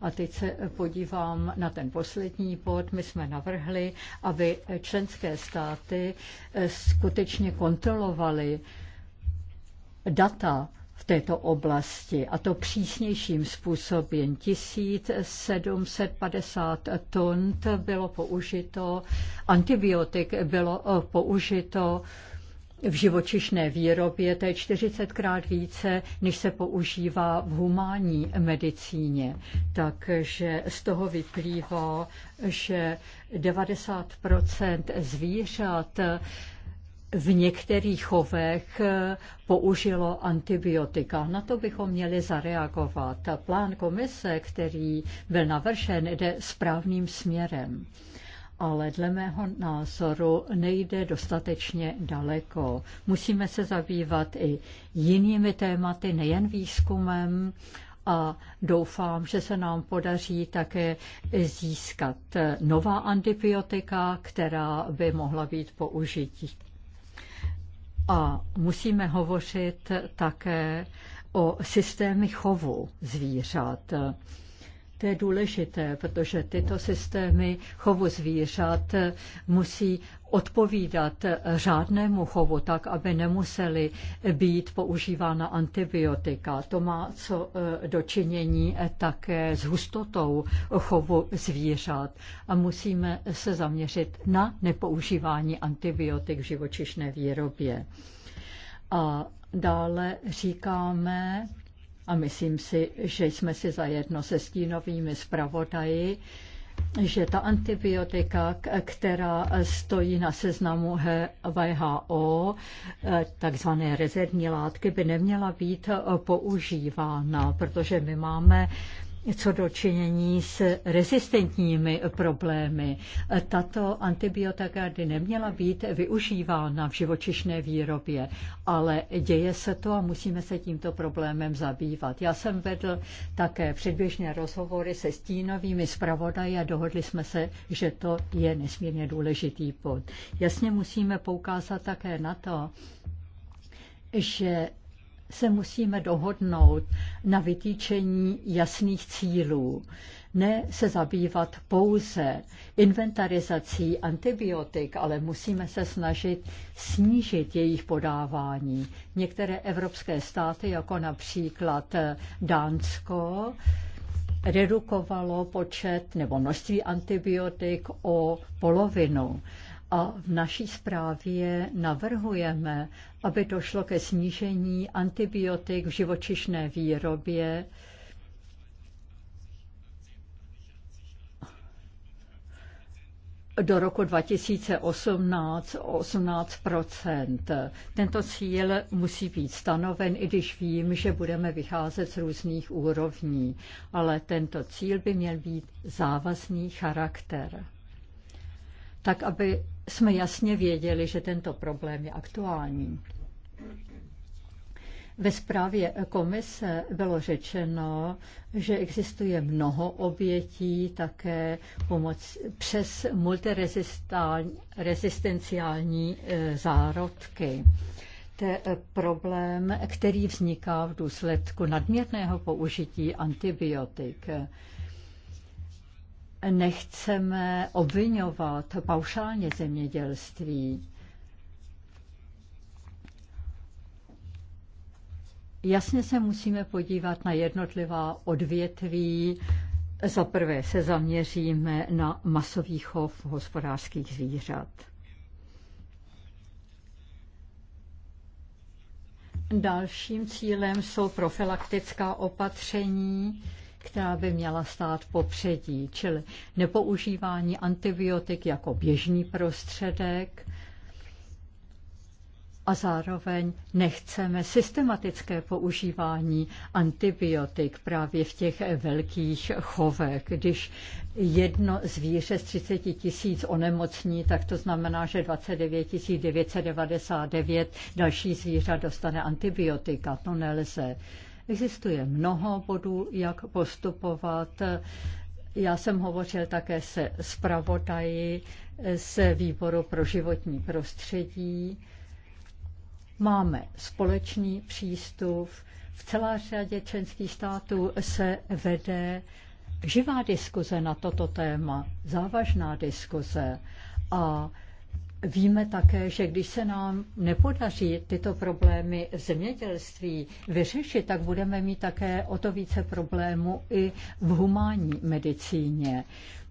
A teď se podívám na ten poslední bod. My jsme navrhli, aby členské státy eh, skutečně kontrolovaly data v této oblasti, a to přísnějším způsobem. 1750 tun bylo použito, antibiotik bylo eh, použito v živočišné výrobě, to je 40krát více, než se používá v humánní medicíně. Takže z toho vyplývá, že 90 zvířat v některých chovech použilo antibiotika. Na to bychom měli zareagovat. Plán komise, který byl navršen, jde správným směrem. Ale dle mého názoru nejde dostatečně daleko. Musíme se zabývat i jinými tématy, nejen výzkumem, a doufám, že se nám podaří také získat nová antibiotika, která by mohla být použití a musíme hovořit také o systémy chovu zvířat. To je důležité, protože tyto systémy chovu zvířat musí odpovídat řádnému chovu tak, aby nemuseli být používána antibiotika. To má co e, dočinění také s hustotou chovu zvířat a musíme se zaměřit na nepoužívání antibiotik v živočišné výrobě. A dále říkáme, a myslím si, že jsme si zajedno se stínovými zpravodaji, že ta antibiotika, která stojí na seznamu VHO, eh, takzvané rezervní látky, by neměla být eh, používána, protože my máme co dočinění s rezistentními problémy. Tato antibiotika by neměla být využívána v živočišné výrobě, ale děje se to a musíme se tímto problémem zabývat. Já jsem vedl také předběžné rozhovory se stínovými zpravodaji a dohodli jsme se, že to je nesmírně důležitý bod. Jasně musíme poukázat také na to, že se musíme dohodnout na vytýčení jasných cílů, ne se zabývat pouze inventarizací antibiotik, ale musíme se snažit snížit jejich podávání. Některé evropské státy, jako například Dánsko, redukovalo počet nebo množství antibiotik o polovinu. A v naší zprávě navrhujeme, aby došlo ke snížení antibiotik v živočišné výrobě. do roku 2018 o 18 Tento cíl musí být stanoven, i když vím, že budeme vycházet z různých úrovní, ale tento cíl by měl být závazný charakter tak aby jsme jasně věděli, že tento problém je aktuální. Ve zprávě komise bylo řečeno, že existuje mnoho obětí, také pomoc přes multirezistenciální eh, zárodky. To je eh, problém, který vzniká v důsledku nadměrného použití antibiotik nechceme obvinovat paušálně zemědělství. Jasně se musíme podívat na jednotlivá odvětví. Za prvé se zaměříme na masový chov hospodářských zvířat. Dalším cílem jsou profilaktická opatření, která by měla stát popředí, čili nepoužívání antibiotik jako běžný prostředek a zároveň nechceme systematické používání antibiotik právě v těch velkých chovech. Když jedno zvíře z 30 tisíc onemocní, tak to znamená, že 29 999 další zvířat dostane antibiotika. To nelze. Existuje mnoho bodů, jak postupovat. Já jsem hovořil také se zpravodaji z výboru pro životní prostředí. Máme společný přístup. V celé řadě členských států se vede živá diskuze na toto téma, závažná diskuze. A Víme také, že když se nám nepodaří tyto problémy v zemědělství vyřešit, tak budeme mít také o to více problémů i v humánní medicíně.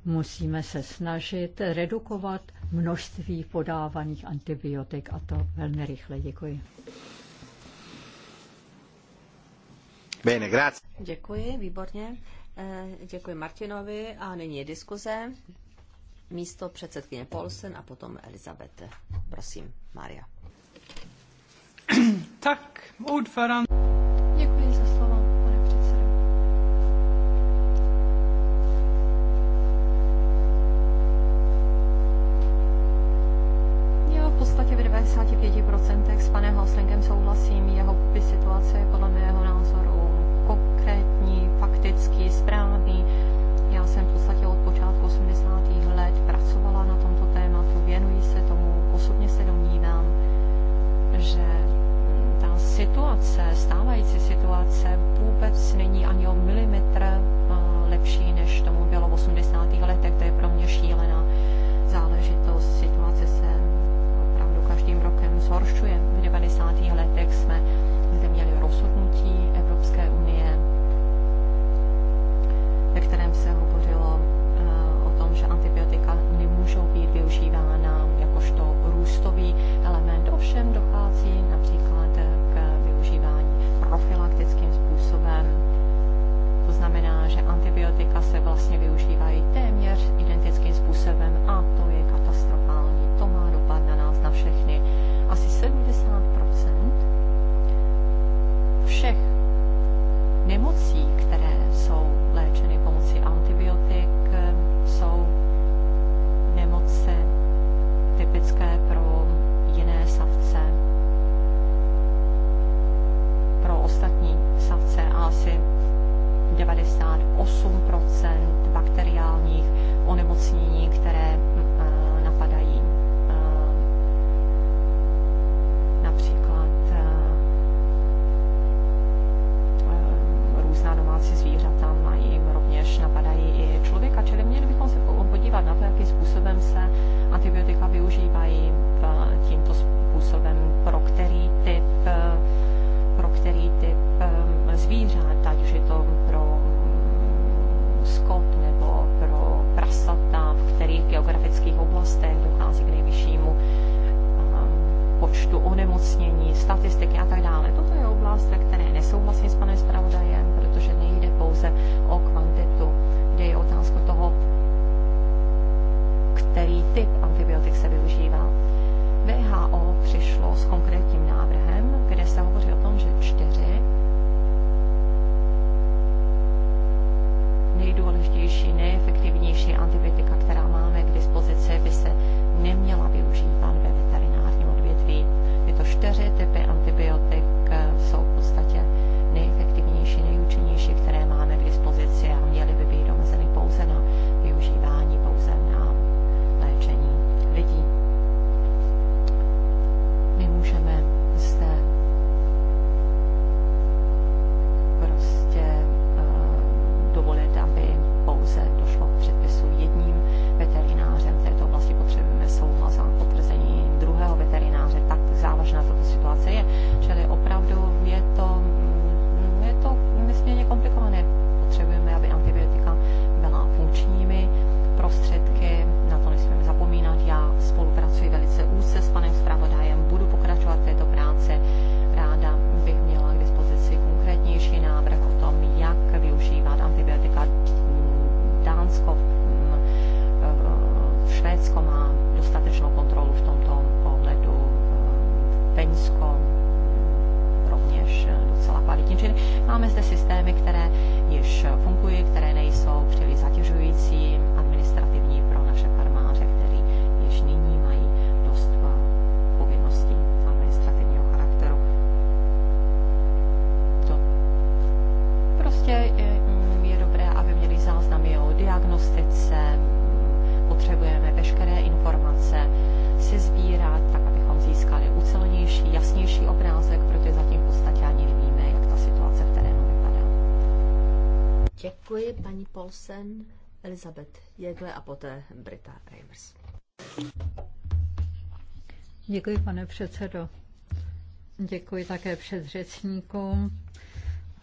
Musíme se snažit redukovat množství podávaných antibiotik a to velmi rychle. Děkuji. Bene, grazie. Děkuji, výborně. Eh, děkuji Martinovi a nyní je diskuze místo předsedkyně Polsen a potom Elizabete. Prosím, Maria. Tak, ordförande. Paulsen, Elizabeth Jegle a poté Brita Reimers. Děkuji, pane předsedo. Děkuji také předřečníkům,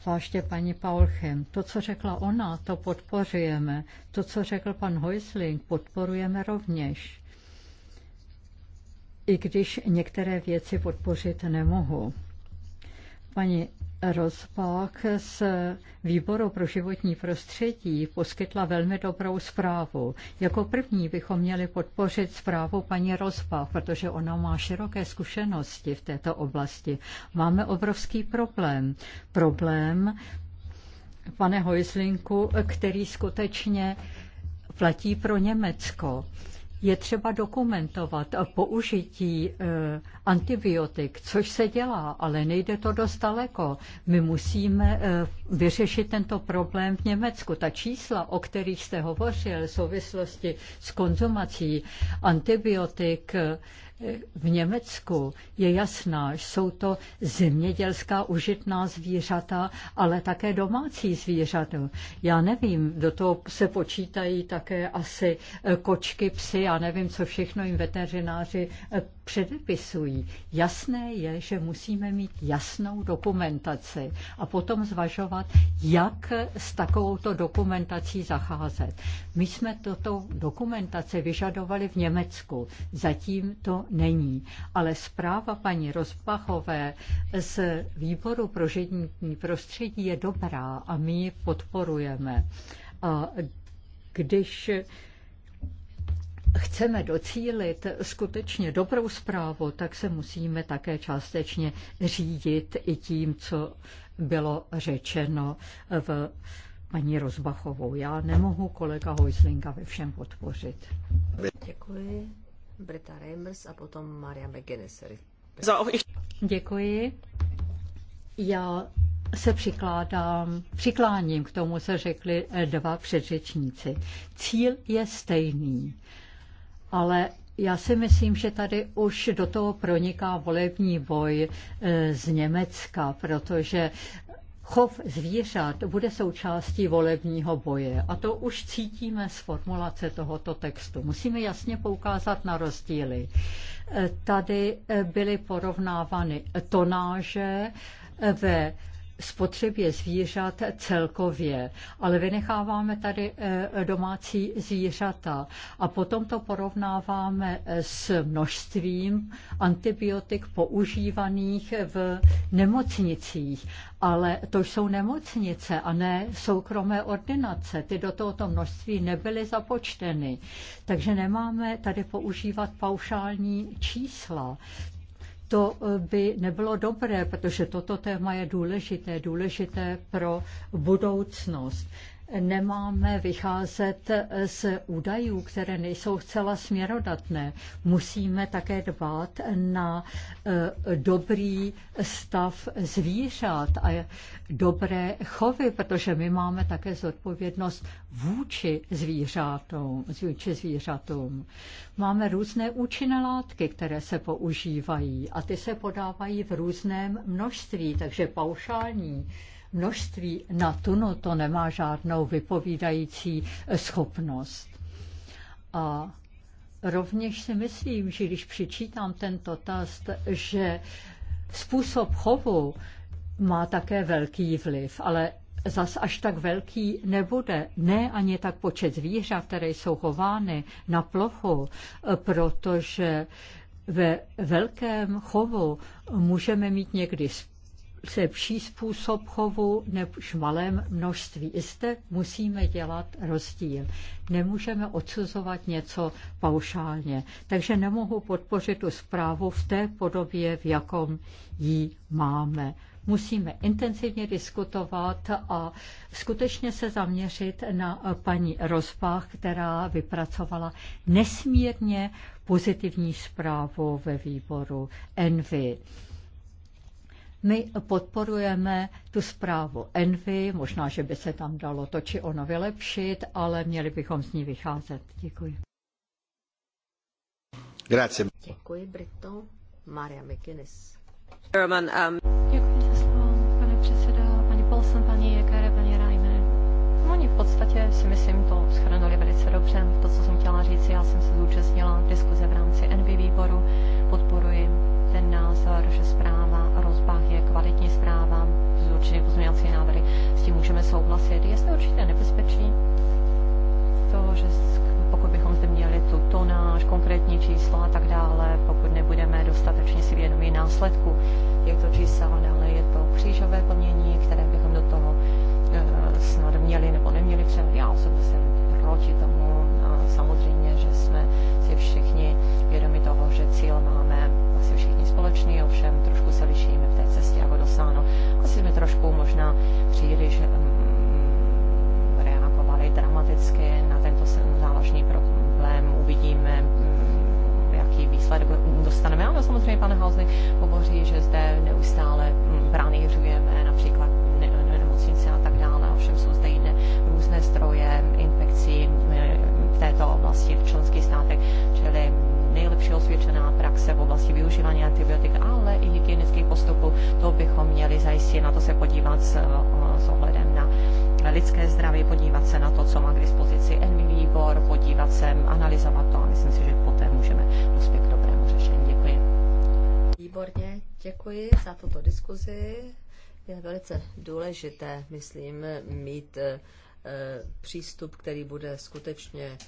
zvláště paní Paulchem. To, co řekla ona, to podporujeme. To, co řekl pan Heusling, podporujeme rovněž. I když některé věci podpořit nemohu. Paní Rozpak z Výboru pro životní prostředí poskytla velmi dobrou zprávu. Jako první bychom měli podpořit zprávu paní Rozpach, protože ona má široké zkušenosti v této oblasti. Máme obrovský problém. Problém, pane Hojslinku, který skutečně platí pro Německo je třeba dokumentovat použití eh, antibiotik, což se dělá, ale nejde to dost daleko. My musíme eh, vyřešit tento problém v Německu. Ta čísla, o kterých jste hovořil v souvislosti s konzumací antibiotik, eh, v Německu je jasná, že jsou to zemědělská užitná zvířata, ale také domácí zvířata. Já nevím, do toho se počítají také asi eh, kočky, psy, já nevím, co všechno jim veterináři eh, předepisují. Jasné je, že musíme mít jasnou dokumentaci a potom zvažovat, jak s takovouto dokumentací zacházet. My jsme toto dokumentace vyžadovali v Německu. Zatím to není. Ale zpráva paní Rozpachové z výboru pro životní prostředí je dobrá a my ji podporujeme. A když chceme docílit skutečně dobrou zprávu, tak se musíme také částečně řídit i tím, co bylo řečeno v paní Rozbachovou. Já nemohu kolega Hojslinga ve všem podpořit. Děkuji. Brita Reimers a potom Maria McGinnisery. Děkuji. Já se přikládám, přikláním k tomu, co řekli dva předřečníci. Cíl je stejný ale já si myslím, že tady už do toho proniká volební boj e, z Německa, protože chov zvířat bude součástí volebního boje. A to už cítíme z formulace tohoto textu. Musíme jasně poukázat na rozdíly. E, tady e, byly porovnávány tonáže ve spotřebě zvířat celkově, ale vynecháváme tady eh, domácí zvířata a potom to porovnáváme eh, s množstvím antibiotik používaných v nemocnicích. Ale to jsou nemocnice a ne soukromé ordinace. Ty do tohoto množství nebyly započteny. Takže nemáme tady používat paušální čísla. To eh, by nebylo dobré, protože toto téma je důležité, důležité pro budoucnost nemáme vycházet z údajů, které nejsou zcela směrodatné. Musíme také dbát na e, dobrý stav zvířat a dobré chovy, protože my máme také zodpovědnost vůči zvířatům. Vůči zvířatům. Máme různé účinné látky, které se používají a ty se podávají v různém množství, takže paušální množství na tunu, to nemá žádnou vypovídající eh, schopnost. A rovněž si myslím, že když přičítám tento test, že způsob chovu má také velký vliv, ale zas až tak velký nebude. Ne ani tak počet zvířat, které jsou chovány na plochu, eh, protože ve velkém chovu můžeme mít někdy lepší způsob chovu než v malém množství. I zde musíme dělat rozdíl. Nemůžeme odsuzovat něco paušálně. Takže nemohu podpořit tu zprávu v té podobě, v jakom ji máme. Musíme intenzivně diskutovat a skutečně se zaměřit na paní Rozbach, která vypracovala nesmírně pozitivní zprávu ve výboru Envy. My podporujeme tu zprávu Envy, možná, že by se tam dalo to či ono vylepšit, ale měli bychom z ní vycházet. Děkuji. Grazie. Děkuji, Brito. Maria McInnes. Um, Děkuji za slovo, pane předseda, paní Polson, paní Jekere, paní Rajme. No, Oni v podstatě si myslím to schrnuli velice dobře. To, co jsem chtěla říct, já jsem se zúčastnila diskuze v rámci NB výboru, podporuji ten názor, že zpráva rozbah je kvalitní zpráva s určitě pozměňovací návrhy. S tím můžeme souhlasit. Je to určitě nebezpečí toho, že pokud bychom zde měli tu tonáž, konkrétní čísla a tak dále, pokud nebudeme dostatečně si vědomi následku těchto čísel, ale je to křížové plnění, které bychom do toho e, snad měli nebo neměli převedit. Já osobně jsem proti tomu a samozřejmě, že jsme si všichni vědomi toho, že cíl je velice důležité, myslím, mít eh, eh, přístup, který bude skutečně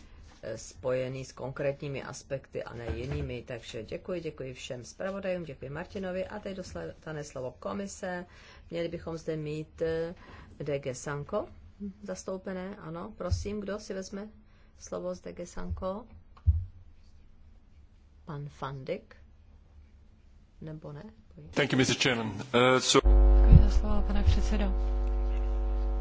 eh, spojený s konkrétními aspekty a ne jinými. Takže děkuji, děkuji všem zpravodajům, děkuji Martinovi a teď dostane slovo komise. Měli bychom zde mít DG Sanko zastoupené, ano. Prosím, kdo si vezme slovo z DG Sanko? Pan Fandik? Nebo ne? Thank you, Mr. Chairman. Uh, so za slovo, pane předsedo.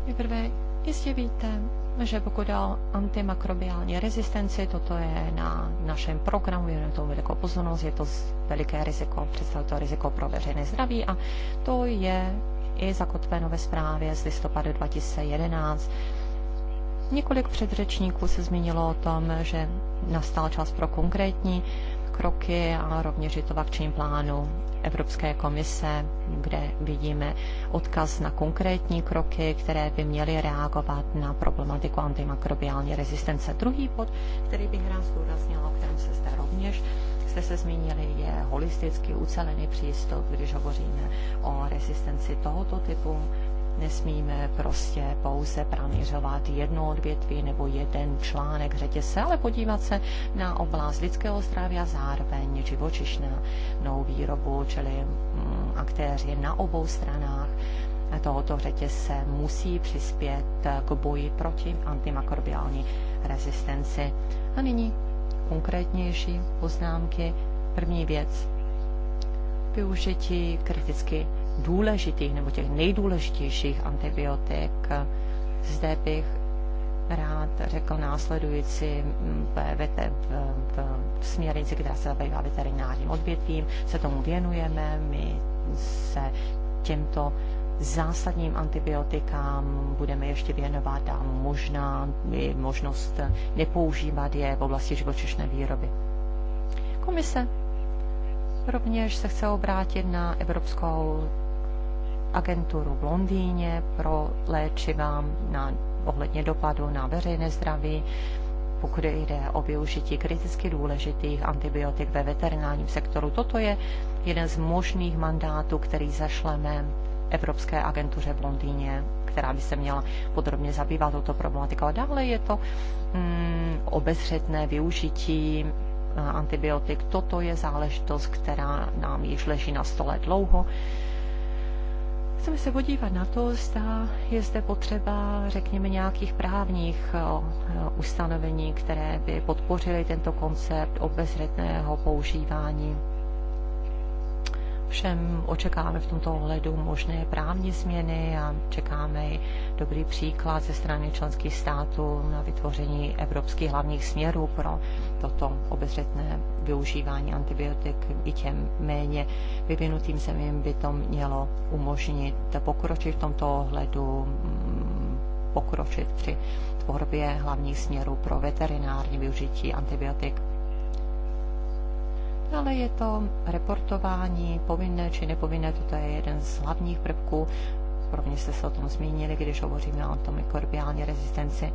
Nejprve jistě víte, že pokud dal antimakrobiální rezistenci, toto je na našem programu, je to velikou pozornost, je to veliké riziko, představuje to riziko pro veřejné zdraví a to je i zakotveno ve zprávě z listopadu 2011. Několik předřečníků se zmínilo o tom, že nastal čas pro konkrétní kroky a rovněž je to v akčním plánu Evropské komise, kde vidíme odkaz na konkrétní kroky, které by měly reagovat na problematiku antimakrobiální rezistence. Druhý bod, který bych rád zdůraznila, o kterém se zde rovněž jste se zmínili, je holistický, ucelený přístup, když hovoříme o rezistenci tohoto typu Nesmíme prostě pouze pranířovat jedno odvětví nebo jeden článek řetězce, ale podívat se na oblast lidského zdraví a zároveň živočišnou výrobu, čili mm, aktéři na obou stranách tohoto řetězce musí přispět k boji proti antimakrobiální rezistenci. A nyní konkrétnější poznámky. První věc. Využití kriticky důležitých nebo těch nejdůležitějších antibiotik. Zde bych rád řekl následující v, v, v směrnici, která se zabývá veterinárním odvětvím, se tomu věnujeme, my se těmto zásadním antibiotikám budeme ještě věnovat a možná i možnost nepoužívat je v oblasti živočišné výroby. Komise rovněž se chce obrátit na Evropskou agenturu v Londýně pro léčiva na, ohledně dopadu na veřejné zdraví, pokud jde o využití kriticky důležitých antibiotik ve veterinárním sektoru. Toto je jeden z možných mandátů, který zašleme Evropské agentuře v Londýně, která by se měla podrobně zabývat touto problematikou. A dále je to mm, obezřetné využití eh, antibiotik. Toto je záležitost, která nám již leží na stole dlouho. Chceme se podívat na to, zda je zde potřeba, řekněme, nějakých právních eh, ustanovení, které by podpořily tento koncept obezřetného používání. Všem očekáváme v tomto ohledu možné právní změny a čekáme i dobrý příklad ze strany členských států na vytvoření evropských hlavních směrů pro toto obezřetné využívání antibiotik i těm méně vyvinutým zemím by to mělo umožnit pokročit v tomto ohledu, mm, pokročit při tvorbě hlavních směrů pro veterinární využití antibiotik. Ale je to reportování, povinné či nepovinné, toto je jeden z hlavních prvků. Prvně jste se o tom zmínili, když hovoříme o mikrobiální rezistenci.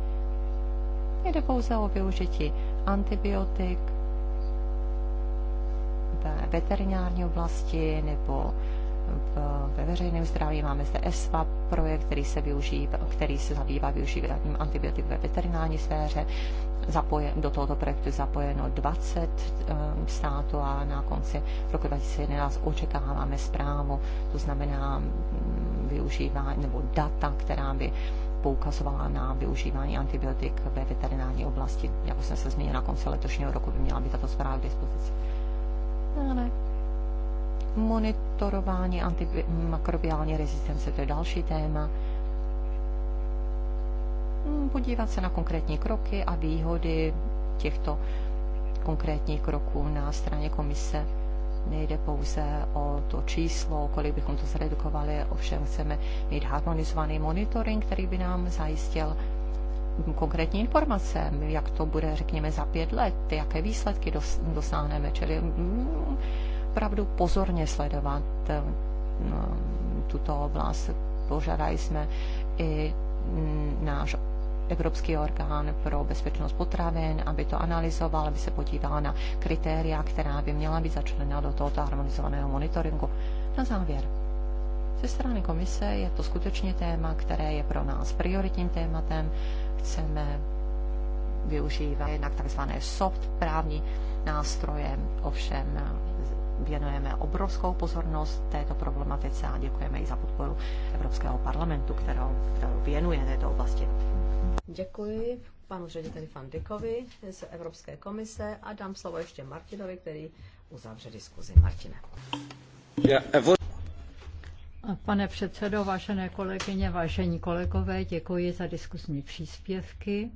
Jde pouze o využití antibiotik v veterinární oblasti nebo ve veřejném zdraví. Máme zde ESVA projekt, který se, využívá, který se zabývá využíváním antibiotik ve veterinární sféře. Zapoje, do tohoto projektu zapojeno 20 um, eh, států a na konci roku 2011 očekáváme zprávu, to znamená um, využívání nebo data, která by poukazovala na využívání antibiotik ve veterinární oblasti. Jak už jsem se zmínila, na konci letošního roku by měla být tato zpráva k dispozici ne. monitorování antimikrobiální rezistence, to je další téma. Hmm, podívat se na konkrétní kroky a výhody těchto konkrétních kroků na straně komise. Nejde pouze o to číslo, kolik bychom to zredukovali, ovšem chceme mít harmonizovaný monitoring, který by nám zajistil konkrétní informace, jak to bude, řekněme, za pět let, jaké výsledky dosáhneme, čili mm, opravdu pozorně sledovat eh, no, tuto oblast. Požádali jsme i mm, náš Evropský orgán pro bezpečnost potravin, aby to analyzoval, aby se podíval na kritéria, která by měla být začlena do tohoto harmonizovaného monitoringu. Na závěr. Ze strany komise je to skutečně téma, které je pro nás prioritním tématem chceme využívat jednak takzvané soft právní nástroje, ovšem věnujeme obrovskou pozornost této problematice a děkujeme i za podporu Evropského parlamentu, kterou, kterou věnuje této oblasti. Děkuji panu řediteli Fandikovi z Evropské komise a dám slovo ještě Martinovi, který uzavře diskuzi. Martine. Eh, Pane předsedo, vážené kolegyně, vážení kolegové, děkuji za diskusní příspěvky.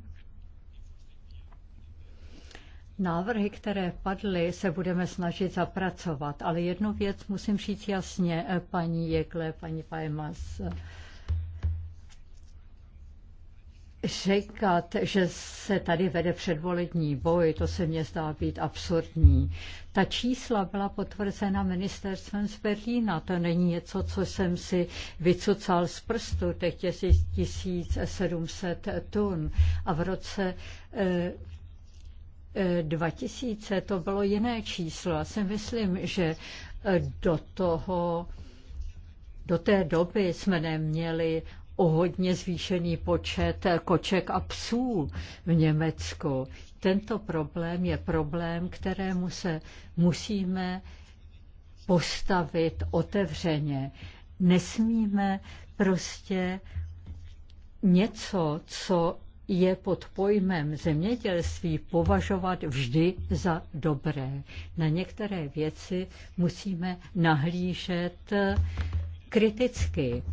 Návrhy, které padly, se budeme snažit zapracovat, ale jednu věc musím říct jasně, eh, paní Jekle, paní Pajmas. Říkat, že se tady vede předvolební boj, to se mně zdá být absurdní. Ta čísla byla potvrzena ministerstvem z Berlína. To není něco, co jsem si vycucal z prstu, těch 1700 tun. A v roce 2000 eh, eh, to bylo jiné číslo. Já si myslím, že eh, do toho do té doby jsme neměli o hodně zvýšený počet koček a psů v Německu. Tento problém je problém, kterému se musíme postavit otevřeně. Nesmíme prostě něco, co je pod pojmem zemědělství považovat vždy za dobré. Na některé věci musíme nahlížet kriticky.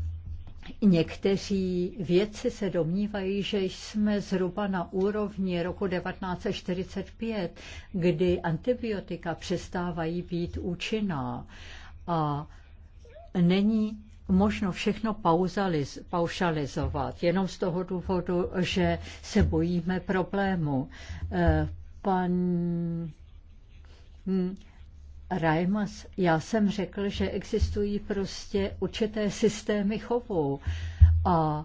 Někteří vědci se domnívají, že jsme zhruba na úrovni roku 1945, kdy antibiotika přestávají být účinná a není možno všechno paušalizovat, jenom z toho důvodu, že se bojíme problému. Eh, pan hm, Raimas, já jsem řekl, že existují prostě určité systémy chovů a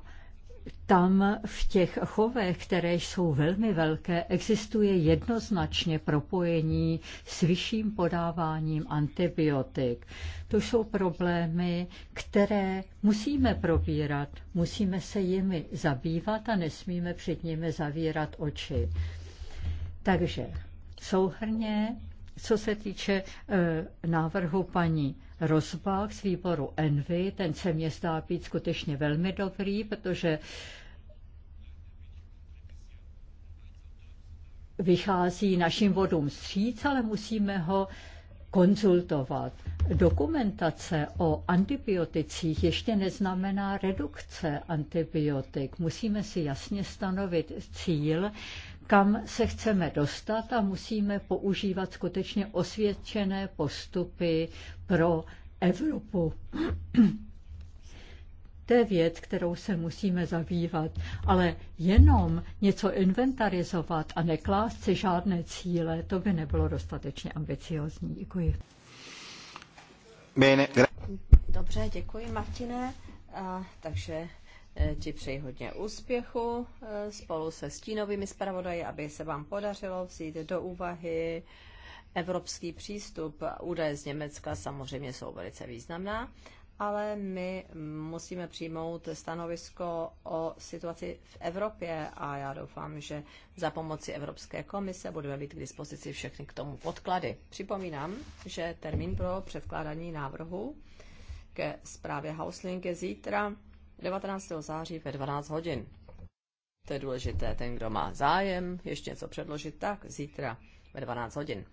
tam v těch chovech, které jsou velmi velké, existuje jednoznačně propojení s vyšším podáváním antibiotik. To jsou problémy, které musíme probírat, musíme se jimi zabývat a nesmíme před nimi zavírat oči. Takže souhrně co se týče e, návrhu paní Rozbach z výboru Envy, ten se mě zdá být skutečně velmi dobrý, protože vychází našim vodům stříc, ale musíme ho konzultovat. Dokumentace o antibioticích ještě neznamená redukce antibiotik. Musíme si jasně stanovit cíl, kam se chceme dostat a musíme používat skutečně osvědčené postupy pro Evropu. To je věc, kterou se musíme zabývat, ale jenom něco inventarizovat a neklást si žádné cíle, to by nebylo dostatečně ambiciozní. Děkuji. Dobře, děkuji Martine. A, takže E, ti přeji hodně úspěchu e, spolu se stínovými zpravodaji, aby se vám podařilo vzít do úvahy evropský přístup. Údaje z Německa samozřejmě jsou velice významná, ale my musíme přijmout stanovisko o situaci v Evropě a já doufám, že za pomoci Evropské komise budeme mít k dispozici všechny k tomu podklady. Připomínám, že termín pro předkládání návrhu ke zprávě Hausling je zítra 19. září ve 12 hodin. To je důležité, ten, kdo má zájem ještě něco předložit, tak zítra ve 12 hodin.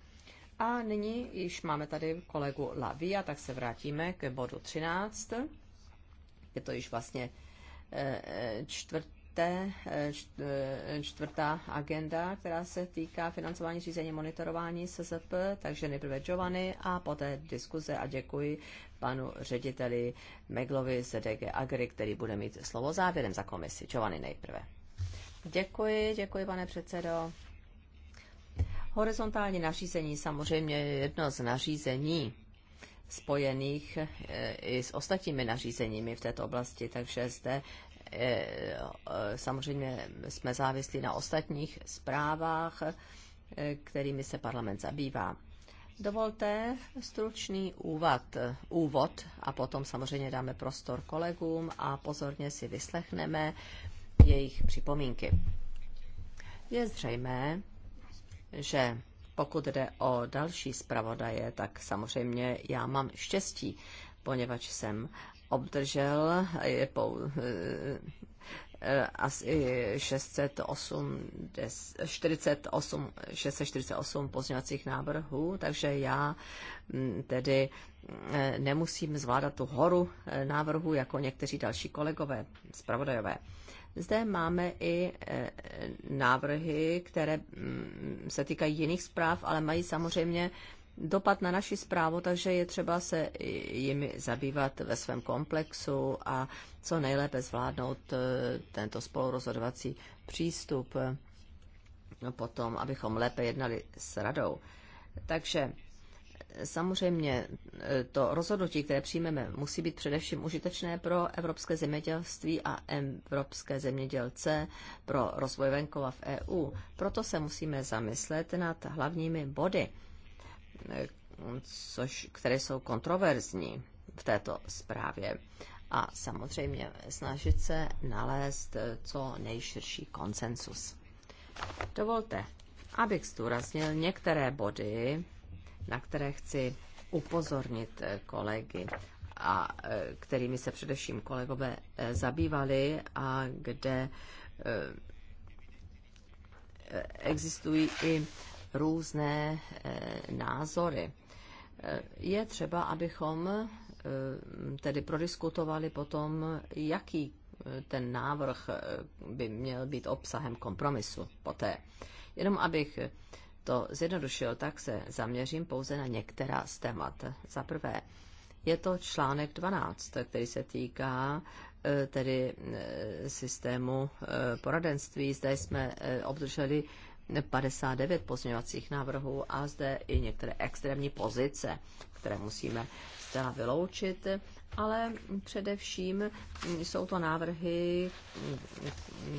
A nyní již máme tady kolegu Lavia, tak se vrátíme k bodu 13. Je to již vlastně eh, eh, čtvrt, té eh, eh, čtvrtá agenda, která se týká financování řízení monitorování SZP, takže nejprve Giovanni a poté diskuze a děkuji panu řediteli Meglovi z DG Agri, který bude mít slovo závěrem za komisi. Giovanni nejprve. Děkuji, děkuji pane předsedo. Horizontální nařízení samozřejmě je jedno z nařízení, spojených eh, i s ostatními nařízeními v této oblasti, takže zde Eh, samozřejmě jsme závislí na ostatních zprávách, eh, kterými se parlament zabývá. Dovolte stručný úvad, úvod a potom samozřejmě dáme prostor kolegům a pozorně si vyslechneme jejich připomínky. Je zřejmé, že pokud jde o další zpravodaje, tak samozřejmě já mám štěstí, poněvadž jsem obdržel je pou, eh, asi 608, 48, 648 pozměňovacích návrhů, takže já mm, tedy eh, nemusím zvládat tu horu eh, návrhů jako někteří další kolegové, zpravodajové. Zde máme i návrhy, které mm, se týkají jiných zpráv, ale mají samozřejmě dopad na naši zprávu, takže je třeba se jimi zabývat ve svém komplexu a co nejlépe zvládnout e, tento spolurozhodovací přístup e, no, potom, abychom lépe jednali s radou. Takže e, samozřejmě to rozhodnutí, které přijmeme, musí být především užitečné pro evropské zemědělství a evropské zemědělce pro rozvoj venkova v EU. Proto se musíme zamyslet nad hlavními body což, které jsou kontroverzní v této zprávě. A samozřejmě snažit se nalézt eh, co nejširší konsensus. Dovolte, abych zdůraznil některé body, na které chci upozornit eh, kolegy a eh, kterými se především kolegové zabývali a kde existují i různé eh, názory. Eh, je třeba, abychom eh, tedy prodiskutovali potom, jaký ten návrh by měl být obsahem kompromisu poté. Jenom abych to zjednodušil, tak se zaměřím pouze na některá z témat. Za prvé, je to článek 12, který se týká tedy systému poradenství. Zde jsme obdrželi 59 pozměňovacích návrhů a zde i některé extrémní pozice, které musíme zcela vyloučit, ale především jsou to návrhy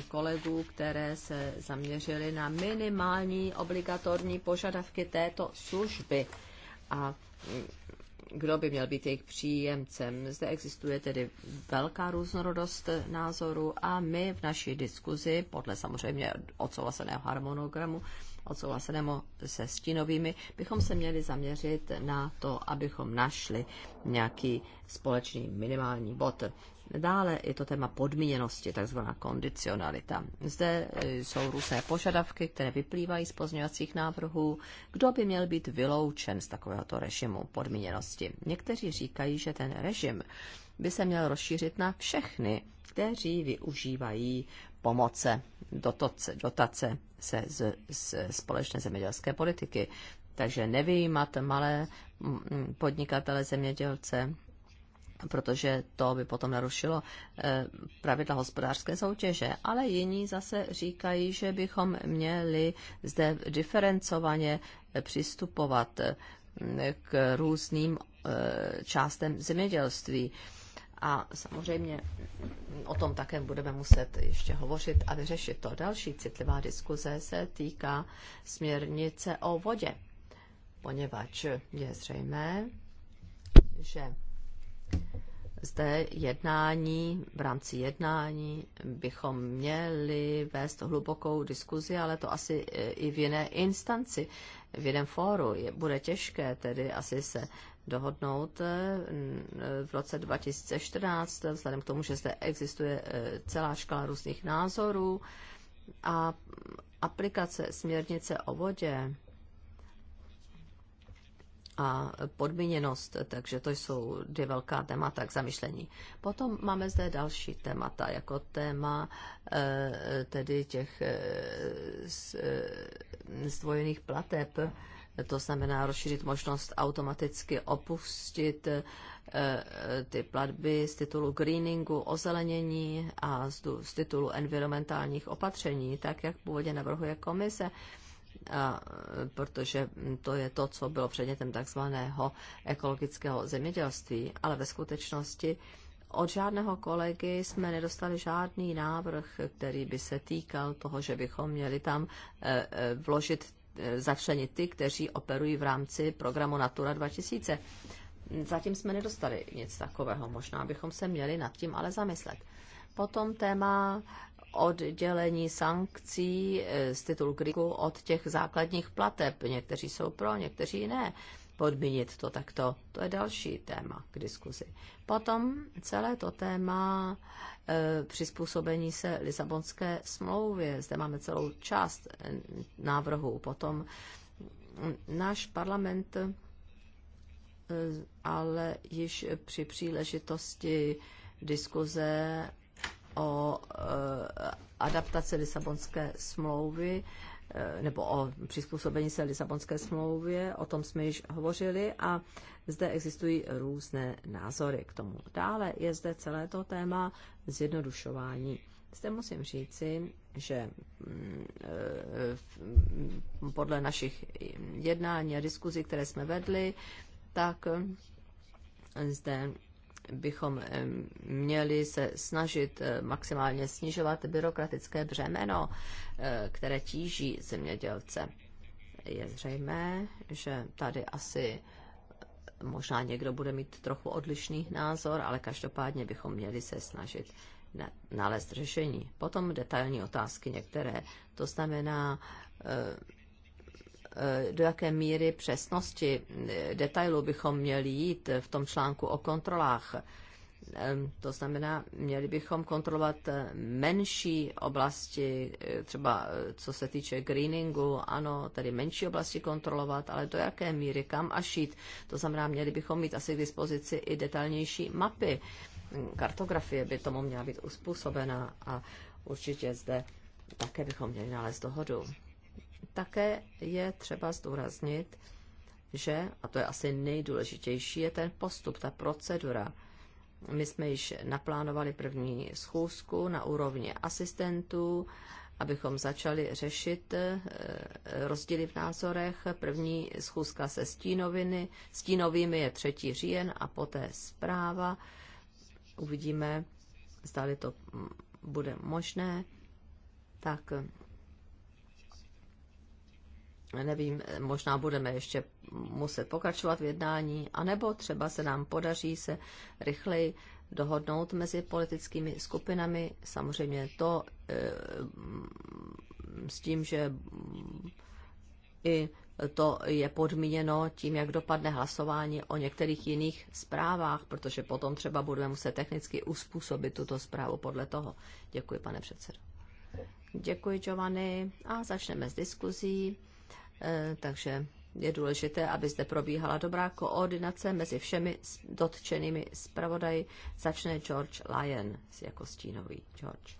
kolegů, které se zaměřily na minimální obligatorní požadavky této služby. A kdo by měl být jejich příjemcem. Zde existuje tedy velká různorodost názorů a my v naší diskuzi, podle samozřejmě odsouhlaseného harmonogramu, odsouhlasenému se stínovými, bychom se měli zaměřit na to, abychom našli nějaký společný minimální bod. Dále je to téma podmíněnosti, takzvaná kondicionalita. Zde e, jsou různé požadavky, které vyplývají z pozměňovacích návrhů, kdo by měl být vyloučen z takovéhoto režimu podmíněnosti. Někteří říkají, že ten režim by se měl rozšířit na všechny, kteří využívají pomoce, dotace, dotace se z, z společné zemědělské politiky. Takže nevyjímat malé podnikatele zemědělce, protože to by potom narušilo eh, pravidla hospodářské soutěže. Ale jiní zase říkají, že bychom měli zde diferencovaně eh, přistupovat eh, k různým částem zemědělství. A samozřejmě mm, o tom také budeme muset ještě hovořit a vyřešit to. Další citlivá diskuze se týká směrnice o vodě, poněvadž je zřejmé, že zde jednání, v rámci jednání bychom měli vést hlubokou diskuzi, ale to asi e, i v jiné instanci, v jiném fóru. Je, bude těžké tedy asi se dohodnout e, v roce 2014, vzhledem k tomu, že zde existuje e, celá škala různých názorů a aplikace směrnice o vodě a podmíněnost, takže to jsou dvě velká témata k zamyšlení. Potom máme zde další témata, jako téma eh, tedy těch eh, eh, zdvojených plateb, to znamená rozšířit možnost automaticky opustit ty platby z titulu greeningu, ozelenění a z titulu environmentálních opatření, tak jak původně navrhuje komise a, protože to je to, co bylo předmětem takzvaného ekologického zemědělství, ale ve skutečnosti od žádného kolegy jsme nedostali žádný návrh, který by se týkal toho, že bychom měli tam e, e, vložit, e, začlenit ty, kteří operují v rámci programu Natura 2000. Zatím jsme nedostali nic takového. Možná bychom se měli nad tím ale zamyslet. Potom téma oddělení sankcí eh, z titulu kriku od těch základních plateb. Někteří jsou pro, někteří ne. Podmínit to takto, to je další téma k diskuzi. Potom celé to téma e, přizpůsobení se Lisabonské smlouvě. Zde máme celou část eh, návrhu. Potom mm, náš parlament ale již při příležitosti diskuze o eh, adaptaci Lisabonské smlouvy eh, nebo o přizpůsobení se Lisabonské smlouvě, o tom jsme již hovořili a zde existují různé názory k tomu. Dále je zde celé to téma zjednodušování. Zde musím říci, že mm, eh, podle našich jednání a diskuzí, které jsme vedli, tak zde bychom eh, měli se snažit eh, maximálně snižovat byrokratické břemeno, eh, které tíží zemědělce. Je zřejmé, že tady asi možná někdo bude mít trochu odlišný názor, ale každopádně bychom měli se snažit nalézt řešení. Potom detailní otázky některé. To znamená, Eh, do jaké míry přesnosti eh, detailu bychom měli jít v tom článku o kontrolách. To znamená, měli bychom kontrolovat eh, menší oblasti, třeba co se týče greeningu, ano, tady menší oblasti kontrolovat, ale do jaké míry, kam a šít. To znamená, měli bychom mít asi k dispozici i detailnější mapy. Hm, kartografie by tomu měla být uspůsobena a určitě zde také bychom měli nalézt dohodu. Také je třeba zdůraznit, že, a to je asi nejdůležitější, je ten postup, ta procedura. My jsme již naplánovali první schůzku na úrovni asistentů, abychom začali řešit eh, rozdíly v názorech. První schůzka se stínoviny, stínovými je 3. říjen a poté zpráva. Uvidíme, zdali to bude možné. Tak nevím, možná budeme ještě muset pokračovat v jednání, anebo třeba se nám podaří se rychleji dohodnout mezi politickými skupinami. Samozřejmě to e, s tím, že i to je podmíněno tím, jak dopadne hlasování o některých jiných zprávách, protože potom třeba budeme muset technicky uspůsobit tuto zprávu podle toho. Děkuji, pane předsedo. Děkuji, Giovanni. A začneme s diskuzí. Eh, takže je důležité, aby zde probíhala dobrá koordinace mezi všemi dotčenými zpravodaji. Začne George Lyon jako stínový. George.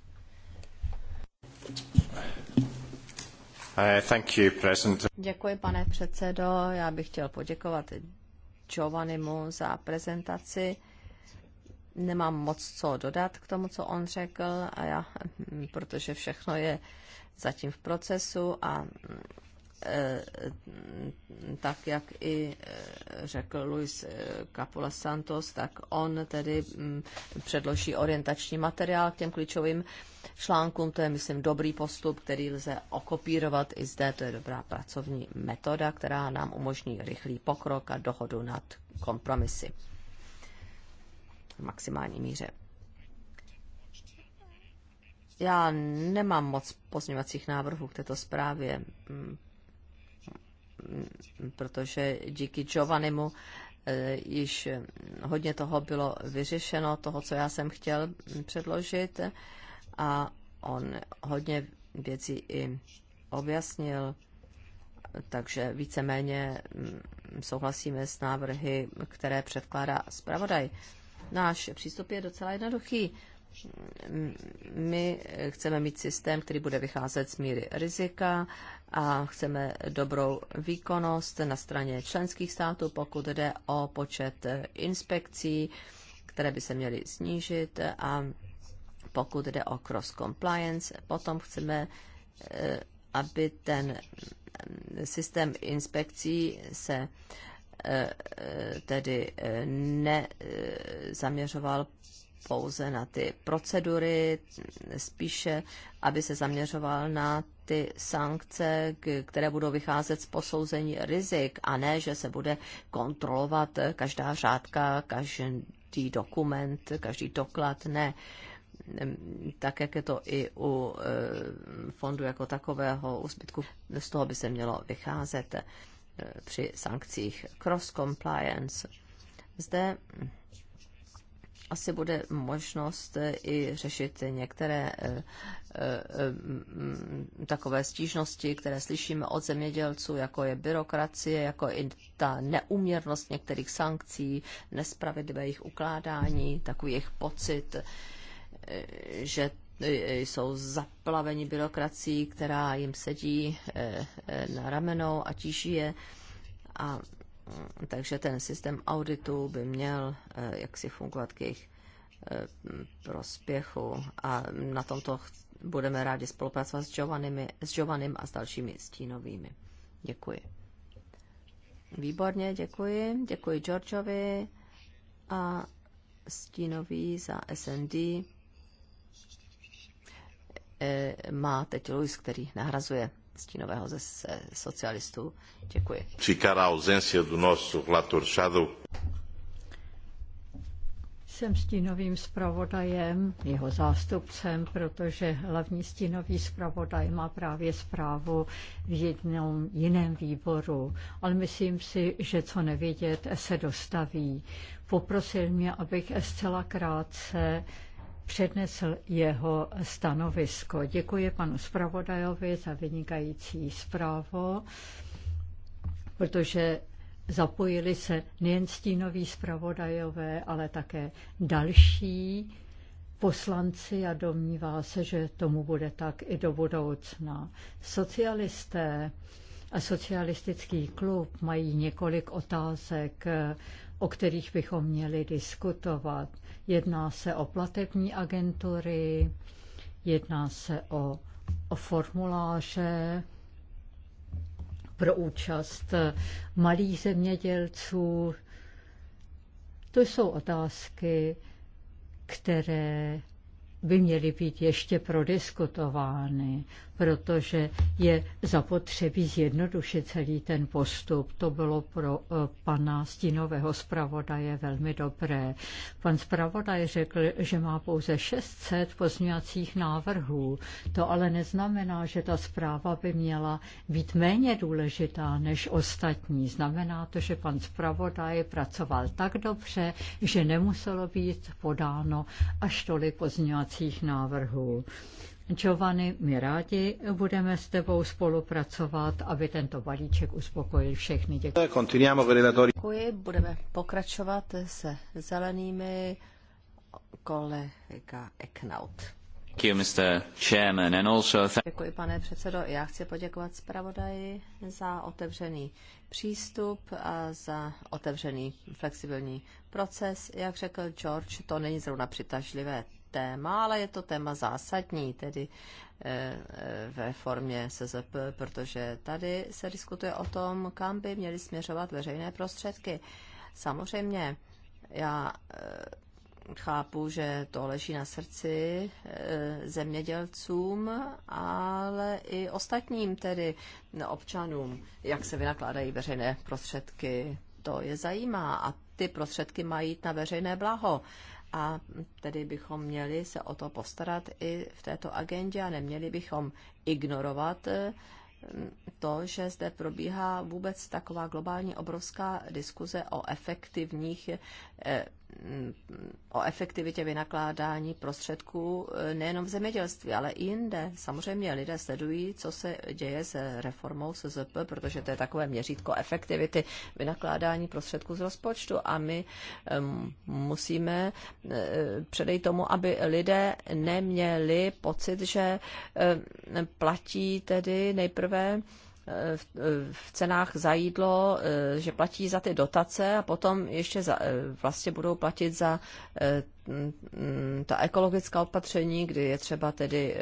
Eh, thank you, President. Děkuji, pane předsedo. Já bych chtěl poděkovat Giovannimu za prezentaci. Nemám moc co dodat k tomu, co on řekl, a já, hm, protože všechno je zatím v procesu a hm, Eh, tak jak i eh, řekl Luis Capola Santos, tak on tedy mm, předloží orientační materiál k těm klíčovým článkům. To je, myslím, dobrý postup, který lze okopírovat i zde. To je dobrá pracovní metoda, která nám umožní rychlý pokrok a dohodu nad kompromisy v maximální míře. Já nemám moc pozměňovacích návrhů k této zprávě, mm, protože díky Giovannimu eh, již hodně toho bylo vyřešeno, toho, co já jsem chtěl předložit a on hodně věcí i objasnil, takže víceméně mm, souhlasíme s návrhy, které předkládá zpravodaj. Náš přístup je docela jednoduchý. Mm, My chceme mít systém, který bude vycházet z míry rizika a chceme dobrou výkonnost na straně členských států, pokud jde o počet eh, inspekcí, které by se měly snížit a pokud jde o cross compliance, potom chceme, eh, aby ten mm, systém inspekcí se eh, tedy nezaměřoval pouze na ty procedury, spíše, aby se zaměřoval na ty sankce, které budou vycházet z posouzení rizik, a ne, že se bude kontrolovat každá řádka, každý dokument, každý doklad, ne tak, jak je to i u e, fondu jako takového, u zbytku, z toho by se mělo vycházet e, při sankcích cross compliance. Zde asi bude možnost eh, i řešit některé eh, eh, mm, takové stížnosti, které slyšíme od zemědělců, jako je byrokracie, jako i ta neuměrnost některých sankcí, nespravedlivé jejich ukládání, takový jejich pocit, že jsou zaplaveni byrokracií, která jim sedí na ramenou a tíží je. A takže ten systém auditu by měl eh, jaksi fungovat k jejich eh, prospěchu a na tomto budeme rádi spolupracovat s Giovannim, s Giovannim a s dalšími stínovými. Děkuji. Výborně, děkuji. Děkuji Georgeovi a stínový za SND eh, má teď Luis, který nahrazuje stínového ze socialistů. Děkuji. Ficar a ausência do nosso relator Shadow. Jsem stínovým zpravodajem, jeho zástupcem, protože hlavní stínový zpravodaj má právě zprávu v jednom jiném výboru. Ale myslím si, že co nevědět se dostaví. Poprosil mě, abych zcela krátce přednesl jeho stanovisko. Děkuji panu zpravodajovi za vynikající zprávu, protože zapojili se nejen stínoví zpravodajové, ale také další poslanci a domnívá se, že tomu bude tak i do budoucna. Socialisté a socialistický klub mají několik otázek, o kterých bychom měli diskutovat. Jedná se o platební agentury, jedná se o, o formuláře pro účast malých zemědělců. To jsou otázky, které by měly být ještě prodiskutovány protože je zapotřebí zjednodušit celý ten postup. To bylo pro eh, pana Stínového zpravodaje velmi dobré. Pan zpravodaj řekl, že má pouze 600 pozměňovacích návrhů. To ale neznamená, že ta zpráva by měla být méně důležitá než ostatní. Znamená to, že pan zpravodaj pracoval tak dobře, že nemuselo být podáno až tolik pozměňovacích návrhů. Giovanni, my rádi budeme s tebou spolupracovat, aby tento balíček uspokojil všechny. Děkuji. Budeme pokračovat se zelenými kolega Eknaut. Děkuji, pane předsedo. Já chci poděkovat zpravodaji za otevřený přístup a za otevřený flexibilní proces. Jak řekl George, to není zrovna přitažlivé téma, ale je to téma zásadní, tedy eh, eh, ve formě SZP, protože tady se diskutuje o tom, kam by měly směřovat veřejné prostředky. Samozřejmě, já eh, chápu, že to leží na srdci zemědělcům, ale i ostatním, tedy občanům, jak se vynakládají veřejné prostředky. To je zajímá a ty prostředky mají na veřejné blaho a tedy bychom měli se o to postarat i v této agendě a neměli bychom ignorovat eh, to, že zde probíhá vůbec taková globální obrovská diskuze o efektivních eh, o efektivitě vynakládání prostředků e, nejenom v zemědělství, ale i jinde. Samozřejmě lidé sledují, co se děje s reformou SZP, protože to je takové měřítko efektivity vynakládání prostředků z rozpočtu a my e, musíme e, předejít tomu, aby lidé neměli pocit, že platí tedy nejprve v cenách za jídlo, eh, že platí za ty dotace a potom ještě za, eh, vlastně budou platit za eh, ta ekologická opatření, kdy je třeba tedy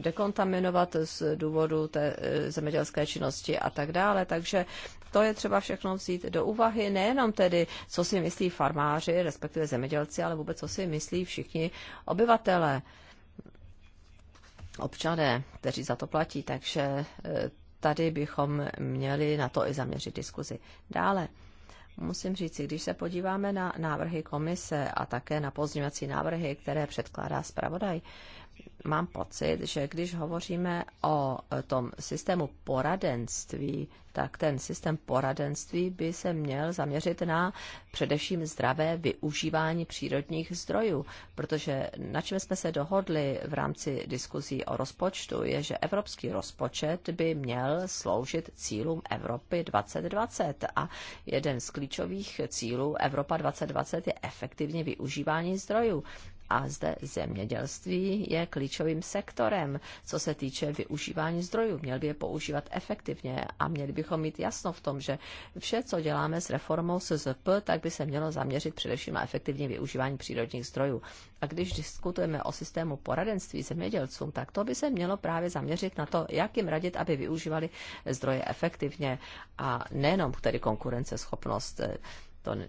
dekontaminovat z důvodu té zemědělské činnosti a tak dále. Takže to je třeba všechno vzít do úvahy, nejenom tedy, co si myslí farmáři, respektive zemědělci, ale vůbec, co si myslí všichni obyvatele občané, kteří za to platí, takže tady bychom měli na to i zaměřit diskuzi. Dále, musím říct, když se podíváme na návrhy komise a také na pozměňovací návrhy, které předkládá zpravodaj, mám pocit, že když hovoříme o tom systému poradenství, tak ten systém poradenství by se měl zaměřit na především zdravé využívání přírodních zdrojů, protože na čem jsme se dohodli v rámci diskuzí o rozpočtu je, že evropský rozpočet by měl sloužit cílům Evropy 2020 a jeden z klíčových cílů Evropa 2020 je efektivně využívání zdrojů. A zde zemědělství je klíčovým sektorem, co se týče využívání zdrojů. Měl by je používat efektivně a měli bychom mít jasno v tom, že vše, co děláme s reformou SZP, tak by se mělo zaměřit především na efektivní využívání přírodních zdrojů. A když diskutujeme o systému poradenství zemědělcům, tak to by se mělo právě zaměřit na to, jak jim radit, aby využívali zdroje efektivně a nejenom tedy konkurenceschopnost to,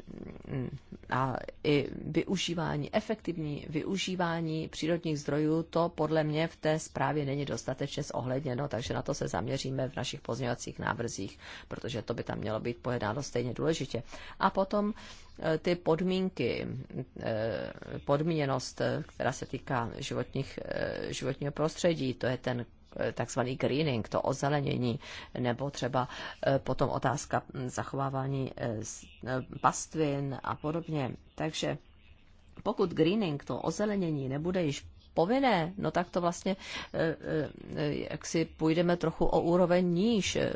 a i využívání, efektivní využívání přírodních zdrojů, to podle mě v té zprávě není dostatečně zohledněno, takže na to se zaměříme v našich pozměňovacích návrzích, protože to by tam mělo být pojednáno stejně důležitě. A potom eh, ty podmínky, eh, podmíněnost, eh, která se týká životních, životního prostředí, to je ten Eh, takzvaný greening, to ozelenění, nebo třeba eh, potom otázka hm, zachovávání eh, pastvin a podobně. Takže pokud greening, to ozelenění, nebude již povinné, no tak to vlastně, eh, eh, jak si půjdeme trochu o úroveň níž eh,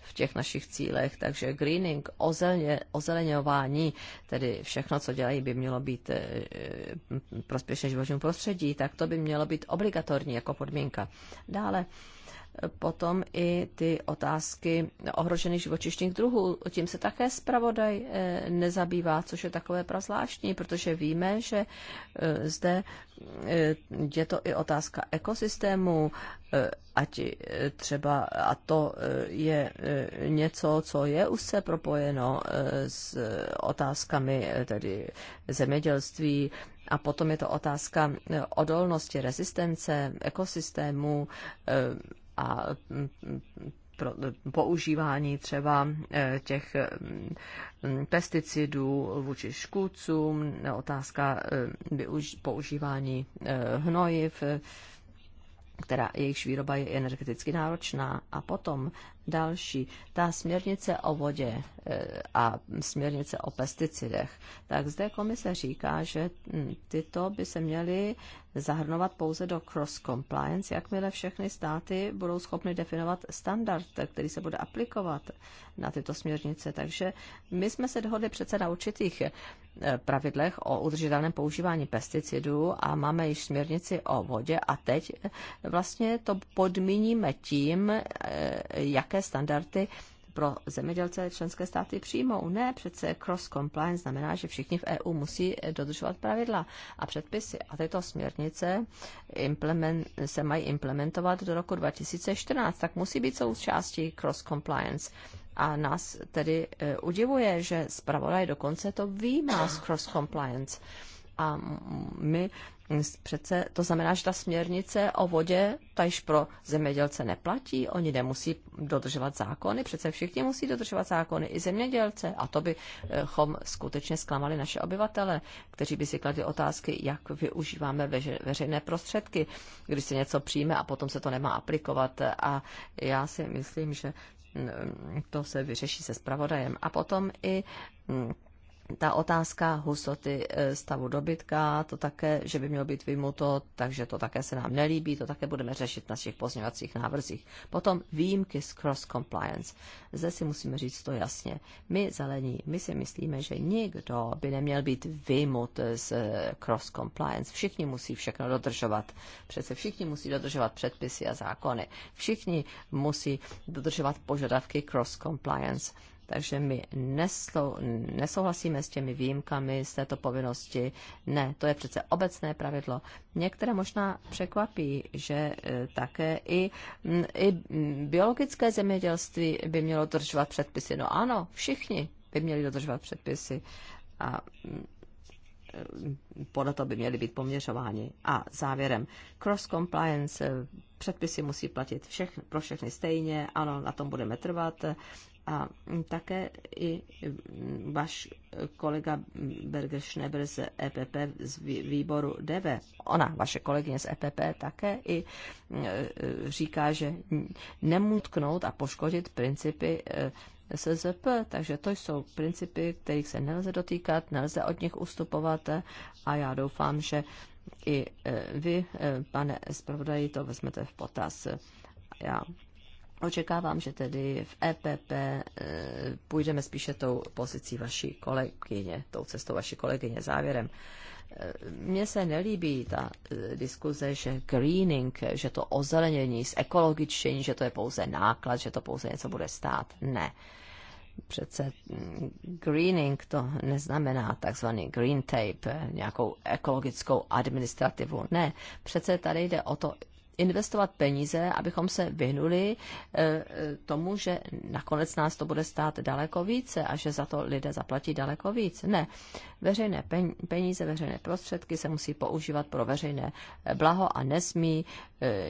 v těch našich cílech, takže greening, ozelně, ozeleňování, tedy všechno, co dělají, by mělo být prospěšné životnímu prostředí, tak to by mělo být obligatorní jako podmínka. Dále potom i ty otázky ohrožených živočišních druhů. Tím se také zpravodaj eh, nezabývá, což je takové prazvláštní, protože víme, že eh, zde eh, je to i otázka ekosystému, ať třeba, a to je něco, co je už se propojeno s otázkami tedy zemědělství, a potom je to otázka odolnosti, rezistence ekosystému, a mm, pro používání třeba e, těch mm, pesticidů vůči škůdcům, otázka e, používání e, hnojiv, která jejichž výroba je energeticky náročná. A potom další. Ta směrnice o vodě eh, a směrnice o pesticidech, tak zde komise říká, že hm, tyto by se měly zahrnovat pouze do cross-compliance, jakmile všechny státy budou schopny definovat standard, který se bude aplikovat na tyto směrnice. Takže my jsme se dohodli přece na určitých eh, pravidlech o udržitelném používání pesticidů a máme již směrnici o vodě a teď eh, vlastně to podmíníme tím, jak nějaké standardy pro zemědělce členské státy přijmou. Ne, přece cross-compliance znamená, že všichni v EU musí dodržovat pravidla a předpisy. A tyto směrnice se mají implementovat do roku 2014, tak musí být součástí cross-compliance. A nás tedy e, udivuje, že zpravodaj dokonce to ví z cross-compliance. A my přece to znamená, že ta směrnice o vodě ta již pro zemědělce neplatí, oni nemusí dodržovat zákony, přece všichni musí dodržovat zákony, i zemědělce. A to bychom skutečně zklamali naše obyvatele, kteří by si kladli otázky, jak využíváme veřejné prostředky, když se něco přijme a potom se to nemá aplikovat. A já si myslím, že mm, to se vyřeší se spravodajem. A potom i mm, ta otázka hustoty e, stavu dobytka, to také, že by mělo být vymuto, takže to také se nám nelíbí, to také budeme řešit v našich pozměňovacích návrzích. Potom výjimky z cross-compliance. Zde si musíme říct to jasně. My zelení, my si myslíme, že nikdo by neměl být vymut z e, cross-compliance. Všichni musí všechno dodržovat. Přece všichni musí dodržovat předpisy a zákony. Všichni musí dodržovat požadavky cross-compliance takže my neslou, nesouhlasíme s těmi výjimkami z této povinnosti. Ne, to je přece obecné pravidlo. Některé možná překvapí, že e, také i, i biologické zemědělství by mělo dodržovat předpisy. No ano, všichni by měli dodržovat předpisy. A podle toho by měly být poměřováni. A závěrem, cross-compliance, předpisy musí platit všech, pro všechny stejně, ano, na tom budeme trvat a také i váš kolega Berger Schneber z EPP z výboru DV, ona, vaše kolegyně z EPP, také i e, e, říká, že nemutknout a poškodit principy e, SZP, takže to jsou principy, kterých se nelze dotýkat, nelze od nich ustupovat a já doufám, že i vy, pane zpravodaji, to vezmete v potaz. Já Očekávám, že tedy v EPP eh, půjdeme spíše tou pozicí vaší kolegyně, tou cestou vaší kolegyně závěrem. Eh, mně se nelíbí ta eh, diskuze, že greening, že to ozelenění, ekologičení, že to je pouze náklad, že to pouze něco bude stát. Ne. Přece hm, greening to neznamená takzvaný green tape, nějakou ekologickou administrativu. Ne, přece tady jde o to investovat peníze, abychom se vyhnuli eh, eh, tomu, že nakonec nás to bude stát daleko více a že za to lidé zaplatí daleko víc. Ne. Veřejné peníze, veřejné prostředky se musí používat pro veřejné eh, blaho a nesmí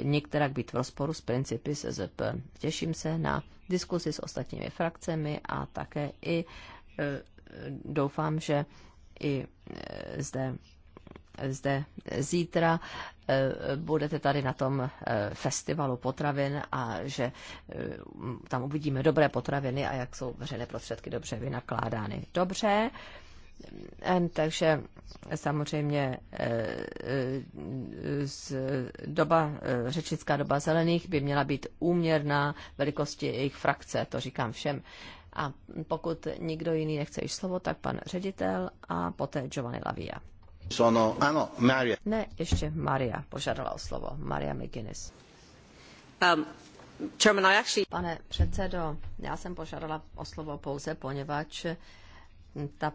některak být v rozporu s principy SZP. Těším se na diskusi s ostatními frakcemi a také i doufám, že i zde zde zítra Eh, budete tady na tom eh, festivalu potravin a že eh, tam uvidíme dobré potraviny a jak jsou veřejné prostředky dobře vynakládány. Dobře. Takže samozřejmě doba, řečnická doba zelených by měla být úměrná velikosti jejich frakce, to říkám všem. A pokud nikdo jiný nechce již slovo, tak pan ředitel a poté Giovanni Lavia. Sono, ano, Maria. Ne, ještě Maria požádala o slovo. Maria McGuinness. Um, Pane předsedo, já jsem požádala o slovo pouze, poněvadž ta,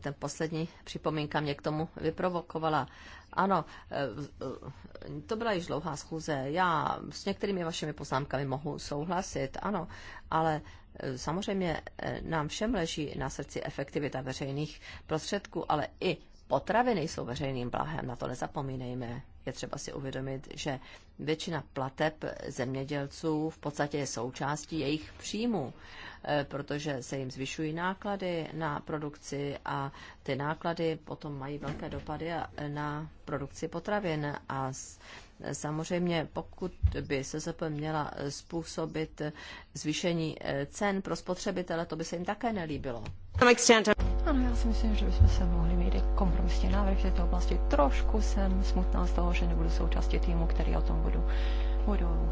ten poslední připomínka mě k tomu vyprovokovala. Ano, eh, to byla již dlouhá schůze. Já s některými vašimi poznámkami mohu souhlasit, ano, ale eh, samozřejmě eh, nám všem leží na srdci efektivita veřejných prostředků, ale i potraviny jsou veřejným blahem, na to nezapomínejme. Je třeba si uvědomit, že většina plateb zemědělců v podstatě je součástí jejich příjmu, eh, protože se jim zvyšují náklady na produkci a ty náklady potom mají velké dopady na produkci potravin a Samozřejmě, pokud by se měla způsobit eh, zvýšení eh, cen pro spotřebitele, to by se jim také nelíbilo. Ano, já si myslím, že bychom se mohli mít kompromisní návrh v této oblasti. Trošku jsem smutná z toho, že nebudu součástí týmu, který o tom budu, budu,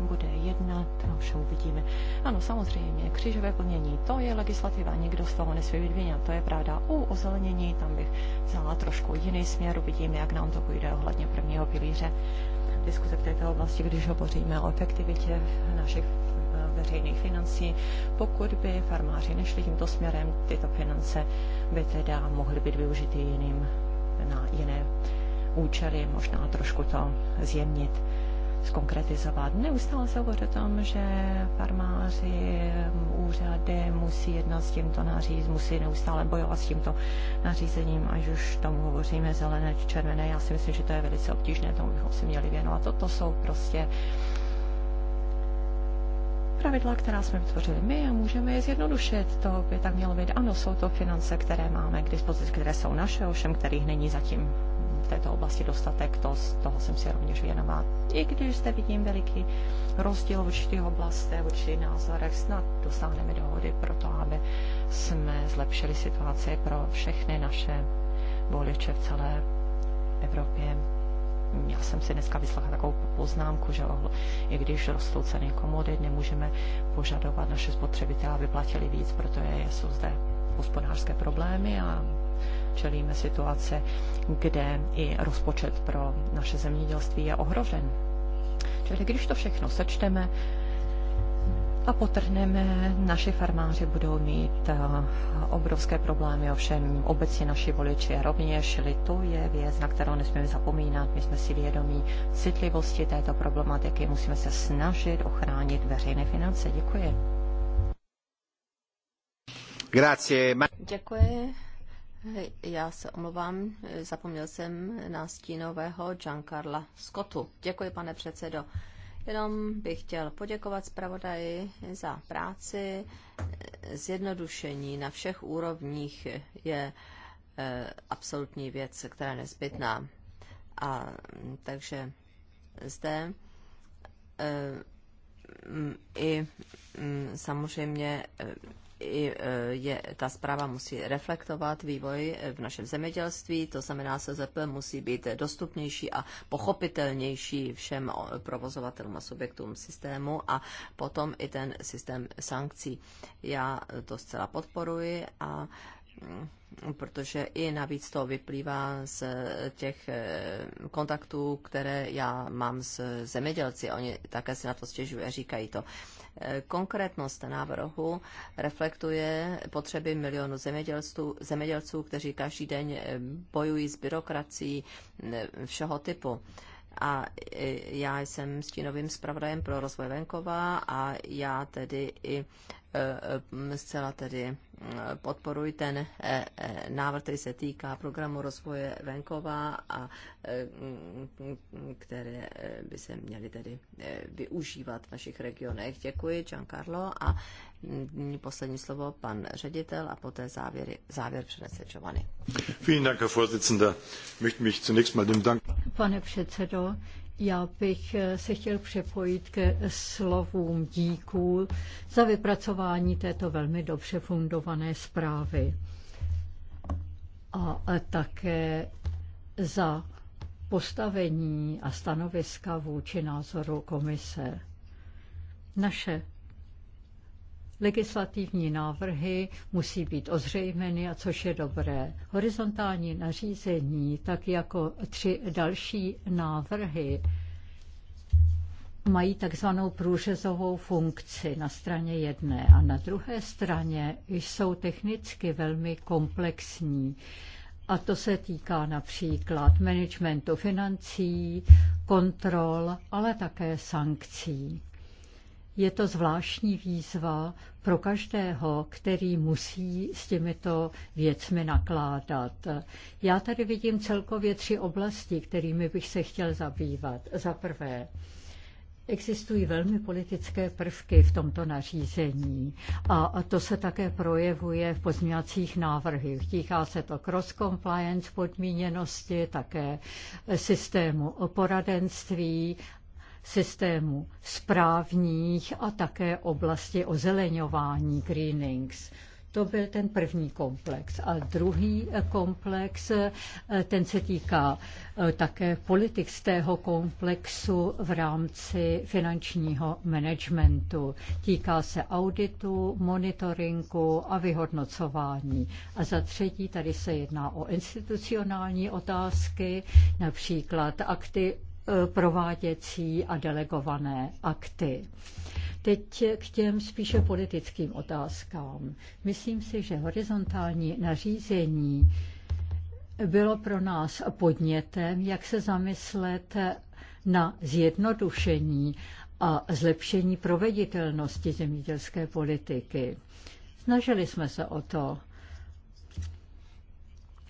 bude jednat, ovšem no, uvidíme. Ano, samozřejmě, křížové plnění, to je legislativa, nikdo z toho nesmí být to je pravda. U ozelenění tam bych vzala trošku jiný směr, uvidíme, jak nám to půjde ohledně prvního pilíře diskuze v této oblasti, když hovoříme o efektivitě našich veřejných financí. Pokud by farmáři nešli tímto směrem, tyto finance by teda mohly být využity jiným, na jiné účely, možná trošku to zjemnit zkonkretizovat. Neustále se hovoří o tom, že farmáři, úřady musí jednat s tímto nařízením, musí neustále bojovat s tímto nařízením, až už tomu hovoříme zelené či červené. Já si myslím, že to je velice obtížné, tomu bychom si měli věnovat. Toto jsou prostě pravidla, která jsme vytvořili my a můžeme je zjednodušit. To by tak mělo být. Ano, jsou to finance, které máme k dispozici, které jsou naše, ovšem kterých není zatím v této oblasti dostatek, to, toho jsem si rovněž věnová. I když zde vidím veliký rozdíl v určitých oblastech, v určitých názorech, snad dosáhneme dohody pro to, aby jsme zlepšili situaci pro všechny naše voliče v celé Evropě já jsem si dneska vyslala takovou poznámku, že i když rostou ceny komodit, nemůžeme požadovat naše spotřebitele, aby platili víc, protože jsou zde hospodářské problémy a čelíme situace, kde i rozpočet pro naše zemědělství je ohrožen. Čili když to všechno sečteme, a potrhneme, naši farmáři budou mít eh, obrovské problémy, ovšem obecně naši voliči rovněž, čili to je věc, na kterou nesmíme zapomínat. My jsme si vědomí citlivosti této problematiky, musíme se snažit ochránit veřejné finance. Děkuji. Grazie. Děkuji. Já se omlouvám, zapomněl jsem na stínového Giancarla Scottu. Děkuji, pane předsedo. Jenom bych chtěl poděkovat zpravodaji za práci. Zjednodušení na všech úrovních je eh, absolutní věc, která je nezbytná. A mm, takže zde eh, mm, i mm, samozřejmě eh, E, je, ta zpráva musí reflektovat vývoj v našem zemědělství, to znamená, SZP musí být dostupnější a pochopitelnější všem provozovatelům a subjektům systému a potom i ten systém sankcí. Já to zcela podporuji a mm, protože i navíc to vyplývá z těch e, kontaktů, které já mám s zemědělci. Oni také si na to stěžují a říkají to. Konkrétnost návrhu reflektuje potřeby milionů zemědělců, zemědělců, kteří každý den eh, bojují s byrokracií eh, všeho typu a eh, já jsem stínovým zpravodajem pro rozvoj venkova a já tedy i zcela tedy podporuji ten eh, eh, návrh, který se týká programu rozvoje venkova a eh, které by se měly tedy využívat v našich regionech. Děkuji, Giancarlo. A nyní mm, poslední slovo pan ředitel a poté závěry, závěr přinese Giovanni. Pane předsedo, já bych eh, se chtěl přepojit ke slovům díků za vypracování této velmi dobře fundované zprávy a také za postavení a stanoviska vůči názoru komise. Naše Legislativní návrhy musí být ozřejmeny, a což je dobré. Horizontální nařízení, tak jako tři další návrhy, mají takzvanou průřezovou funkci na straně jedné a na druhé straně jsou technicky velmi komplexní. A to se týká například managementu financí, kontrol, ale také sankcí je to zvláštní výzva pro každého, který musí s těmito věcmi nakládat. Já tady vidím celkově tři oblasti, kterými bych se chtěl zabývat. Za prvé, Existují velmi politické prvky v tomto nařízení a to se také projevuje v pozměňovacích návrhech. Týká se to cross-compliance podmíněnosti, také systému poradenství systému správních a také oblasti ozeleňování greenings. To byl ten první komplex. A druhý komplex, eh, ten se týká eh, také politik z tého komplexu v rámci finančního managementu. Týká se auditu, monitoringu a vyhodnocování. A za třetí tady se jedná o institucionální otázky, například akty prováděcí a delegované akty. Teď k těm spíše politickým otázkám. Myslím si, že horizontální nařízení bylo pro nás podnětem, jak se zamyslet na zjednodušení a zlepšení proveditelnosti zemědělské politiky. Snažili jsme se o to,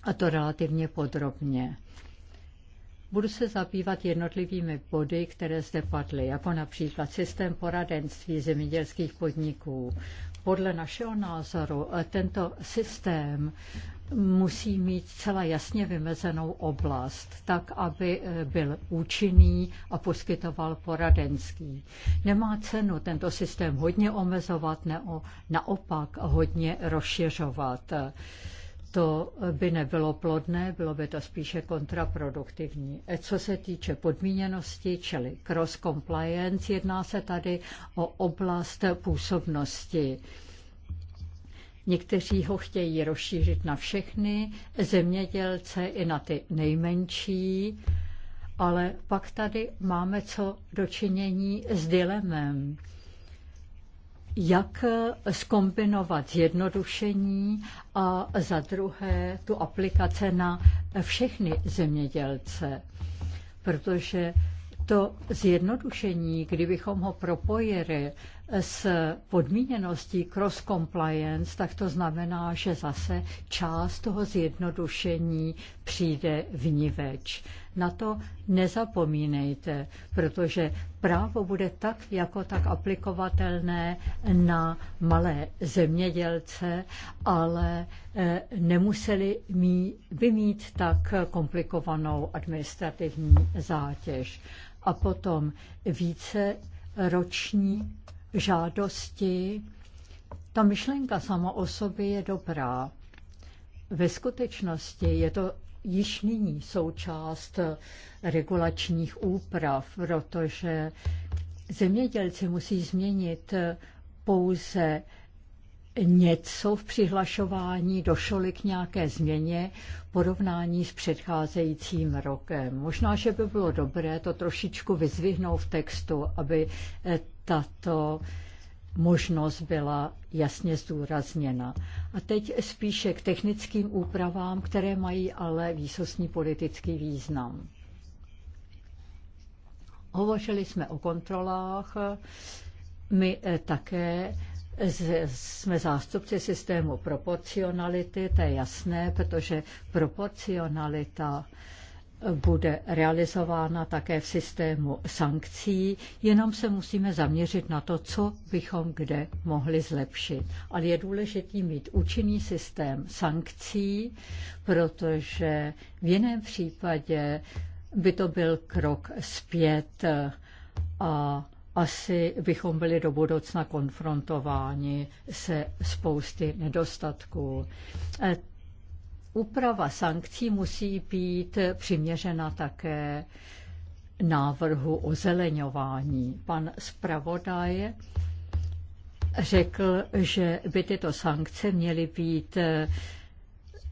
a to relativně podrobně. Budu se zabývat jednotlivými body, které zde padly, jako například systém poradenství zemědělských podniků. Podle našeho názoru eh, tento systém musí mít celá jasně vymezenou oblast, tak, aby eh, byl účinný a poskytoval poradenský. Nemá cenu tento systém hodně omezovat, nebo naopak hodně rozšiřovat to by nebylo plodné, bylo by to spíše kontraproduktivní. E, co se týče podmíněnosti, čili cross compliance, jedná se tady o oblast působnosti. Někteří ho chtějí rozšířit na všechny zemědělce i na ty nejmenší, ale pak tady máme co dočinění s dilemem jak eh, skombinovat zjednodušení a za druhé tu aplikace na všechny zemědělce. Protože to zjednodušení, kdybychom ho propojili s podmíněností cross-compliance, tak to znamená, že zase část toho zjednodušení přijde vniveč. Na to nezapomínejte, protože právo bude tak jako tak aplikovatelné na malé zemědělce, ale eh, nemuseli by mít tak komplikovanou administrativní zátěž. A potom více roční žádosti. Ta myšlenka sama o sobě je dobrá. Ve skutečnosti je to již nyní součást regulačních úprav, protože zemědělci musí změnit pouze něco v přihlašování, došlo k nějaké změně v porovnání s předcházejícím rokem. Možná, že by bylo dobré to trošičku vyzvihnout v textu, aby tato možnost byla jasně zdůrazněna. A teď spíše k technickým úpravám, které mají ale výsostný politický význam. Hovořili jsme o kontrolách, my eh, také jsme zástupci systému proporcionality, to je jasné, protože proporcionalita bude realizována také v systému sankcí, jenom se musíme zaměřit na to, co bychom kde mohli zlepšit. Ale je důležité mít účinný systém sankcí, protože v jiném případě by to byl krok zpět a asi bychom byli do budoucna konfrontováni se spousty nedostatků úprava sankcí musí být přiměřena také návrhu o zeleňování. Pan zpravodaj řekl, že by tyto sankce měly být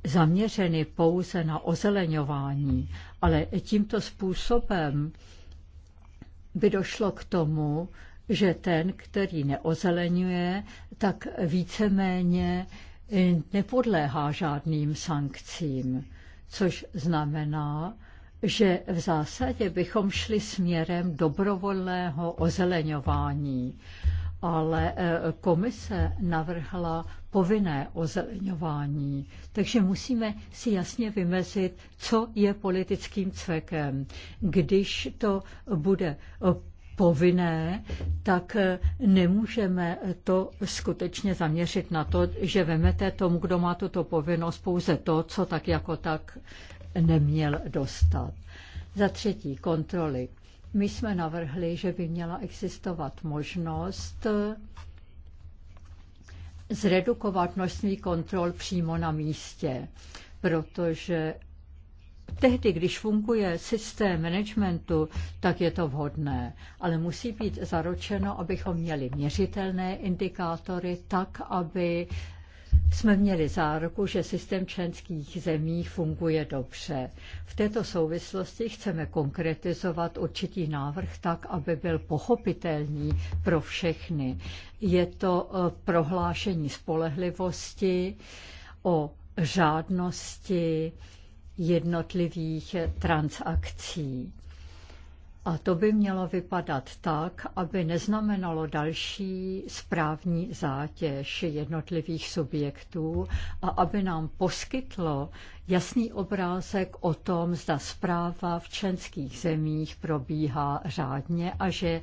zaměřeny pouze na ozeleňování, ale tímto způsobem by došlo k tomu, že ten, který neozeleňuje, tak víceméně nepodléhá žádným sankcím, což znamená, že v zásadě bychom šli směrem dobrovolného ozeleňování, ale eh, komise navrhla povinné ozeleňování. Takže musíme si jasně vymezit, co je politickým cvekem. Když to bude povinné, tak eh, nemůžeme to skutečně zaměřit na to, že vemete tomu, kdo má tuto povinnost, pouze to, co tak jako tak neměl dostat. Za třetí, kontroly. My jsme navrhli, že by měla existovat možnost eh, zredukovat množství kontrol přímo na místě, protože Tehdy, když funguje systém managementu, tak je to vhodné, ale musí být zaručeno, abychom měli měřitelné indikátory tak, aby jsme měli záruku, že systém členských zemí funguje dobře. V této souvislosti chceme konkretizovat určitý návrh tak, aby byl pochopitelný pro všechny. Je to eh, prohlášení spolehlivosti o řádnosti jednotlivých transakcí. A to by mělo vypadat tak, aby neznamenalo další správní zátěž jednotlivých subjektů a aby nám poskytlo jasný obrázek o tom, zda zpráva v členských zemích probíhá řádně a že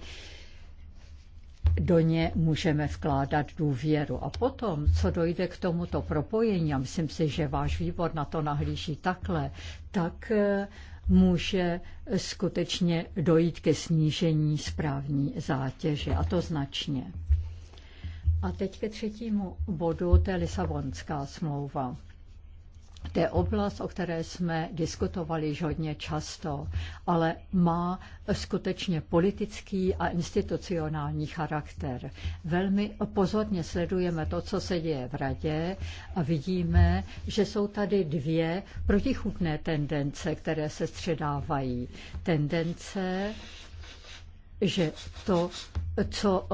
do ně můžeme vkládat důvěru. A potom, co dojde k tomuto propojení, a myslím si, že váš výbor na to nahlíží takhle, tak eh, může skutečně dojít ke snížení správní zátěže, a to značně. A teď ke třetímu bodu, to je Lisabonská smlouva. To je oblast, o které jsme diskutovali již hodně často, ale má skutečně politický a institucionální charakter. Velmi pozorně sledujeme to, co se děje v radě a vidíme, že jsou tady dvě protichutné tendence, které se středávají. Tendence, že to, co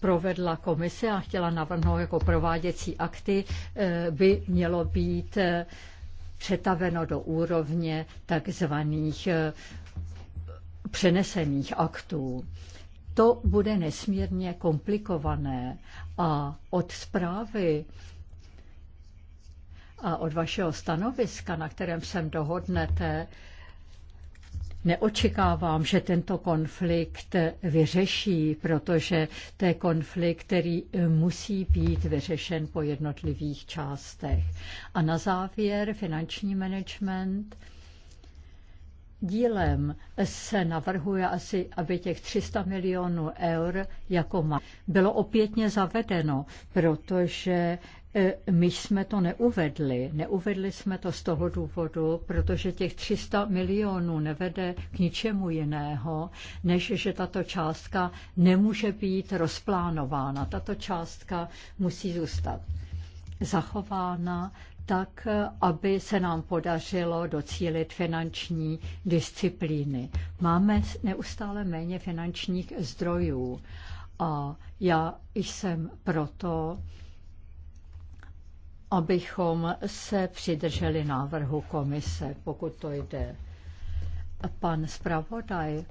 provedla komise a chtěla navrhnout jako prováděcí akty, eh, by mělo být eh, přetaveno do úrovně takzvaných eh, přenesených aktů. To bude nesmírně komplikované a od zprávy a od vašeho stanoviska, na kterém se dohodnete, Neočekávám, že tento konflikt vyřeší, protože to je konflikt, který musí být vyřešen po jednotlivých částech. A na závěr finanční management. Dílem se navrhuje asi, aby těch 300 milionů eur jako má bylo opětně zavedeno, protože E, my jsme to neuvedli. Neuvedli jsme to z toho důvodu, protože těch 300 milionů nevede k ničemu jiného, než že tato částka nemůže být rozplánována. Tato částka musí zůstat zachována tak, aby se nám podařilo docílit finanční disciplíny. Máme neustále méně finančních zdrojů a já jsem proto, abychom se přidrželi návrhu komise, pokud to jde. Pan zpravodaj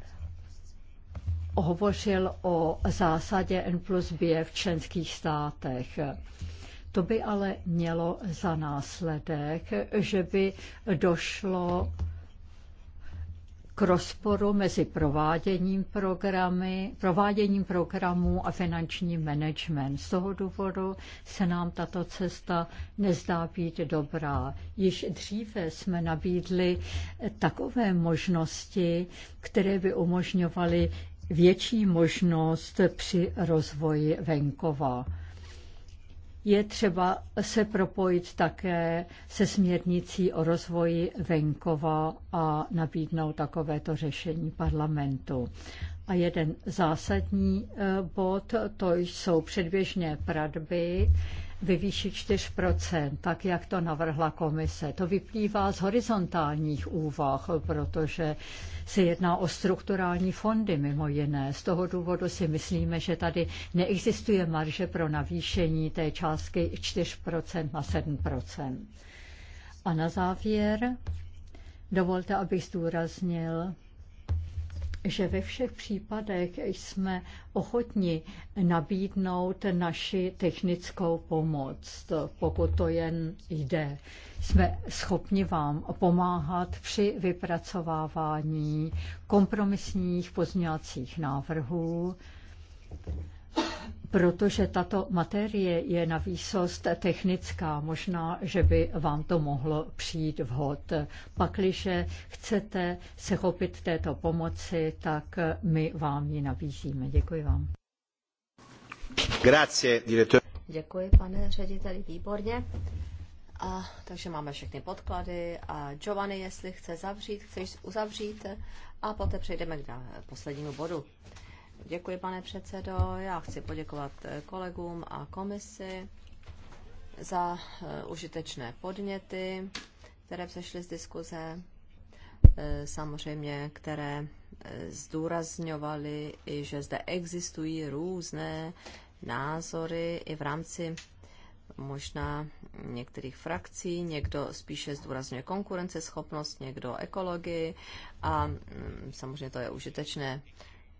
hovořil o zásadě N plus B v členských státech. To by ale mělo za následek, že by došlo k rozporu mezi prováděním, programy, prováděním programů a finančním management. Z toho důvodu se nám tato cesta nezdá být dobrá. Již dříve jsme nabídli takové možnosti, které by umožňovaly větší možnost při rozvoji venkova je třeba se propojit také se směrnicí o rozvoji venkova a nabídnout takovéto řešení parlamentu. A jeden zásadní eh, bod, to jsou předběžné pradby, ve výši 4%, tak jak to navrhla komise. To vyplývá z horizontálních úvah, protože se jedná o strukturální fondy mimo jiné. Z toho důvodu si myslíme, že tady neexistuje marže pro navýšení té částky 4% na 7%. A na závěr dovolte, abych zdůraznil, že ve všech případech jsme ochotni nabídnout naši technickou pomoc, pokud to jen jde. Jsme schopni vám pomáhat při vypracovávání kompromisních pozměňovacích návrhů protože tato materie je na výsost technická. Možná, že by vám to mohlo přijít vhod. Pakliže chcete se chopit této pomoci, tak my vám ji nabízíme. Děkuji vám. Grazie, direktor. Děkuji, pane řediteli, výborně. A, takže máme všechny podklady a Giovanni, jestli chce zavřít, chceš uzavřít a poté přejdeme k poslednímu bodu. Děkuji, pane předsedo. Já chci poděkovat eh, kolegům a komisi za eh, užitečné podněty, které přešly z diskuze, eh, samozřejmě, které zdůrazňovaly i, že zde existují různé názory i v rámci možná některých frakcí, někdo spíše zdůrazňuje konkurenceschopnost, někdo ekologii a mm, samozřejmě to je užitečné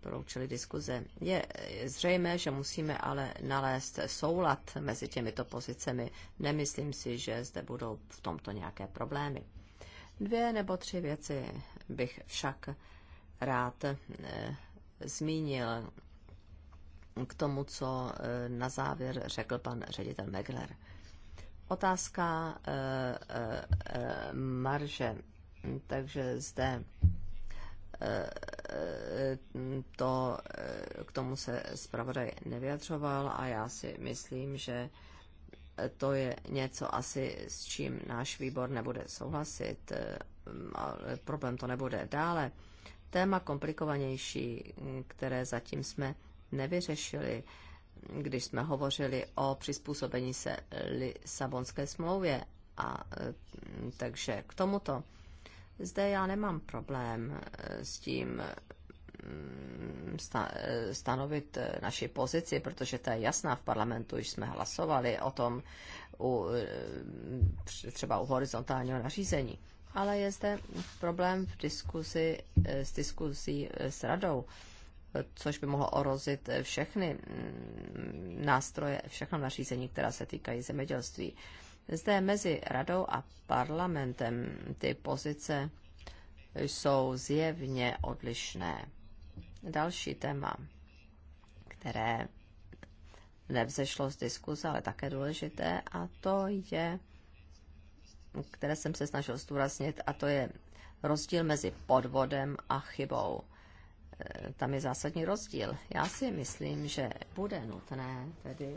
proučili diskuze. Je zřejmé, že musíme ale nalézt soulad mezi těmito pozicemi. Nemyslím si, že zde budou v tomto nějaké problémy. Dvě nebo tři věci bych však rád eh, zmínil k tomu, co eh, na závěr řekl pan ředitel Megler. Otázka eh, marže. Hm, takže zde to, k tomu se zpravodaj nevyjadřoval a já si myslím, že to je něco asi, s čím náš výbor nebude souhlasit, ale problém to nebude. Dále téma komplikovanější, které zatím jsme nevyřešili, když jsme hovořili o přizpůsobení se Lisabonské smlouvě. A takže k tomuto zde já nemám problém eh, s tím mm, eh, stanovit eh, naši pozici, protože to je jasná v parlamentu, už jsme hlasovali o tom u, třeba u horizontálního nařízení. Ale je zde problém v diskuzi, s diskuzí s radou, což by mohlo orozit všechny mm, nástroje, všechno nařízení, která se týkají zemědělství. Zde mezi radou a parlamentem ty pozice jsou zjevně odlišné. Další téma, které nevzešlo z diskuze, ale také důležité, a to je, které jsem se snažil zdůraznit, a to je rozdíl mezi podvodem a chybou. E, tam je zásadní rozdíl. Já si myslím, že bude nutné tedy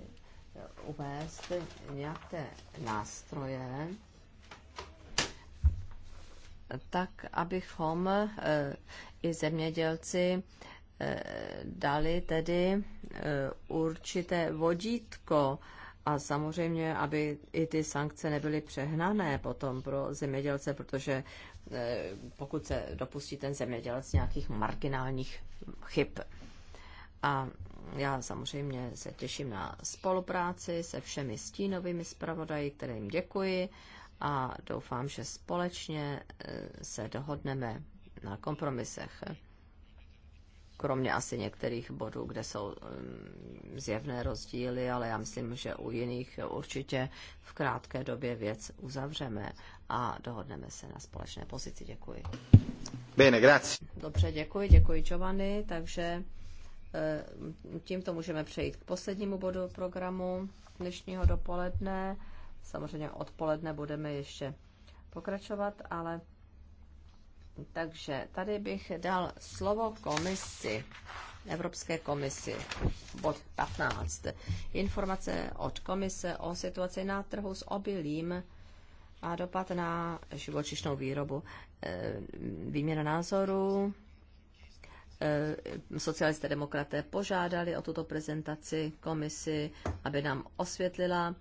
uvést nějaké nástroje, tak abychom eh, i zemědělci eh, dali tedy eh, určité vodítko a samozřejmě, aby i ty sankce nebyly přehnané potom pro zemědělce, protože pokud se dopustí ten zemědělec nějakých marginálních chyb. A já samozřejmě se těším na spolupráci se všemi stínovými zpravodaji, kterým děkuji a doufám, že společně e, se dohodneme na kompromisech. Kromě asi některých bodů, kde jsou mm, zjevné rozdíly, ale já myslím, že u jiných určitě v krátké době věc uzavřeme a dohodneme se na společné pozici. Děkuji. Bene, grazie. Dobře, děkuji, děkuji Giovanni, takže Eh, tímto můžeme přejít k poslednímu bodu programu dnešního dopoledne. Samozřejmě odpoledne budeme ještě pokračovat, ale takže tady bych dal slovo komisi, Evropské komisi, bod 15. Informace od komise o situaci na trhu s obilím a dopad na živočišnou výrobu. Eh, výměna názorů Eh, socialisté demokraté požádali o tuto prezentaci komisi, aby nám osvětlila,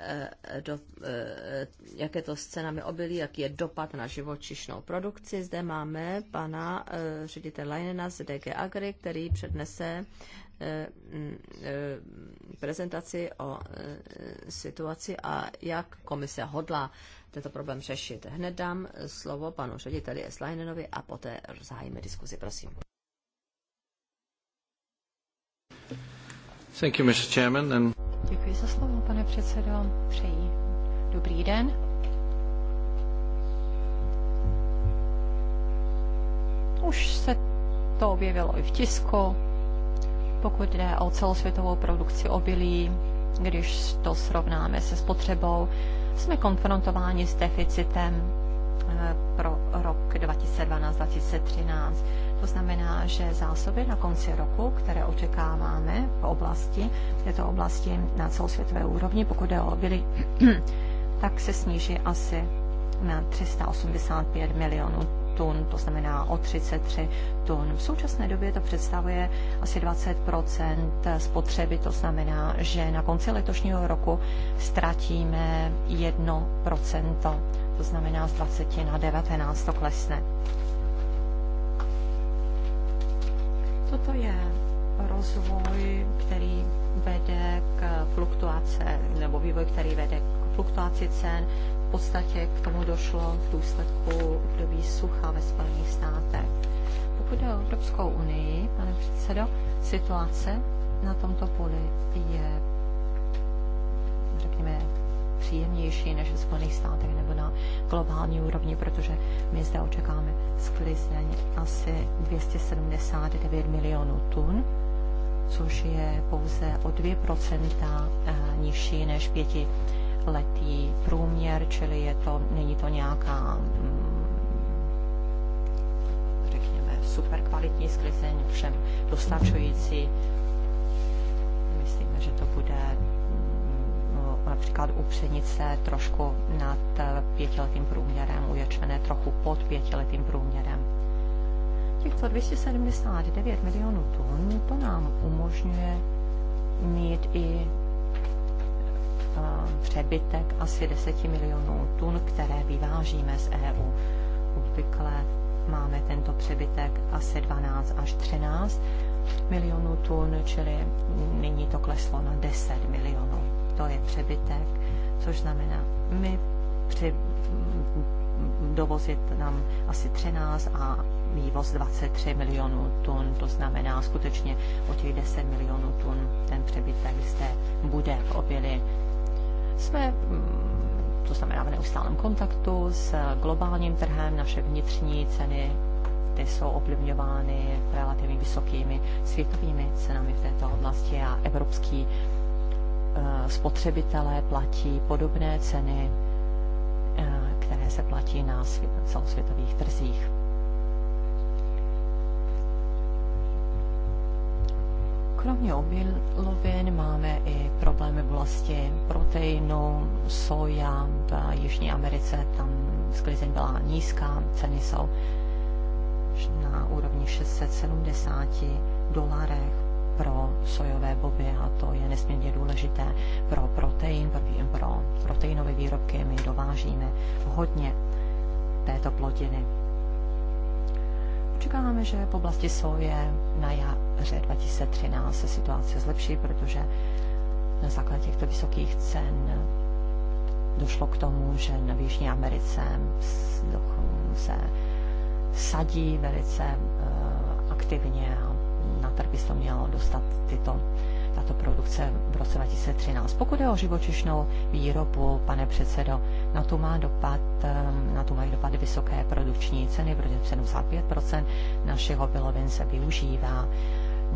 eh, do, eh, jak je to s cenami obilí, jaký je dopad na živočišnou produkci. Zde máme pana ředitele Leinena z DG Agri, který přednese Eh, mm, eh, prezentaci o eh, situaci a jak komise hodlá tento problém řešit. Hned dám slovo panu řediteli Slajnenovi a poté zahájíme diskuzi. Prosím. Thank you, Mr. Chairman, and... Děkuji za slovo, pane předsedo. Přeji dobrý den. Už se to objevilo i v tisku pokud jde o celosvětovou produkci obilí, když to srovnáme se spotřebou, jsme konfrontováni s deficitem eh, pro rok 2012-2013. To znamená, že zásoby na konci roku, které očekáváme v oblasti, v této oblasti na celosvětové úrovni, pokud jde o obilí, tak se sníží asi na 385 milionů tun, to znamená o 33 tun. V současné době to představuje asi 20 spotřeby, to znamená, že na konci letošního roku ztratíme 1 to znamená z 20 na 19 to klesne. Toto je rozvoj, který vede k fluktuace, nebo vývoj, který vede k fluktuaci cen v podstatě k tomu došlo v důsledku období sucha ve Spojených státech. Pokud jde o Evropskou unii, pane předsedo, situace na tomto poli je, řekněme, příjemnější než ve Spojených státech nebo na globální úrovni, protože my zde očekáme sklizeň asi 279 milionů tun, což je pouze o 2% eh, nižší než 5 letý průměr, čili je to, není to nějaká mm, řekněme, super kvalitní sklizeň, všem dostačující. Myslíme, že to bude mm, například u pšenice trošku nad eh, pětiletým průměrem, u ječmene trochu pod pětiletým průměrem. Těchto 279 milionů tun to nám umožňuje mít i Eh, přebytek asi 10 milionů tun, které vyvážíme z EU. Obvykle máme tento přebytek asi 12 až 13 milionů tun, čili nyní to kleslo na 10 milionů. To je přebytek, což znamená, my při, dovozit nám asi 13 a vývoz 23 milionů tun, to znamená skutečně o těch 10 milionů tun ten přebytek zde bude v oběli jsme mm, to znamená v neustálém kontaktu s globálním trhem, naše vnitřní ceny ty jsou ovlivňovány relativně vysokými světovými cenami v této oblasti a evropský eh, spotřebitelé platí podobné ceny, eh, které se platí na celosvětových trzích. Kromě obilovin máme i problémy v oblasti proteinu, soja v Jižní Americe, tam sklizeň byla nízká, ceny jsou na úrovni 670 dolarech pro sojové boby a to je nesmírně důležité pro protein, pro, proteinové výrobky. My dovážíme hodně této plodiny. Očekáváme, že v oblasti soje na jaře 2013 se situace zlepší, protože na základě těchto vysokých cen došlo k tomu, že na Jižní Americe se sadí velice eh, aktivně a na trh by mělo dostat tyto tato produkce v roce 2013. Pokud je o živočišnou výrobu, pane předsedo, na tu, má dopad, ehm, na tu mají dopad vysoké produkční ceny, protože 75% našich obilovin se využívá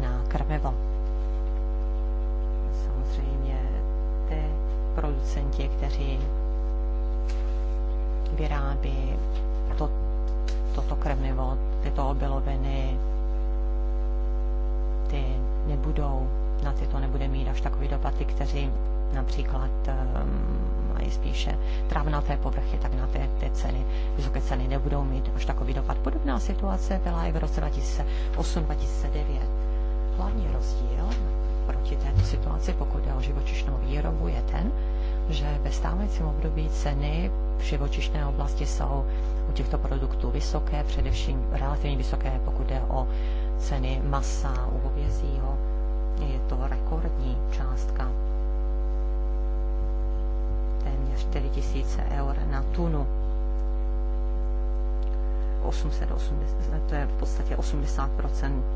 na krmivo. Samozřejmě ty producenti, kteří vyrábí to, toto krmivo, tyto obiloviny, ty nebudou na ty to nebude mít až takový dopad. Ty, kteří například ehm, mají spíše travnaté povrchy, tak na té, té ceny, vysoké ceny nebudou mít až takový dopad. Podobná situace byla i v roce 2008-2009. Hlavní rozdíl proti této situaci, pokud jde o živočišnou výrobu, je ten, že ve stávajícím období ceny v živočišné oblasti jsou u těchto produktů vysoké, především relativně vysoké, pokud jde o ceny masa u hovězího, je to rekordní částka. Téměř 4 tisíce eur na tunu. 880, to je v podstatě 80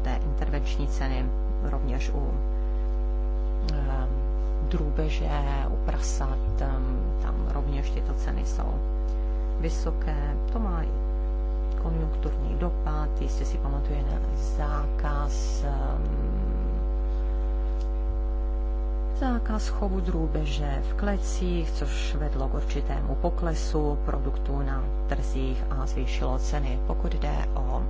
té intervenční ceny, rovněž u ehm, drůbeže, u prasat, ehm, tam rovněž tyto ceny jsou vysoké. To má konjunkturní dopad, jistě si pamatuje na zákaz ehm, Zákaz chovu drůbeže v klecích, což vedlo k určitému poklesu produktů na trzích a zvýšilo ceny. Pokud jde o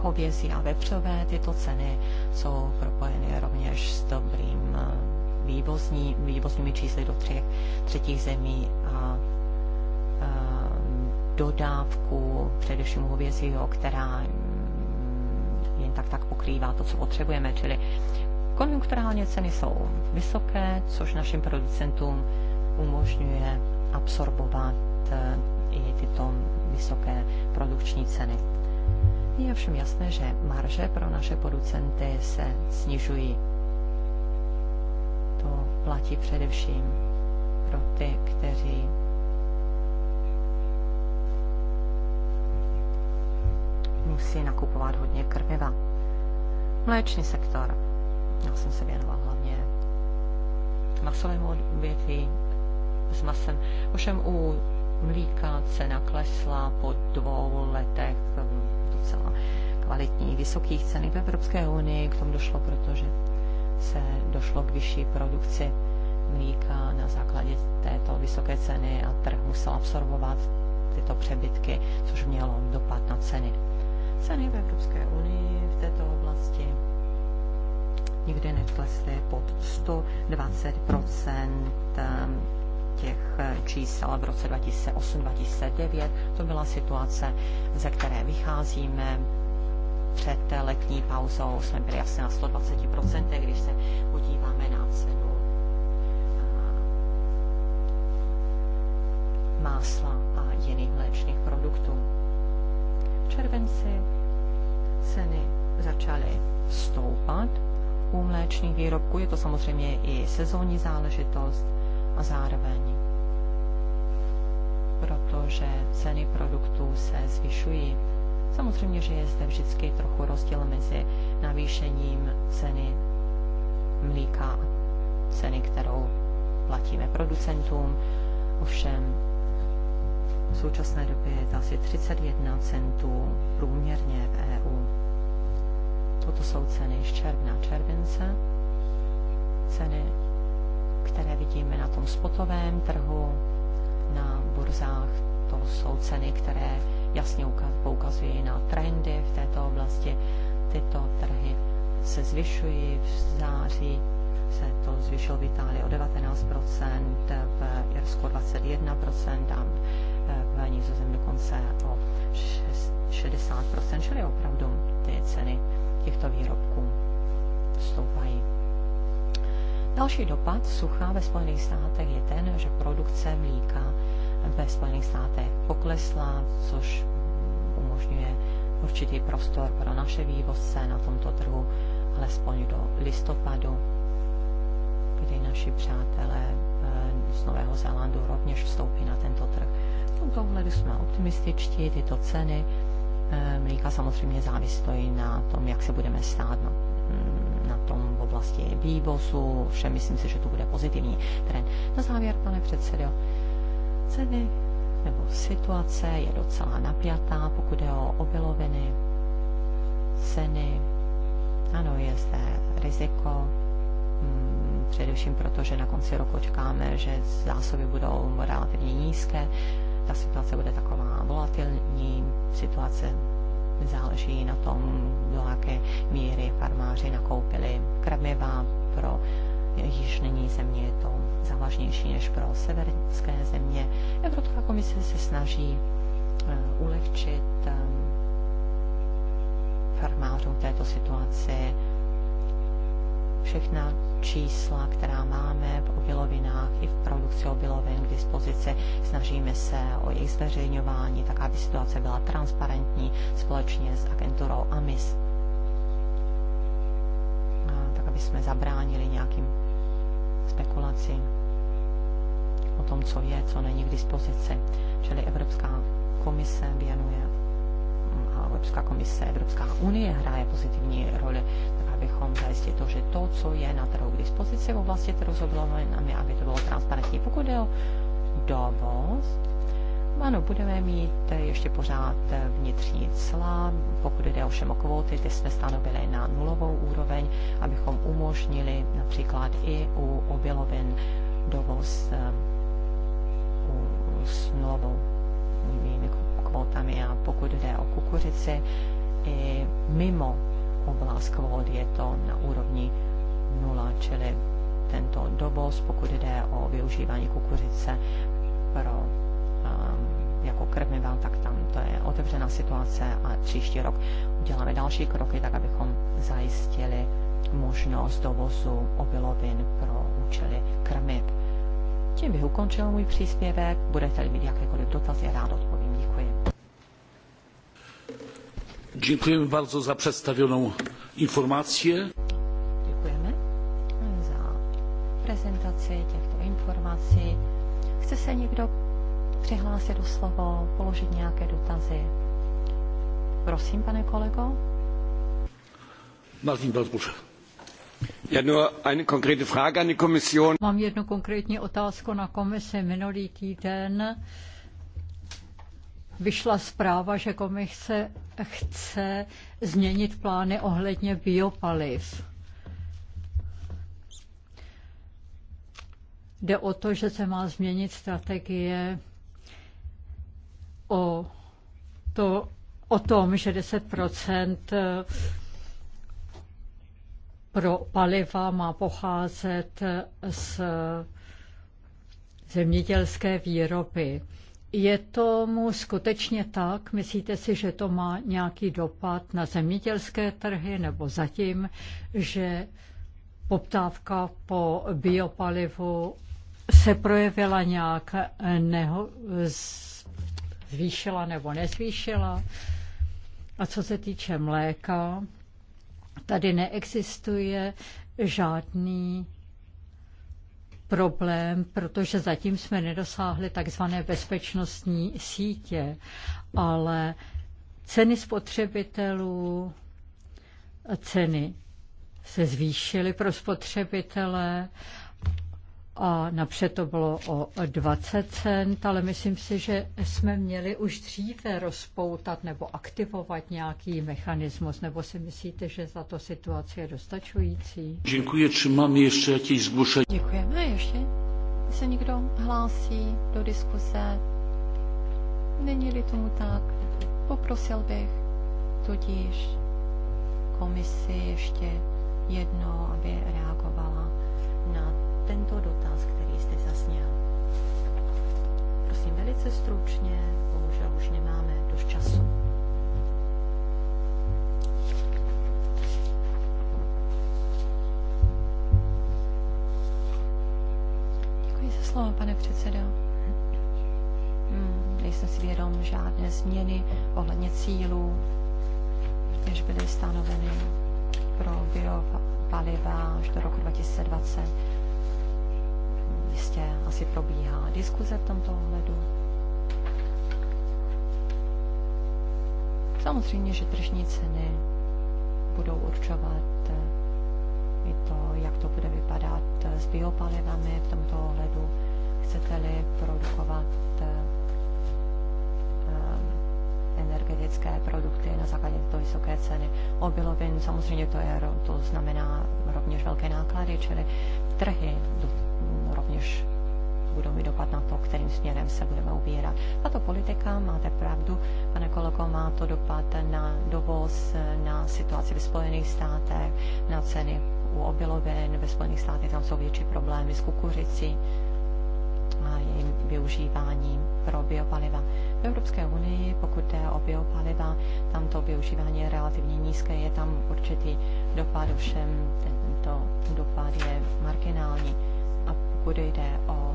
hovězí a vepřové, tyto ceny jsou propojeny rovněž s dobrým eh, vývozní, vývozními čísly do třech, třetích zemí a, a eh, dodávku především hovězího, která mm, jen tak tak pokrývá to, co potřebujeme, čili Konjunkturálně ceny jsou vysoké, což našim producentům umožňuje absorbovat eh, i tyto vysoké produkční ceny. Je všem jasné, že marže pro naše producenty se snižují. To platí především pro ty, kteří musí nakupovat hodně krmiva. Mléčný sektor já jsem se věnoval hlavně masovému odvětví s masem. Ovšem u mlíka cena klesla po dvou letech um, docela kvalitní, vysokých ceny v Evropské unii. K tomu došlo, protože se došlo k vyšší produkci mlíka na základě této vysoké ceny a trh musel absorbovat tyto přebytky, což mělo dopad na ceny. Ceny v Evropské unii nikdy neklesly pod 120 ehm, těch eh, čísel v roce 2008-2009. To byla situace, ze které vycházíme. Před eh, letní pauzou jsme byli asi na 120%, když se podíváme na cenu eh, másla a jiných mléčných produktů. V červenci ceny začaly stoupat výrobků, mléčných výrobků. Je to samozřejmě i sezónní záležitost a zároveň protože ceny produktů se zvyšují. Samozřejmě, že je zde vždycky trochu rozdíl mezi navýšením ceny mlíka a ceny, kterou platíme producentům. Ovšem v současné době je to asi 31 centů průměrně v EU. Toto jsou ceny z června července, ceny, které vidíme na tom spotovém trhu, na burzách. To jsou ceny, které jasně poukazují na trendy v této oblasti. Tyto trhy se zvyšují v září, se to zvyšilo v Itálii o 19%, v Irsku 21% a v Nizozemí dokonce o 60%, čili opravdu ty ceny těchto výrobků stoupají. Další dopad sucha ve Spojených státech je ten, že produkce mlíka ve Spojených státech poklesla, což umožňuje určitý prostor pro naše vývozce na tomto trhu, alespoň do listopadu, kdy naši přátelé eh, z Nového Zélandu rovněž vstoupí na tento trh. V tomto ohledu jsme optimističtí, tyto ceny Eh, mlíka samozřejmě závisí na tom, jak se budeme stát na, na tom v oblasti vývozu, všem myslím si, že to bude pozitivní trend. Na závěr, pane předsedo, ceny nebo situace je docela napjatá, pokud je o obiloviny, ceny, ano, je zde riziko, mm, především proto, že na konci roku čekáme, že zásoby budou relativně nízké, ta situace bude taková volatilní, situace záleží na tom, do jaké míry farmáři nakoupili krmiva pro jižní země je to závažnější než pro severské země. Evropská komise se snaží eh, ulehčit eh, farmářům této situaci všechna čísla, která máme v obilovinách i v produkci obilovin k dispozici. Snažíme se o jejich zveřejňování, tak aby situace byla transparentní společně s agenturou AMIS. A tak, aby jsme zabránili nějakým spekulacím o tom, co je, co není k dispozici. Čili Evropská komise věnuje a Evropská komise, Evropská unie hraje pozitivní roli abychom zajistili to, že to, co je na trhu k dispozici v oblasti trhu s obilovinami, aby to bylo transparentní. Pokud je o dovoz, ano, budeme mít ještě pořád vnitřní cla, pokud jde ovšem o kvóty, ty jsme stanovili na nulovou úroveň, abychom umožnili například i u obilovin dovoz eh, s nulovou kvótami a pokud jde o kukuřici, i mimo oblast kvót je to na úrovni nula, čili tento dovoz, pokud jde o využívání kukuřice pro um, jako krmiva, tak tam to je otevřená situace a příští rok uděláme další kroky, tak abychom zajistili možnost dovozu obilovin pro účely krmiv. Tím bych ukončil můj příspěvek. Budete-li mít jakékoliv dotazy, rád odpovím. Dziękujemy bardzo za przedstawioną informację. Děkujeme za prezentaci těchto informací. Chce se někdo přihlásit o slovo, položit nějaké dotazy? Prosím, pane kolego. Martin Bartbusch. Mám jednu konkrétní otázku na komisi. Minulý týden vyšla zpráva, že komise chce změnit plány ohledně biopaliv. Jde o to, že se má změnit strategie o, to, o tom, že 10 pro paliva má pocházet z zemědělské výroby. Je tomu skutečně tak? Myslíte si, že to má nějaký dopad na zemědělské trhy nebo zatím, že poptávka po biopalivu se projevila nějak neho, zvýšila nebo nezvýšila? A co se týče mléka, tady neexistuje žádný problém, protože zatím jsme nedosáhli takzvané bezpečnostní sítě, ale ceny spotřebitelů, ceny se zvýšily pro spotřebitele a napřed to bylo o 20 cent, ale myslím si, že jsme měli už dříve rozpoutat nebo aktivovat nějaký mechanismus, nebo si myslíte, že za to situace je dostačující? Děkuji, či máme ještě jaký zbušení? Děkujeme ještě. Se někdo hlásí do diskuse? Není-li tomu tak, poprosil bych tudíž komisi ještě jedno, aby prosím velice stručně, bohužel už nemáme dost času. Děkuji za slovo, pane předsedo. Hmm, nejsem si vědom žádné změny ohledně cílů, jež byly stanoveny pro biopaliva až do roku 2020 jistě asi probíhá diskuze v tomto ohledu. Samozřejmě, že tržní ceny budou určovat eh, i to, jak to bude vypadat eh, s biopalivami v tomto ohledu. Chcete-li produkovat eh, energetické produkty na základě této vysoké ceny obilovin. Samozřejmě to, je, to znamená rovněž velké náklady, čili trhy rovněž budou mít dopad na to, kterým směrem se budeme ubírat. Tato politika, máte pravdu, pane kolego, má to dopad na dovoz, na situaci ve Spojených státech, na ceny u obilovin, ve Spojených státech tam jsou větší problémy s kukuřicí a jejím využíváním pro biopaliva. V Evropské unii, pokud jde o biopaliva, tam to využívání je relativně nízké, je tam určitý dopad, ovšem tento dopad je marginální pokud jde o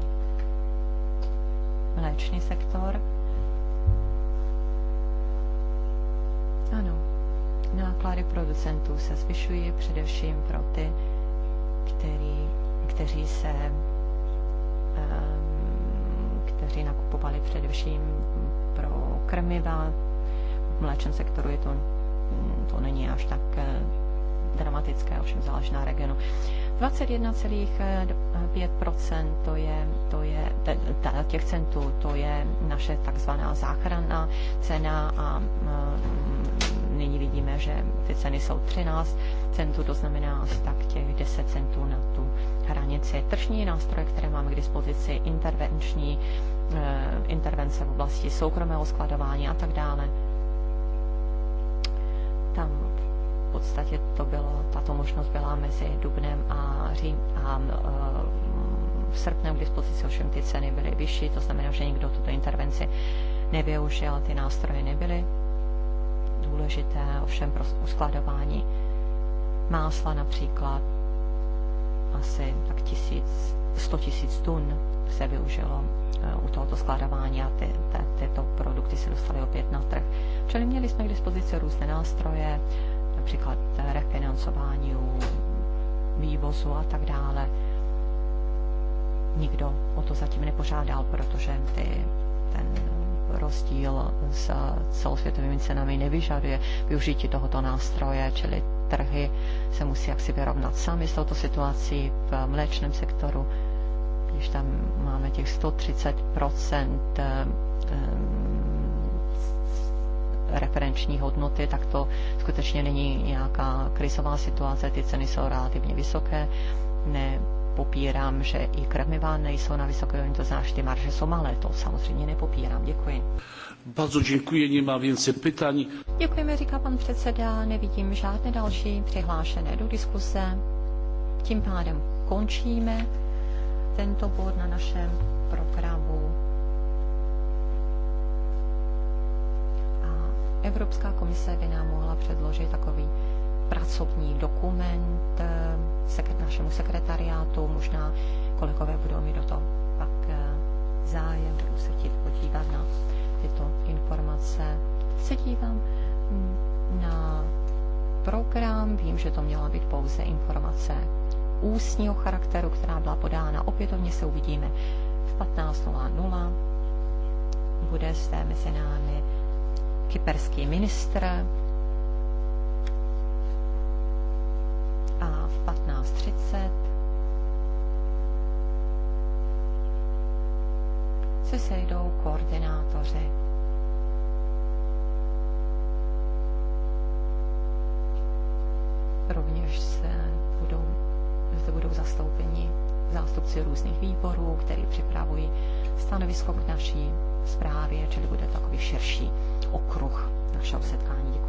mléčný sektor. Ano, náklady producentů se zvyšují především pro ty, který, kteří se ehm, kteří nakupovali především pro krmiva. V mléčném sektoru je to, to není až tak eh, dramatické, ovšem záleží na regionu. 21,5 to je, to je těch centů, to je naše takzvaná záchranná cena a nyní vidíme, že ty ceny jsou 13 centů, to znamená asi tak těch 10 centů na tu hranici. Tržní nástroje, které máme k dispozici, intervenční e, intervence v oblasti soukromého skladování a tak dále. Tam v podstatě to bylo, tato možnost byla mezi Dubnem a, Řím, a e, v srpnu k dispozici, ovšem ty ceny byly vyšší, to znamená, že nikdo tuto intervenci nevyužil, ty nástroje nebyly důležité, ovšem pro uskladování másla například asi tak tisíc, 100 tisíc tun se využilo e, u tohoto skladování a ty, ty, tyto produkty se dostaly opět na trh. Čili měli jsme k dispozici různé nástroje, například eh, refinancování vývozu a tak dále. Nikdo o to zatím nepožádal, protože ty, ten rozdíl s celosvětovými cenami nevyžaduje využití tohoto nástroje, čili trhy se musí jaksi vyrovnat sami s touto situací v mléčném sektoru, když tam máme těch 130 referenční hodnoty, tak to skutečně není nějaká krizová situace, ty ceny jsou relativně vysoké. Ne, popírám, že i krmiva nejsou na vysoké úrovni, to znamená, že ty marže jsou malé, to samozřejmě nepopírám. Děkuji. Bardzo děkuji, nemá více pytání. Děkujeme, říká pan předseda, nevidím žádné další přihlášené do diskuse. Tím pádem končíme tento bod na našem programu. Evropská komise by nám mohla předložit takový pracovní dokument eh, sekret, našemu sekretariátu. Možná kolegové budou mít do toho pak eh, zájem, budou se chtít podívat na tyto informace. Se dívám hm, na program, vím, že to měla být pouze informace ústního charakteru, která byla podána. Opětovně se uvidíme v 15.00. Bude zde mezi námi kyperský ministr a v 15.30 se sejdou koordinátoři. Rovněž se budou, zde budou zastoupeni zástupci různých výborů, který připravují stanovisko k naší zprávě, čili bude takový širší okruh našeho setkání.